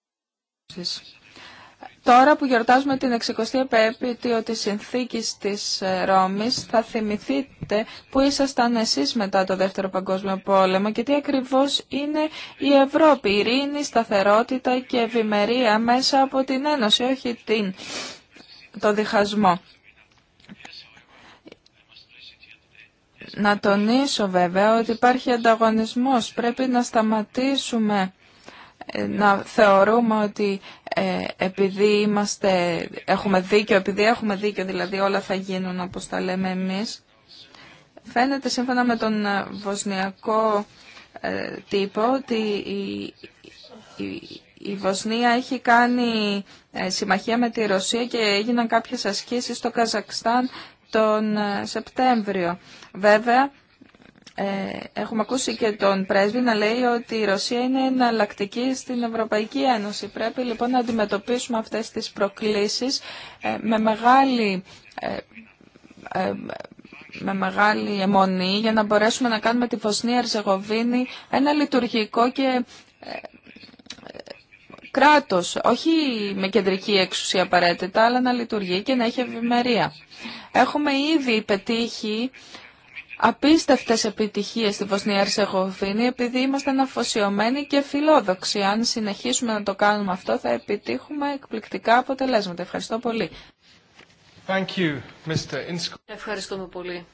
Τώρα που γιορτάζουμε την 60η επέτειο της συνθήκης της ε, Ρώμης, θα θυμηθείτε που ήσασταν εσείς μετά το Δεύτερο Παγκόσμιο Πόλεμο και τι ακριβώς είναι η Ευρώπη, η ειρήνη, σταθερότητα και ευημερία μέσα από την Ένωση, όχι την, το διχασμό. Να τονίσω βέβαια ότι υπάρχει ανταγωνισμός. Πρέπει να σταματήσουμε να θεωρούμε ότι ε, επειδή είμαστε, έχουμε δίκιο, επειδή έχουμε δίκιο, δηλαδή όλα θα γίνουν όπως τα λέμε εμείς, φαίνεται σύμφωνα με τον ε, βοσνιακό ε, τύπο ότι η, η, Βοσνία έχει κάνει συμμαχία με τη Ρωσία και έγιναν κάποιες ασκήσεις στο Καζακστάν τον Σεπτέμβριο. Βέβαια, ε, έχουμε ακούσει και τον πρέσβη να λέει ότι η Ρωσία είναι εναλλακτική στην Ευρωπαϊκή Ένωση. Πρέπει λοιπόν να αντιμετωπίσουμε αυτές τις προκλήσεις ε, με μεγάλη... Ε, ε, με μεγάλη αιμονή για να μπορέσουμε να κάνουμε τη Βοσνία Ερζεγοβίνη ένα λειτουργικό και κράτος, όχι με κεντρική εξουσία απαραίτητα, αλλά να λειτουργεί και να έχει ευημερία. Έχουμε ήδη πετύχει απίστευτες επιτυχίες στη Βοσνία Ερσεγοβίνη επειδή είμαστε αναφοσιωμένοι και φιλόδοξοι. Αν συνεχίσουμε να το κάνουμε αυτό θα επιτύχουμε εκπληκτικά αποτελέσματα. Ευχαριστώ πολύ. Thank you, Mr. Ευχαριστούμε πολύ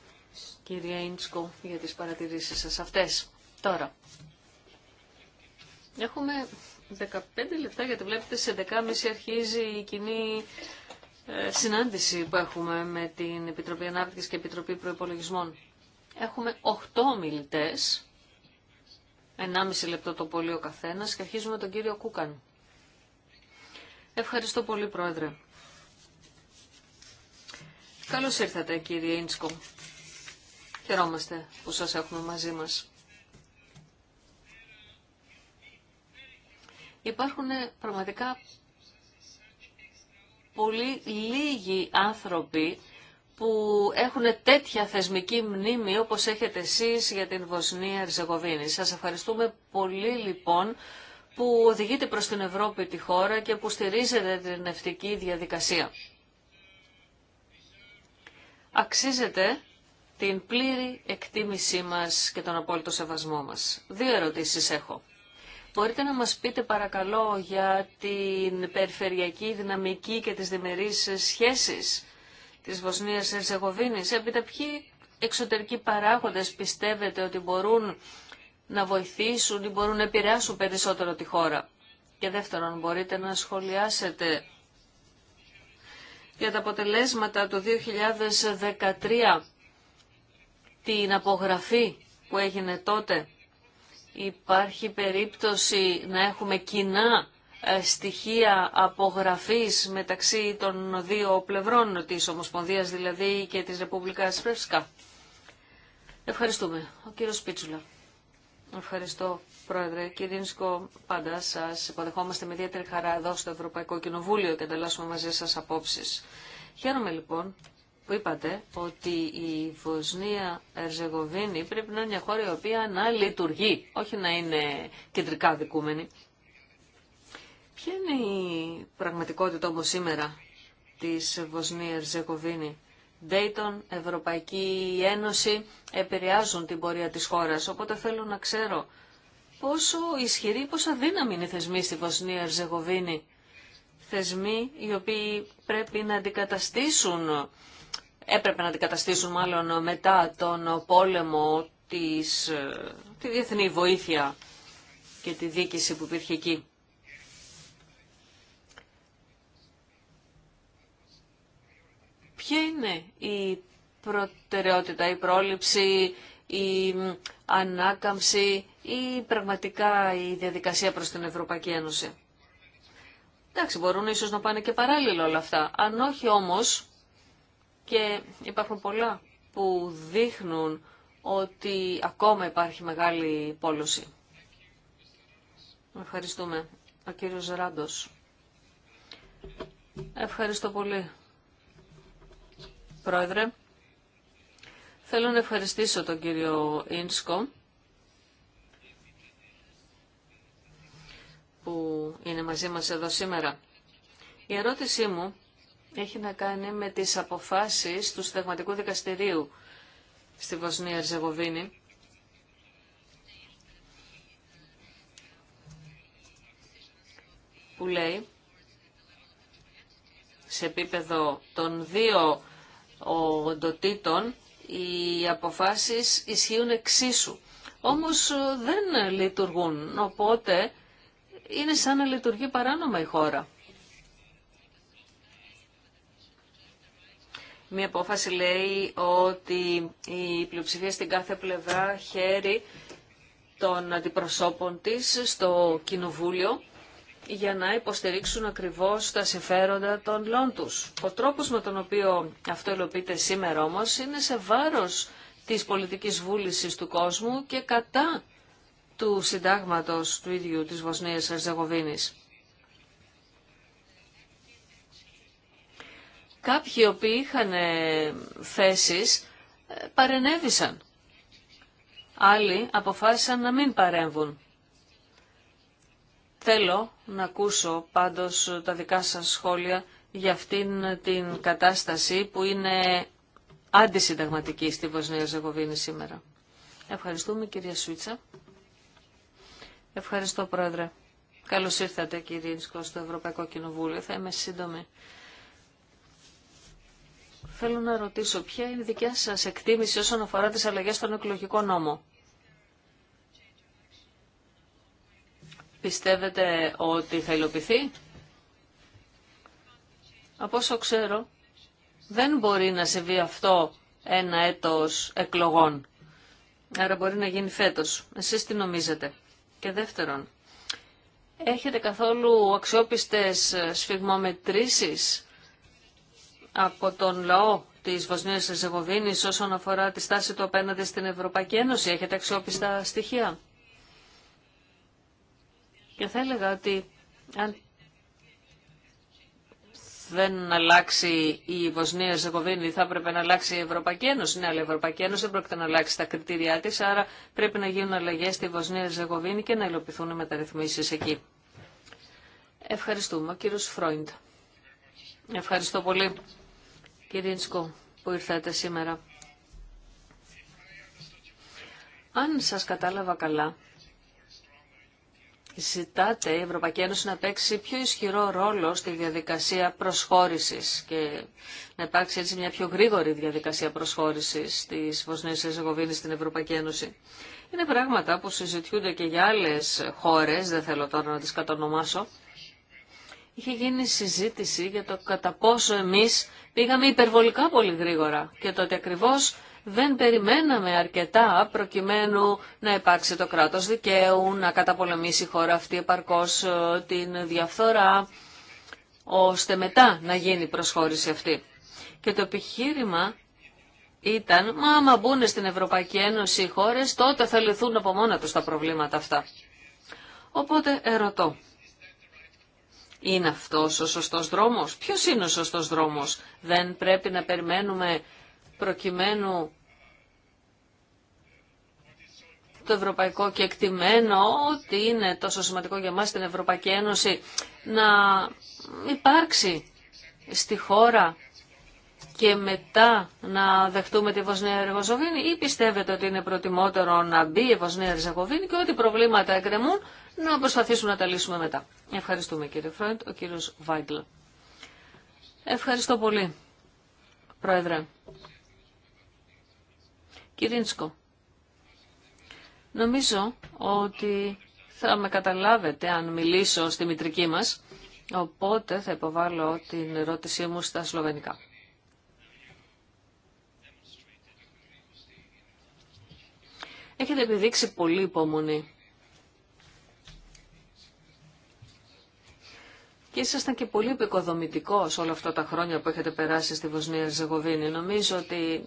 κυρία Ίντσκο για τις παρατηρήσεις σας αυτές. Τώρα, έχουμε 15 λεπτά γιατί βλέπετε σε 10.30 αρχίζει η κοινή ε, συνάντηση που έχουμε με την Επιτροπή Ανάπτυξης και Επιτροπή Προϋπολογισμών. Έχουμε 8 μιλητέ 1,5 λεπτό το πολύ ο καθένας και αρχίζουμε τον κύριο Κούκαν. Ευχαριστώ πολύ Πρόεδρε. Καλώς ήρθατε κύριε Ίνσκο. Χαιρόμαστε που σας έχουμε μαζί μας. Υπάρχουν ε, πραγματικά πολύ λίγοι άνθρωποι που έχουν τέτοια θεσμική μνήμη όπως έχετε εσείς για την Βοσνία Ριζεγοβίνη. Σας ευχαριστούμε πολύ λοιπόν που οδηγείτε προς την Ευρώπη τη χώρα και που στηρίζετε την ευτική διαδικασία. Αξίζεται την πλήρη εκτίμησή μας και τον απόλυτο σεβασμό μας. Δύο ερωτήσεις έχω. Μπορείτε να μας πείτε παρακαλώ για την περιφερειακή δυναμική και τις διμερείς σχέσεις της Βοσνίας Ερζεγοβίνης. Έπειτα ποιοι εξωτερικοί παράγοντες πιστεύετε ότι μπορούν να βοηθήσουν ή μπορούν να επηρεάσουν περισσότερο τη χώρα. Και δεύτερον, μπορείτε να σχολιάσετε για τα αποτελέσματα του 2013, την απογραφή που έγινε τότε. Υπάρχει περίπτωση να έχουμε κοινά ε, στοιχεία απογραφής μεταξύ των δύο πλευρών της Ομοσπονδίας δηλαδή και της Ρεπούμπλικας Φρεσκά. Ευχαριστούμε. Ο κύριος Πίτσουλα. Ευχαριστώ Πρόεδρε. Κύριε Νίσκο, πάντα σας υποδεχόμαστε με ιδιαίτερη χαρά εδώ στο Ευρωπαϊκό Κοινοβούλιο και ανταλλάσσουμε μαζί σας απόψεις. Χαίρομαι λοιπόν που είπατε ότι η Βοσνία Ερζεγοβίνη πρέπει να είναι μια χώρα η οποία να λειτουργεί, όχι να είναι κεντρικά δικούμενη. Ποια είναι η πραγματικότητα όμως σήμερα της Βοσνίας Ζεκοβίνη. Dayton, Ευρωπαϊκή Ένωση επηρεάζουν την πορεία της χώρας, οπότε θέλω να ξέρω πόσο ισχυρή, πόσα δύναμη είναι οι θεσμοί στη Βοσνία Θεσμοί οι οποίοι πρέπει να αντικαταστήσουν, έπρεπε να αντικαταστήσουν μάλλον μετά τον πόλεμο της, ε, τη διεθνή βοήθεια και τη δίκηση που υπήρχε εκεί. Ποια είναι η προτεραιότητα, η πρόληψη, η ανάκαμψη ή πραγματικά η διαδικασία προς την Ευρωπαϊκή Ένωση. Εντάξει, μπορούν ίσως να πάνε και παράλληλα όλα αυτά. Αν όχι όμως, και υπάρχουν πολλά που δείχνουν ότι ακόμα υπάρχει μεγάλη πόλωση. Ευχαριστούμε. Ο κύριος Ράντος. Ευχαριστώ πολύ, Πρόεδρε. Θέλω να ευχαριστήσω τον κύριο Ίνσκο που είναι μαζί μας εδώ σήμερα. Η ερώτησή μου έχει να κάνει με τις αποφάσεις του Συνταγματικού Δικαστηρίου στη Βοσνία Ερζεγοβίνη. που λέει σε επίπεδο των δύο οντοτήτων οι αποφάσεις ισχύουν εξίσου. Όμως ε, δεν λειτουργούν, οπότε είναι σαν να λειτουργεί παράνομα η χώρα. Μία απόφαση λέει ότι η πλειοψηφία στην κάθε πλευρά χέρι των αντιπροσώπων της στο κοινοβούλιο για να υποστηρίξουν ακριβώς τα συμφέροντα των λών Ο τρόπος με τον οποίο αυτό ελοπείται σήμερα όμως είναι σε βάρος της πολιτικής βούλησης του κόσμου και κατά του συντάγματος του ίδιου της Βοσνίας Αρζεγοβίνης. Κάποιοι οποίοι είχαν ε, θέσεις ε, παρενέβησαν. Άλλοι αποφάσισαν να μην παρέμβουν. Θέλω να ακούσω πάντως τα δικά σας σχόλια για αυτήν την κατάσταση που είναι αντισυνταγματική στη Βοσνία Ζεγοβίνη σήμερα. Ευχαριστούμε κυρία Σουίτσα. Ευχαριστώ πρόεδρε. Καλώς ήρθατε κύριε Ινσκό στο Ευρωπαϊκό Κοινοβούλιο. Θα είμαι σύντομη. Θέλω να ρωτήσω ποια είναι η δικιά σας εκτίμηση όσον αφορά τις αλλαγές στον εκλογικό νόμο. Πιστεύετε ότι θα υλοποιηθεί? Από όσο ξέρω, δεν μπορεί να συμβεί αυτό ένα έτος εκλογών. Άρα μπορεί να γίνει φέτος. Εσείς τι νομίζετε. Και δεύτερον, έχετε καθόλου αξιόπιστες σφιγμομετρήσεις από τον λαό της Βοσνίας Ζεγοβίνης όσον αφορά τη στάση του απέναντι στην Ευρωπαϊκή Ένωση. Έχετε αξιόπιστα στοιχεία. Και θα έλεγα ότι αν δεν αλλάξει η Βοσνία Ζεκοβίνη, θα έπρεπε να αλλάξει η Ευρωπαϊκή Ένωση. Ναι, αλλά η Ευρωπαϊκή Ένωση δεν πρόκειται να αλλάξει τα κριτήριά τη, άρα πρέπει να γίνουν αλλαγέ στη Βοσνία Ζεκοβίνη και να υλοποιηθούν οι μεταρρυθμίσει εκεί. Ευχαριστούμε. κύριο Φρόιντ. Ευχαριστώ πολύ, κύριε Ντσκο, που ήρθατε σήμερα. Αν σας κατάλαβα καλά, Ζητάτε η Ευρωπαϊκή Ένωση να παίξει πιο ισχυρό ρόλο στη διαδικασία προσχώρησης και να υπάρξει έτσι μια πιο γρήγορη διαδικασία προσχώρησης τη Βοσνίας Ερζεγοβίνης στην Ευρωπαϊκή Ένωση. Είναι πράγματα που συζητιούνται και για άλλες χώρες, δεν θέλω τώρα να τις κατονομάσω. Είχε γίνει συζήτηση για το κατά πόσο εμείς πήγαμε υπερβολικά πολύ γρήγορα και το ότι ακριβώς δεν περιμέναμε αρκετά προκειμένου να υπάρξει το κράτος δικαίου, να καταπολεμήσει η χώρα αυτή επαρκώς ε, την διαφθορά, ώστε μετά να γίνει η προσχώρηση αυτή. Και το επιχείρημα ήταν, μα άμα μπουν στην Ευρωπαϊκή Ένωση οι χώρες, τότε θα λυθούν από μόνα τους τα προβλήματα αυτά. Οπότε ερωτώ, είναι αυτός ο σωστός δρόμος? Ποιος είναι ο σωστός δρόμος? Δεν πρέπει να περιμένουμε προκειμένου το ευρωπαϊκό και ότι είναι τόσο σημαντικό για μας την Ευρωπαϊκή Ένωση να υπάρξει στη χώρα και μετά να δεχτούμε τη Βοσνία Ερζεγοβίνη ή πιστεύετε ότι είναι προτιμότερο να μπει η Βοσνία και ό,τι προβλήματα εκκρεμούν να προσπαθήσουμε να τα λύσουμε μετά. Ευχαριστούμε κύριε Φρόντ, ο κύριος Βάγκλ. Ευχαριστώ πολύ, Πρόεδρε. Κυρίνσκο, νομίζω ότι θα με καταλάβετε αν μιλήσω στη μητρική μας, οπότε θα υποβάλω την ερώτησή μου στα σλοβενικά. Έχετε επιδείξει πολύ υπομονή. Και ήσασταν και πολύ επικοδομητικός όλα αυτά τα χρόνια που έχετε περάσει στη Βοσνία Ζεγοβίνη. Νομίζω ότι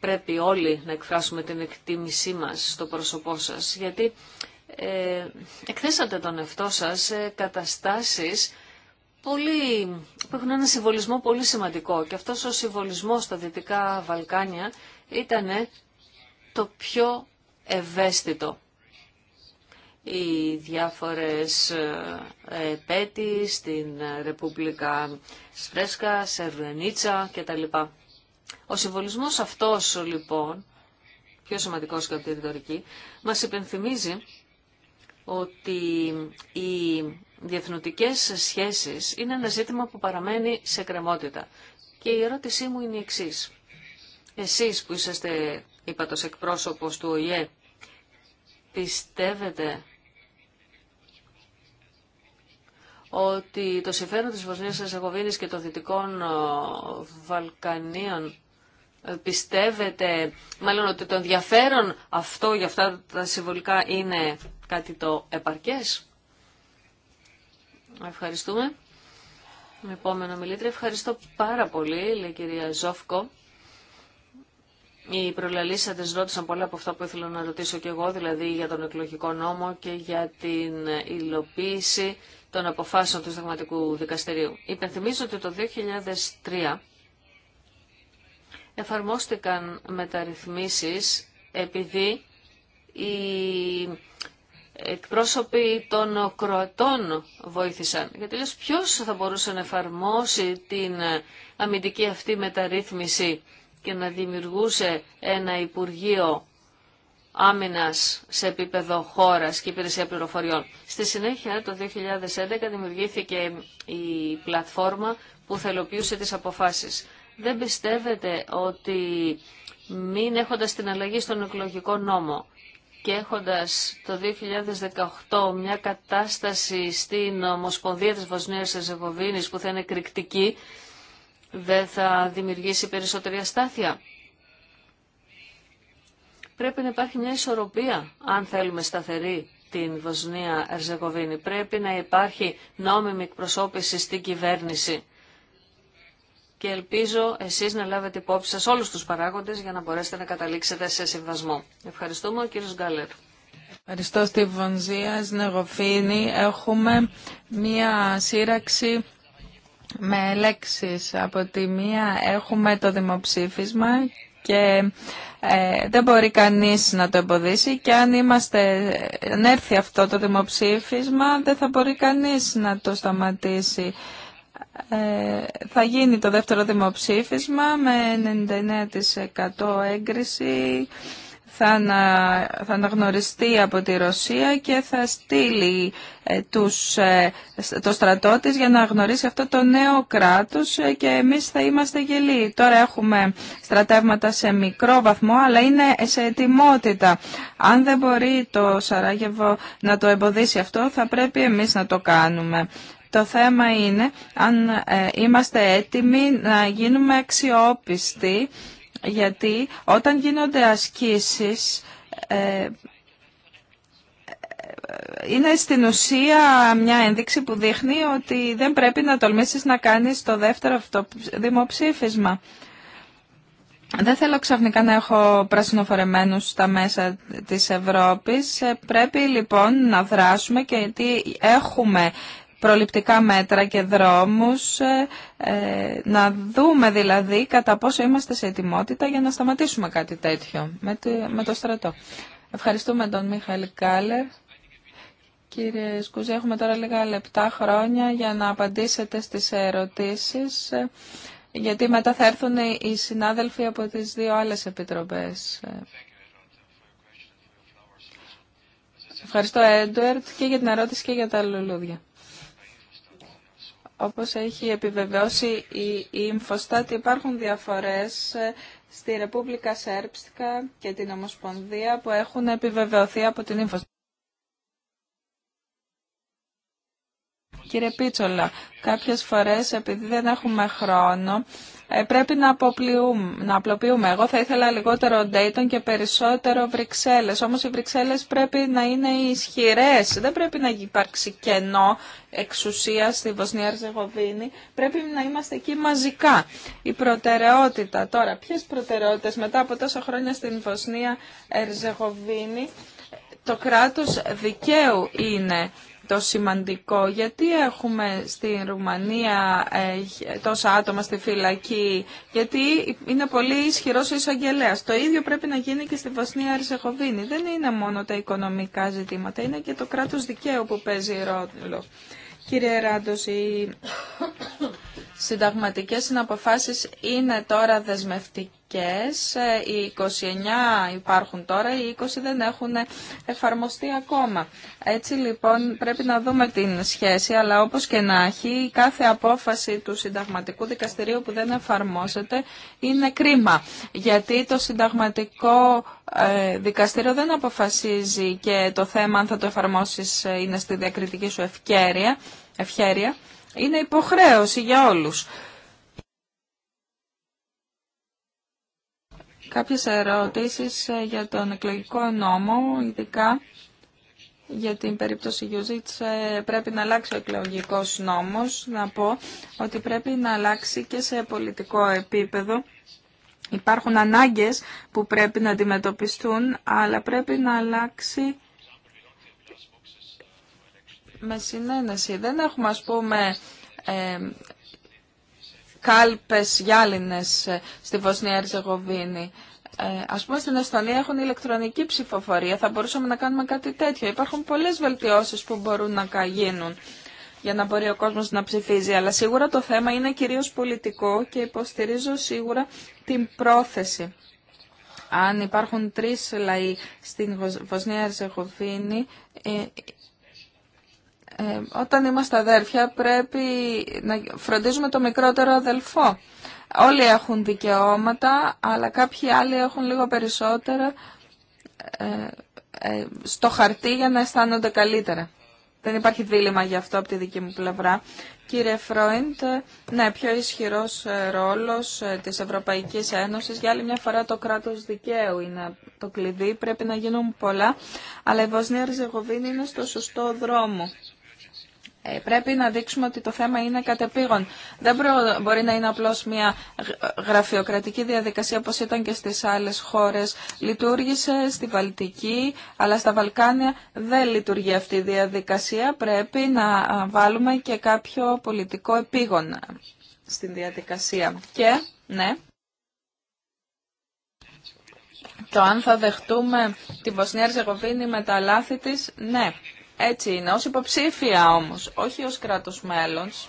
πρέπει όλοι να εκφράσουμε την εκτίμησή μας στο πρόσωπό σας, γιατί ε, εκθέσατε τον εαυτό σας σε καταστάσεις πολύ, που έχουν ένα συμβολισμό πολύ σημαντικό και αυτός ο συμβολισμός στα Δυτικά Βαλκάνια ήταν το πιο ευαίσθητο. Οι διάφορες ε, πέτοι στην Ρεπούμπλικα Σφρέσκα, Σερβενίτσα κτλ. Ο συμβολισμός αυτός λοιπόν, πιο σημαντικός και από τη ρητορική, μας υπενθυμίζει ότι οι διεθνωτικές σχέσεις είναι ένα ζήτημα που παραμένει σε κρεμότητα. Και η ερώτησή μου είναι η εξής. Εσείς που είσαστε, είπα, εκπρόσωπος του ΟΗΕ, πιστεύετε ότι το συμφέρον της Βοσνίας Ερζεγοβίνης και των Δυτικών ε, Βαλκανίων ε, πιστεύετε, μάλλον ότι το ενδιαφέρον αυτό για αυτά τα συμβολικά είναι κάτι το επαρκές. Ευχαριστούμε. Επόμενο μιλήτρια, ευχαριστώ πάρα πολύ, λέει η κυρία Ζόφκο. Οι προλαλήσαντε ρώτησαν πολλά από αυτά που ήθελα να ρωτήσω και εγώ, δηλαδή για τον εκλογικό νόμο και για την υλοποίηση των αποφάσεων του Συνταγματικού Δικαστηρίου. Υπενθυμίζω ότι το 2003 εφαρμόστηκαν μεταρρυθμίσεις επειδή οι εκπρόσωποι των Κροατών βοήθησαν. Γιατί λες ποιος θα μπορούσε να εφαρμόσει την αμυντική αυτή μεταρρύθμιση και να δημιουργούσε ένα Υπουργείο Άμυνα σε επίπεδο χώρας και υπηρεσία πληροφοριών. Στη συνέχεια, το 2011, δημιουργήθηκε η πλατφόρμα που θελοποιούσε τις αποφάσεις. Δεν πιστεύετε ότι μην έχοντας την αλλαγή στον εκλογικό νόμο και έχοντας το 2018 μια κατάσταση στην Ομοσπονδία της Βοσνίας Ερζεγοβίνης που θα είναι κρυκτική, δεν θα δημιουργήσει περισσότερη αστάθεια. Πρέπει να υπάρχει μια ισορροπία αν θέλουμε σταθερή την Βοσνία Ερζεγοβίνη. Πρέπει να υπάρχει νόμιμη εκπροσώπηση στην κυβέρνηση. Και ελπίζω εσείς να λάβετε υπόψη σας όλους τους παράγοντες για να μπορέσετε να καταλήξετε σε συμβασμό. Ευχαριστούμε ο κύριος Γκάλερ. Ευχαριστώ στη Βονζία Έχουμε μία σύραξη με λέξεις. Από τη μία έχουμε το δημοψήφισμα και ε, δεν μπορεί κανείς να το εμποδίσει και αν είμαστε, αν έρθει αυτό το δημοψήφισμα δεν θα μπορεί κανείς να το σταματήσει. Ε, θα γίνει το δεύτερο δημοψήφισμα με 99% έγκριση θα, ανα, θα αναγνωριστεί από τη Ρωσία και θα στείλει ε, τους, ε, το στρατό της για να γνωρίσει αυτό το νέο κράτος ε, και εμείς θα είμαστε γελοί. Τώρα έχουμε στρατεύματα σε μικρό βαθμό αλλά είναι σε ετοιμότητα. Αν δεν μπορεί το Σαράγεβο να το εμποδίσει αυτό θα πρέπει εμείς να το κάνουμε. Το θέμα είναι αν είμαστε έτοιμοι να γίνουμε αξιόπιστοι γιατί όταν γίνονται ασκήσεις ε, ε, είναι στην ουσία μια ένδειξη που δείχνει ότι δεν πρέπει να τολμήσεις να κάνεις το δεύτερο αυτό δημοψήφισμα. Δεν θέλω ξαφνικά να έχω πρασινοφορεμένους στα μέσα της Ευρώπης. Ε, πρέπει λοιπόν να δράσουμε και γιατί έχουμε προληπτικά μέτρα και δρόμους, ε, ε, να δούμε δηλαδή κατά πόσο είμαστε σε ετοιμότητα για να σταματήσουμε κάτι τέτοιο με το στρατό. Ευχαριστούμε τον Μίχαλ Κάλερ. Κύριε Σκουζή, έχουμε τώρα λίγα λεπτά χρόνια για να απαντήσετε στις ερωτήσεις, ε, γιατί μετά θα έρθουν οι συνάδελφοι από τις δύο άλλες επιτροπές. Ευχαριστώ, Έντουερτ, και για την ερώτηση και για τα λουλούδια. Όπως έχει επιβεβαιώσει η Ιμφοστάτη υπάρχουν διαφορές ε, στη Ρεπούμπλικα σέρπστικα και την Ομοσπονδία που έχουν επιβεβαιωθεί από την Ιμφοστάτη. Κύριε Πίτσολα, κάποιες φορές επειδή δεν έχουμε χρόνο ε, πρέπει να, απλοποιούμε. Εγώ θα ήθελα λιγότερο Dayton και περισσότερο Βρυξέλλες. Όμως οι Βρυξέλλες πρέπει να είναι ισχυρές. Δεν πρέπει να υπάρξει κενό εξουσία στη Βοσνία Ριζεγοβίνη. Πρέπει να είμαστε εκεί μαζικά. Η προτεραιότητα τώρα. Ποιες προτεραιότητες μετά από τόσα χρόνια στην Βοσνία Ριζεγοβίνη το κράτος δικαίου είναι το σημαντικό. Γιατί έχουμε στην Ρουμανία ε, τόσα άτομα στη φυλακή, γιατί είναι πολύ ισχυρό ο εισαγγελέα. Το ίδιο πρέπει να γίνει και στη Βοσνία Ριζεχοβίνη. Δεν είναι μόνο τα οικονομικά ζητήματα, είναι και το κράτος δικαίου που παίζει ρόλο. Κύριε Ράντο, οι συνταγματικέ συναποφάσεις είναι τώρα δεσμευτικές και ε, οι 29 υπάρχουν τώρα, οι 20 δεν έχουν εφαρμοστεί ακόμα. Έτσι λοιπόν πρέπει να δούμε την σχέση, αλλά όπως και να έχει, κάθε απόφαση του συνταγματικού δικαστηρίου που δεν εφαρμόζεται είναι κρίμα. Γιατί το συνταγματικό ε, δικαστήριο δεν αποφασίζει και το θέμα αν θα το εφαρμόσεις ε, είναι στη διακριτική σου ευκαιρία, ευχέρεια. Είναι υποχρέωση για όλους. κάποιες ερωτήσεις ε, για τον εκλογικό νόμο, ειδικά για την περίπτωση Γιουζίτς ε, πρέπει να αλλάξει ο εκλογικός νόμος. Να πω ότι πρέπει να αλλάξει και σε πολιτικό επίπεδο. Υπάρχουν ανάγκες που πρέπει να αντιμετωπιστούν, αλλά πρέπει να αλλάξει με συνένεση. Δεν έχουμε, ας πούμε, ε, κάλπες γυάλινες ε, στη Βοσνία Ερζεγοβίνη. Ε, ας πούμε στην Εστονία έχουν ηλεκτρονική ψηφοφορία, θα μπορούσαμε να κάνουμε κάτι τέτοιο. Υπάρχουν πολλές βελτιώσεις που μπορούν να γίνουν για να μπορεί ο κόσμος να ψηφίζει. Αλλά σίγουρα το θέμα είναι κυρίως πολιτικό και υποστηρίζω σίγουρα την πρόθεση. Αν υπάρχουν τρεις λαοί στην Βοσνία Ερζεγοβίνη, ε, ε, όταν είμαστε αδέρφια πρέπει να φροντίζουμε το μικρότερο αδελφό. Όλοι έχουν δικαιώματα, αλλά κάποιοι άλλοι έχουν λίγο περισσότερα ε, ε, στο χαρτί για να αισθάνονται καλύτερα. Δεν υπάρχει δίλημα γι' αυτό από τη δική μου πλευρά. Κύριε Φρόιντ, ναι, πιο ισχυρός ρόλος της Ευρωπαϊκής Ένωσης. Για άλλη μια φορά το κράτος δικαίου είναι το κλειδί. Πρέπει να γίνουν πολλά, αλλά η Βοσνία Ριζεγοβίνη είναι στο σωστό δρόμο. Ε, πρέπει να δείξουμε ότι το θέμα είναι κατεπήγον. Δεν μπορεί να είναι απλώς μια γραφειοκρατική διαδικασία όπως ήταν και στις άλλες χώρες. Λειτουργήσε στη Βαλτική, αλλά στα Βαλκάνια δεν λειτουργεί αυτή η διαδικασία. Πρέπει να βάλουμε και κάποιο πολιτικό επίγον στην διαδικασία. Και, ναι, το αν θα δεχτούμε τη Βοσνία Ερζεγοβίνη με τα λάθη της, ναι. Έτσι είναι, ως υποψήφια όμως, όχι ως κράτος μέλος.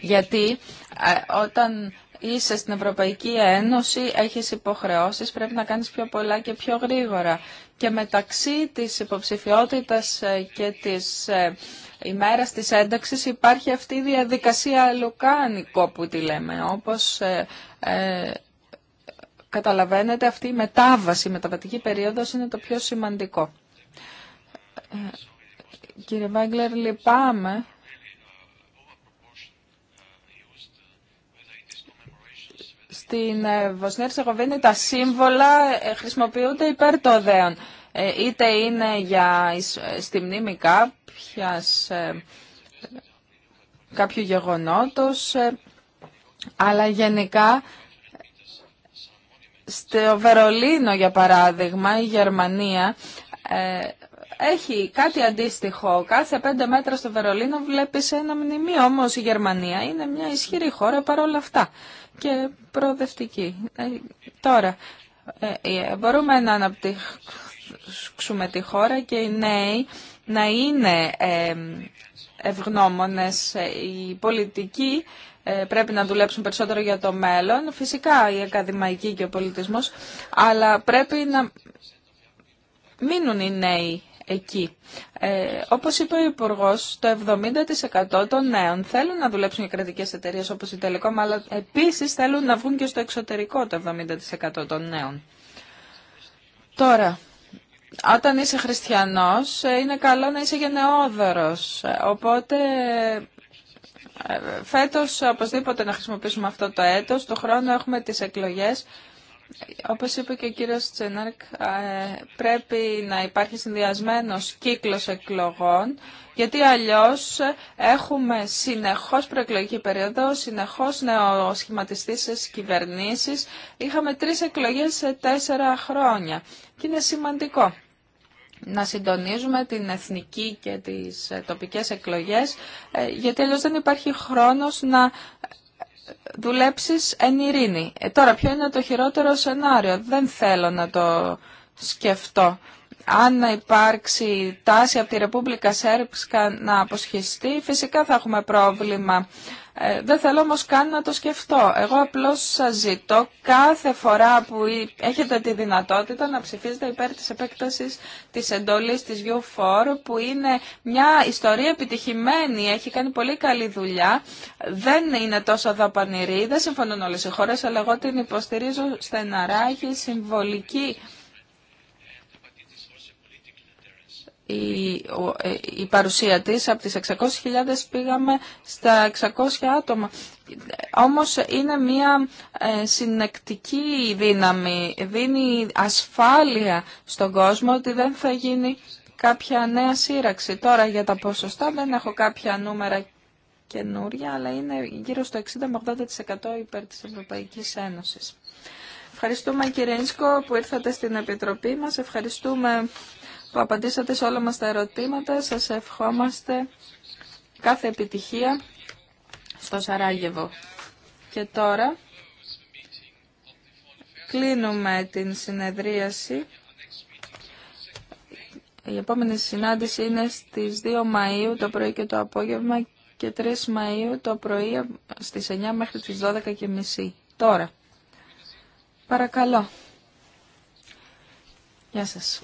Γιατί ε, όταν είσαι στην Ευρωπαϊκή Ένωση, έχεις υποχρεώσεις, πρέπει να κάνεις πιο πολλά και πιο γρήγορα. Και μεταξύ της υποψηφιότητας ε, και της ε, ημέρας της ένταξης υπάρχει αυτή η διαδικασία λουκάνικο που τη λέμε. Όπως καταλαβαίνετε αυτή η μετάβαση, η μεταβατική περίοδος είναι το πιο σημαντικό. Ε, κύριε Βάγκλερ, λυπάμαι. Στην ε, Βοσνία Ερσεγοβίνη τα σύμβολα ε, χρησιμοποιούνται υπέρ των δέων. Είτε είναι για, στη μνήμη κάποιας, κάποιου γεγονότος, αλλά γενικά στο Βερολίνο, για παράδειγμα, η Γερμανία, έχει κάτι αντίστοιχο. Κάθε πέντε μέτρα στο Βερολίνο βλέπεις ένα μνημείο. Όμως η Γερμανία είναι μια ισχυρή χώρα παρόλα αυτά και προοδευτική. Ε, τώρα, ε, ε, μπορούμε να αναπτύξουμε τη χώρα και οι νέοι να είναι ε, ευγνώμονες. Οι πολιτικοί πρέπει να δουλέψουν περισσότερο για το μέλλον. Φυσικά η ακαδημαϊκή και ο πολιτισμός, αλλά πρέπει να μείνουν οι νέοι εκεί. Ε, όπως είπε ο υπουργό, το 70% των νέων θέλουν να δουλέψουν για κρατικές εταιρείες όπως η Telecom, αλλά επίσης θέλουν να βγουν και στο εξωτερικό το 70% των νέων. Τώρα, όταν είσαι χριστιανός, ε, είναι καλό να είσαι γενναιόδωρος. Ε, οπότε Φέτος, οπωσδήποτε να χρησιμοποιήσουμε αυτό το έτος. Το χρόνο έχουμε τις εκλογές όπως είπε και ο κύριος Τσενάρκ, ε, πρέπει να υπάρχει συνδυασμένος κύκλος εκλογών, γιατί αλλιώς έχουμε συνεχώς προεκλογική περίοδο, συνεχώς νεοσχηματιστήσεις κυβερνήσεις. Είχαμε τρεις εκλογές σε τέσσερα χρόνια και είναι σημαντικό να συντονίζουμε την εθνική και τις τοπικές εκλογές, ε, γιατί αλλιώς δεν υπάρχει χρόνος να δουλέψεις εν ειρήνη. Ε, τώρα, ποιο είναι το χειρότερο σενάριο. Δεν θέλω να το σκεφτώ. Αν υπάρξει τάση από τη Ρεπούμπλικα Σέρψκα να αποσχιστεί, φυσικά θα έχουμε πρόβλημα ε, δεν θέλω όμως καν να το σκεφτώ. Εγώ απλώς σας ζητώ κάθε φορά που έχετε τη δυνατότητα να ψηφίζετε υπέρ της επέκτασης της εντολής της U4 που είναι μια ιστορία επιτυχημένη, έχει κάνει πολύ καλή δουλειά, δεν είναι τόσο δαπανηρή, δεν συμφωνούν όλες οι χώρες, αλλά εγώ την υποστηρίζω στεναρά, έχει συμβολική η, ε, η παρουσία της. Από τις 600.000 πήγαμε στα 600 άτομα. Όμως είναι μια ε, συνεκτική δύναμη. Δίνει ασφάλεια στον κόσμο ότι δεν θα γίνει κάποια νέα σύραξη. Τώρα για τα ποσοστά δεν έχω κάποια νούμερα καινούρια, αλλά είναι γύρω στο 60 80% υπέρ της Ευρωπαϊκής Ένωσης. Ευχαριστούμε κύριε Ίσκο που ήρθατε στην Επιτροπή μας. Ευχαριστούμε που απαντήσατε σε όλα μας τα ερωτήματα. Σας ευχόμαστε κάθε επιτυχία στο Σαράγεβο. Και τώρα κλείνουμε την συνεδρίαση. Η επόμενη συνάντηση είναι στις 2 Μαΐου το πρωί και το απόγευμα και 3 Μαΐου το πρωί στις 9 μέχρι τις μισή. Τώρα, παρακαλώ. Γεια σας.